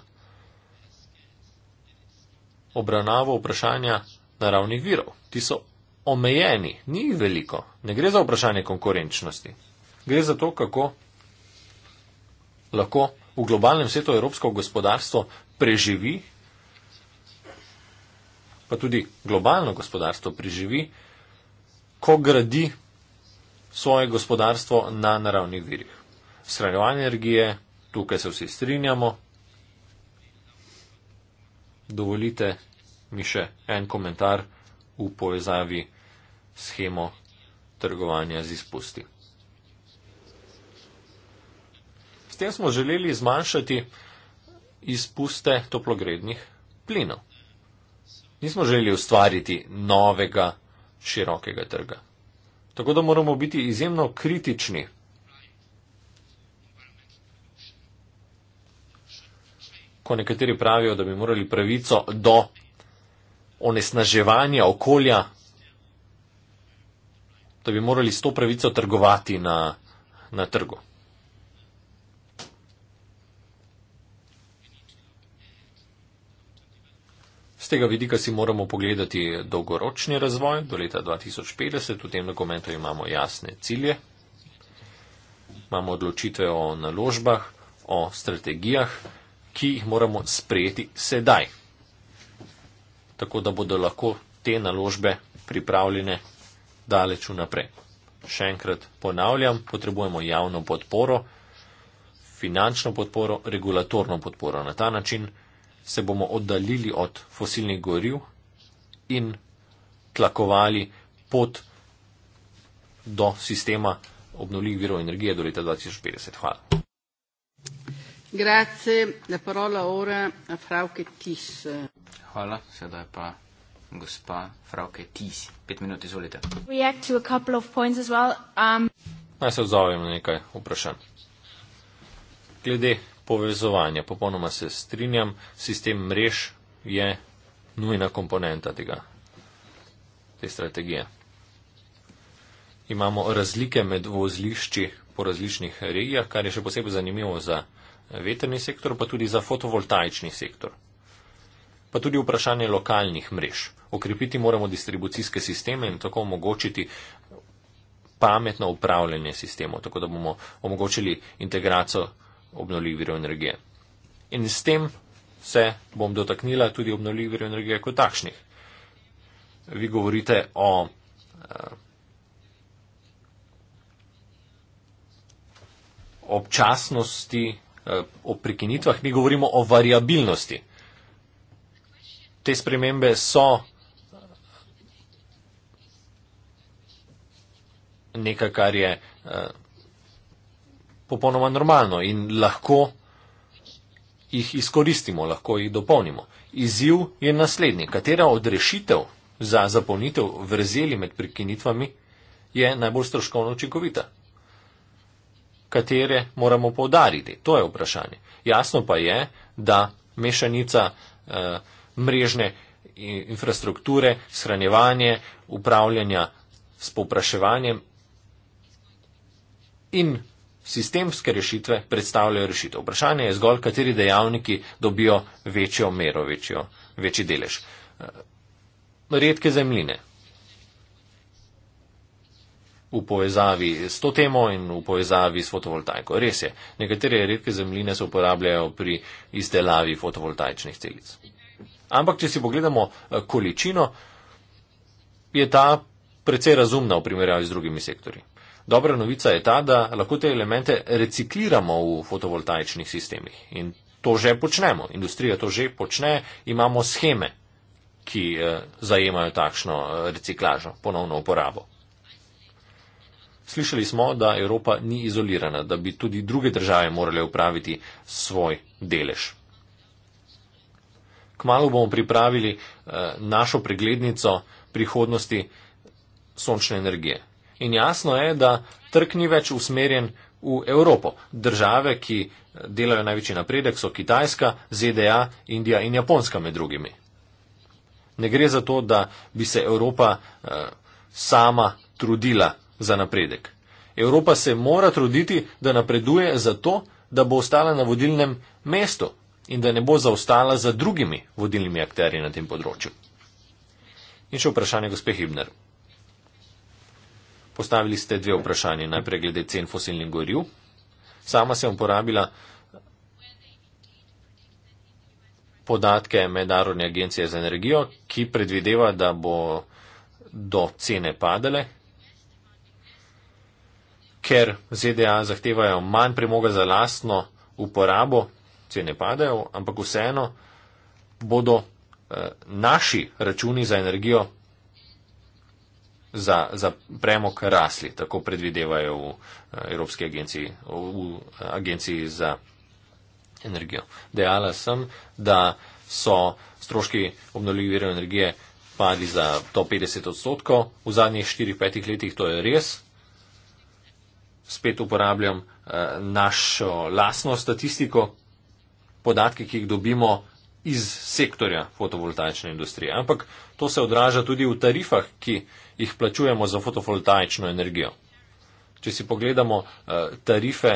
obravnavo vprašanja naravnih virov. Ti so omejeni, ni jih veliko. Ne gre za vprašanje konkurenčnosti. Gre za to, kako lahko v globalnem svetu evropsko gospodarstvo preživi, pa tudi globalno gospodarstvo preživi, ko gradi svoje gospodarstvo na naravnih virih. Shranjevanje energije, tukaj se vsi strinjamo. Dovolite mi še en komentar v povezavi s schemo trgovanja z izpusti. S tem smo želeli zmanjšati izpuste toplogrednih plinov. Nismo želeli ustvariti novega širokega trga. Tako da moramo biti izjemno kritični. Ko nekateri pravijo, da bi morali pravico do onesnaževanja okolja, da bi morali s to pravico trgovati na, na trgu. Z tega vidika si moramo pogledati dolgoročni razvoj do leta 2050. V tem dokumentu imamo jasne cilje. Imamo odločitve o naložbah, o strategijah, ki jih moramo sprejeti sedaj. Tako da bodo lahko te naložbe pripravljene daleč vnaprej. Še enkrat ponavljam, potrebujemo javno podporo, finančno podporo, regulatorno podporo na ta način se bomo oddaljili od fosilnih goriv in tlakovali pot do sistema obnovljivih virov energije do leta 2050. Hvala. Grazie, la parola ora a Frauke Tis. Hvala, sedaj pa gospa Frauke Tis. Pet minut, izvolite. React to a couple of points as well. Um... Naj se odzovem na nekaj vprašanj. Glede povezovanja. Popolnoma se strinjam, sistem mrež je nujna komponenta tega, te strategije. Imamo razlike med vozlišči po različnih regijah, kar je še posebej zanimivo za veterni sektor, pa tudi za fotovoltaični sektor. Pa tudi vprašanje lokalnih mrež. Okrepiti moramo distribucijske sisteme in tako omogočiti pametno upravljanje sistemov, tako da bomo omogočili integracijo obnovljivih virov energije. In s tem se bom dotaknila tudi obnovljivih virov energije kot takšnih. Vi govorite o eh, občasnosti, eh, o prekinitvah, mi govorimo o variabilnosti. Te spremembe so eh, nekaj, kar je. Eh, popolnoma normalno in lahko jih izkoristimo, lahko jih dopolnimo. Izziv je naslednji. Katera od rešitev za zapolnitev vrzeli med prekinitvami je najbolj stroškovno učinkovita? Katere moramo povdariti? To je vprašanje. Jasno pa je, da mešanica eh, mrežne infrastrukture, shranjevanje, upravljanja s popraševanjem in Sistemske rešitve predstavljajo rešitev. Vprašanje je zgolj, kateri dejavniki dobijo večjo mero, večjo, večji delež. Eh, redke zemljine v povezavi s to temo in v povezavi s fotovoltaiko. Res je, nekatere redke zemljine se uporabljajo pri izdelavi fotovoltaičnih celic. Ampak, če si pogledamo eh, količino, je ta precej razumna v primerjavi z drugimi sektorji. Dobra novica je ta, da lahko te elemente recikliramo v fotovoltaičnih sistemih in to že počnemo. Industrija to že počne, imamo scheme, ki eh, zajemajo takšno eh, reciklažo, ponovno uporabo. Slišali smo, da Evropa ni izolirana, da bi tudi druge države morale upraviti svoj delež. Kmalo bomo pripravili eh, našo preglednico prihodnosti sončne energije. In jasno je, da trg ni več usmerjen v Evropo. Države, ki delajo največji napredek, so Kitajska, ZDA, Indija in Japonska med drugimi. Ne gre za to, da bi se Evropa eh, sama trudila za napredek. Evropa se mora truditi, da napreduje zato, da bo ostala na vodilnem mestu in da ne bo zaostala za drugimi vodilnimi akteri na tem področju. In še vprašanje gospe Hibner. Postavili ste dve vprašanje. Najprej glede cen fosilnih goril. Sama sem uporabila podatke Mednarodne agencije za energijo, ki predvideva, da bo do cene padale, ker ZDA zahtevajo manj premoga za lastno uporabo, cene padajo, ampak vseeno bodo eh, naši računi za energijo za, za premog rasli, tako predvidevajo v eh, Evropski agenciji, v agenciji za energijo. Dejala sem, da so stroški obnovljivih virov energije padli za to 50 odstotkov v zadnjih 4-5 letih, to je res. Spet uporabljam eh, našo lasno statistiko, podatke, ki jih dobimo iz sektorja fotovoltaične industrije. Ampak to se odraža tudi v tarifah, ki uh, jih plačujemo za fotovoltaično energijo. Če si pogledamo eh, tarife,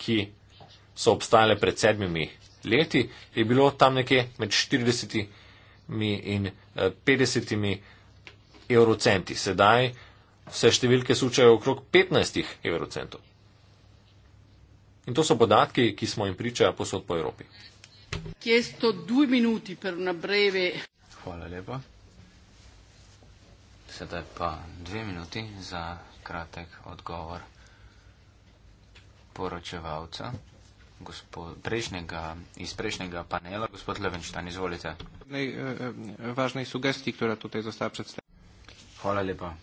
ki so obstajale pred sedmimi leti, je bilo tam nekje med 40 in 50 eh, evrocenti. Sedaj vse številke sučajo okrog 15 evrocentov. In to so podatki, ki smo jim pričali posod po Evropi. Hvala lepa. Sedaj pa dve minuti za kratek odgovor poročevalca gospod, prejšnjega, iz prejšnjega panela. Gospod Levenštan, izvolite. E, e, Važna je sugestija, ki jo tukaj zastavlja predstavnik. Hvala lepa.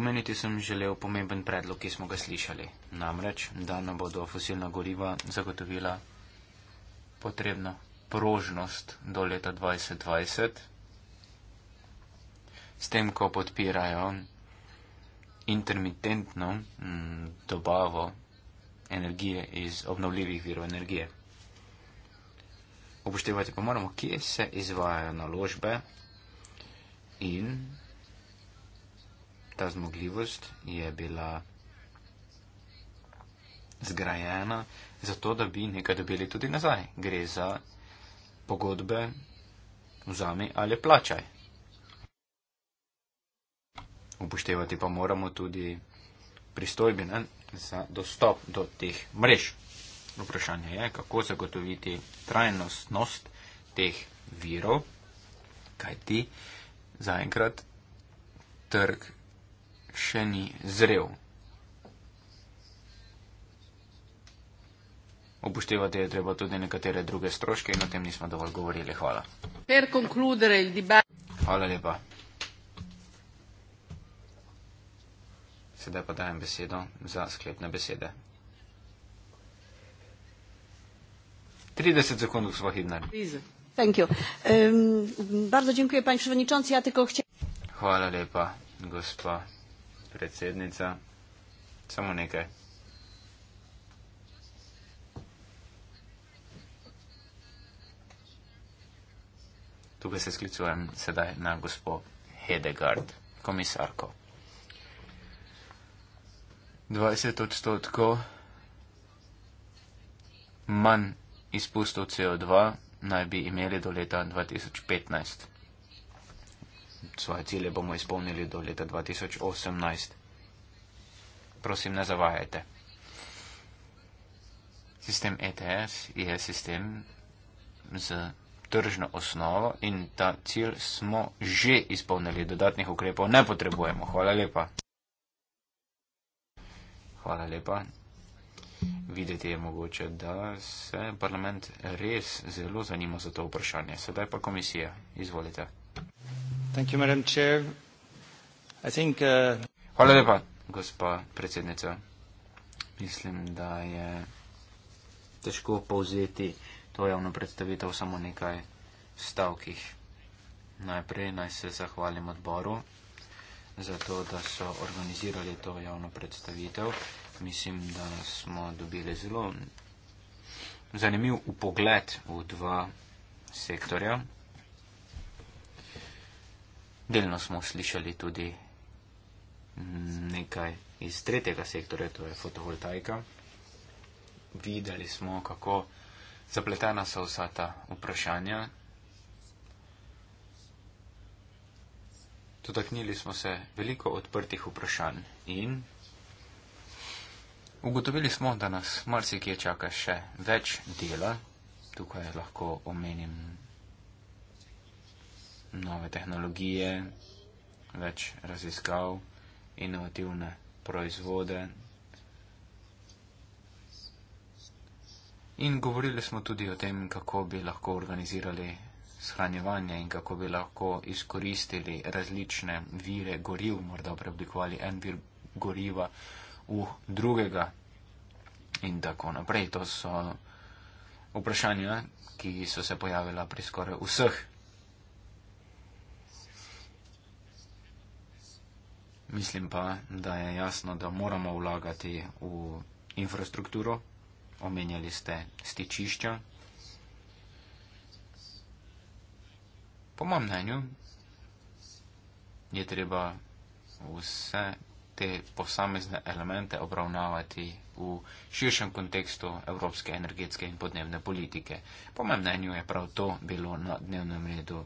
Omeniti sem želel pomemben predlog, ki smo ga slišali. Namreč, da nam bodo fosilna goriva zagotovila potrebno prožnost do leta 2020, s tem, ko podpirajo intermitentno m, mm, dobavo energije iz obnovljivih virov energije. Upoštevati pa moramo, kje se izvajajo naložbe in ta zmogljivost je bila zgrajena zato, da bi nekaj dobili tudi nazaj. Gre za pogodbe, vzami ali plačaj. Upoštevati pa moramo tudi pristojbine za dostop do teh mrež. Vprašanje je, kako zagotoviti trajnostnost teh virov, kaj ti zaenkrat trg še ni zrel Upoštevati je treba tudi nekatere druge stroške in o tem nismo dovolj govorili. Hvala. Hvala lepa. Sedaj pa dajem besedo za sklepne besede. 30 sekund, gospod Hidner. Ja Hvala lepa, gospa predsednica. Samo nekaj. Tukaj se sklicujem sedaj na gospo Hedegard, komisarko. 20 odstotkov manj izpustov CO2 naj bi imeli do leta 2015. Svoje cilje bomo izpolnili do leta 2018. Prosim, ne zavajajte. Sistem ETS je sistem z tržno osnovo in ta cilj smo že izpolnili. Dodatnih ukrepov ne potrebujemo. Hvala lepa. Hvala lepa. Videti je mogoče, da se parlament res zelo zanima za to vprašanje. Sedaj pa komisija. Izvolite. You, think, uh... Hvala lepa, gospa predsednica. Mislim, da je težko povzeti to javno predstavitev v samo nekaj stavkih. Najprej naj se zahvalim odboru za to, da so organizirali to javno predstavitev. Mislim, da smo dobili zelo zanimiv upogled v dva sektorja. Delno smo slišali tudi nekaj iz tretjega sektorja, to je fotovoltaika. Videli smo, kako zapletena so vsa ta vprašanja. Dotaknili smo se veliko odprtih vprašanj in ugotovili smo, da nas marsikje čaka še več dela. Tukaj lahko omenim nove tehnologije, več raziskav, inovativne proizvode, In govorili smo tudi o tem, kako bi lahko organizirali shranjevanje in kako bi lahko izkoristili različne vire goriv, morda preoblikovali en vir goriva v drugega in tako naprej. To so vprašanja, ki so se pojavila pri skoraj vseh. Mislim pa, da je jasno, da moramo vlagati v infrastrukturo omenjali ste stičišča. Po mojem mnenju je treba vse te posamezne elemente obravnavati v širšem kontekstu evropske energetske in podnebne politike. Po mojem mnenju je prav to bilo na dnevnem redu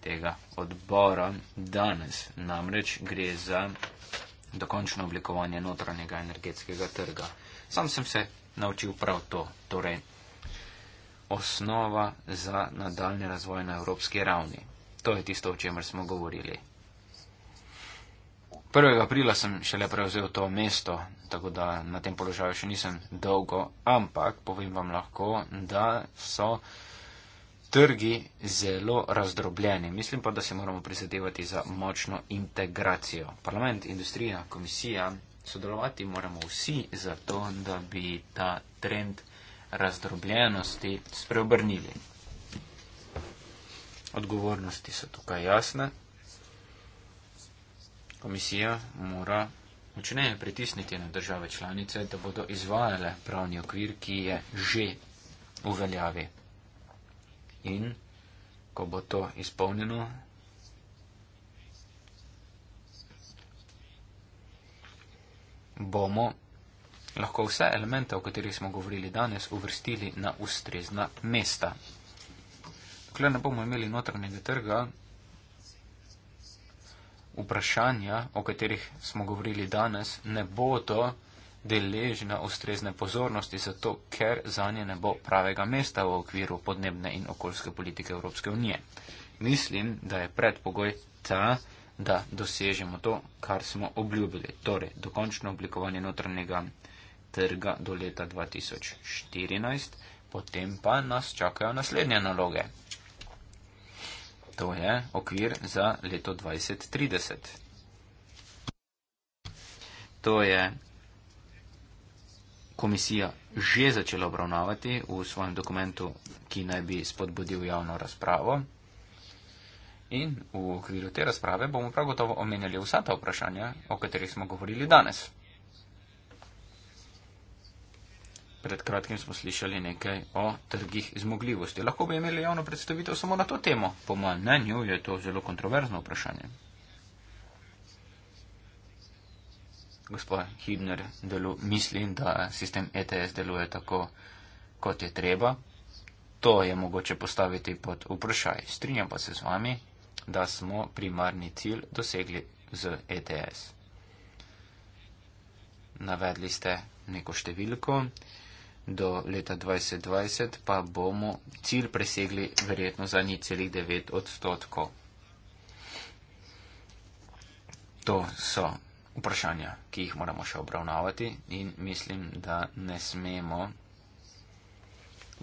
tega odbora danes. Namreč gre za dokončno oblikovanje notranjega energetskega trga. Sam sem se naučil prav to, torej osnova za nadaljne razvoje na evropski ravni. To je tisto, o čemer smo govorili. 1. aprila sem šele prevzel to mesto, tako da na tem položaju še nisem dolgo, ampak povem vam lahko, da so trgi zelo razdrobljeni. Mislim pa, da se moramo prizadevati za močno integracijo. Parlament, industrija, komisija, sodelovati moramo vsi zato, da bi ta trend razdrobljenosti spreobrnili. Odgovornosti so tukaj jasne. Komisija mora močneje pritisniti na države članice, da bodo izvajale pravni okvir, ki je že uveljavi. In ko bo to izpolnjeno, bomo lahko vse elemente, o katerih smo govorili danes, uvrstili na ustrezna mesta. Dokler ne bomo imeli notranjega trga, vprašanja, o katerih smo govorili danes, ne bodo deležna ustrezne pozornosti, zato ker za nje ne bo pravega mesta v okviru podnebne in okoljske politike Evropske unije. Mislim, da je predpogoj ta, da dosežemo to, kar smo obljubili, torej dokončno oblikovanje notranjega trga do leta 2014, potem pa nas čakajo naslednje naloge. To je okvir za leto 2030. To je komisija že začela obravnavati v svojem dokumentu, ki naj bi spodbudil javno razpravo. In v okviru te razprave bomo prav gotovo omenjali vsa ta vprašanja, o katerih smo govorili danes. Pred kratkim smo slišali nekaj o trgih zmogljivosti. Lahko bi imeli javno predstavitev samo na to temo. Po mojem mnenju je to zelo kontroverzno vprašanje. Gospod Hibner delu, misli, da sistem ETS deluje tako, kot je treba. To je mogoče postaviti pod vprašaj. Strinjam pa se z vami, da smo primarni cilj dosegli z ETS. Navedli ste neko številko, do leta 2020 pa bomo cilj presegli verjetno za ni celih 9 odstotkov. To so vprašanja, ki jih moramo še obravnavati in mislim, da ne smemo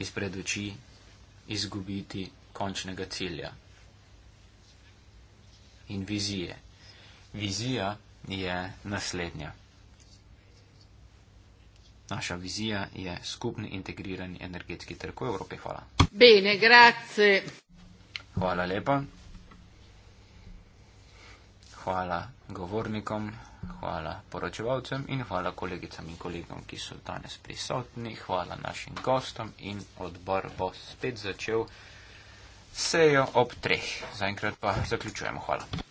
izpred oči izgubiti končnega cilja in vizije. Vizija je naslednja. Naša vizija je skupni integrirani energetski trg v Evropi. Hvala. Bene, grazie. Hvala lepa. Hvala govornikom, hvala poročevalcem in hvala kolegicam in kolegom, ki so danes prisotni. Hvala našim gostom in odbor bo spet začel sejo ob treh. Zaenkrat pa zaključujemo. Hvala.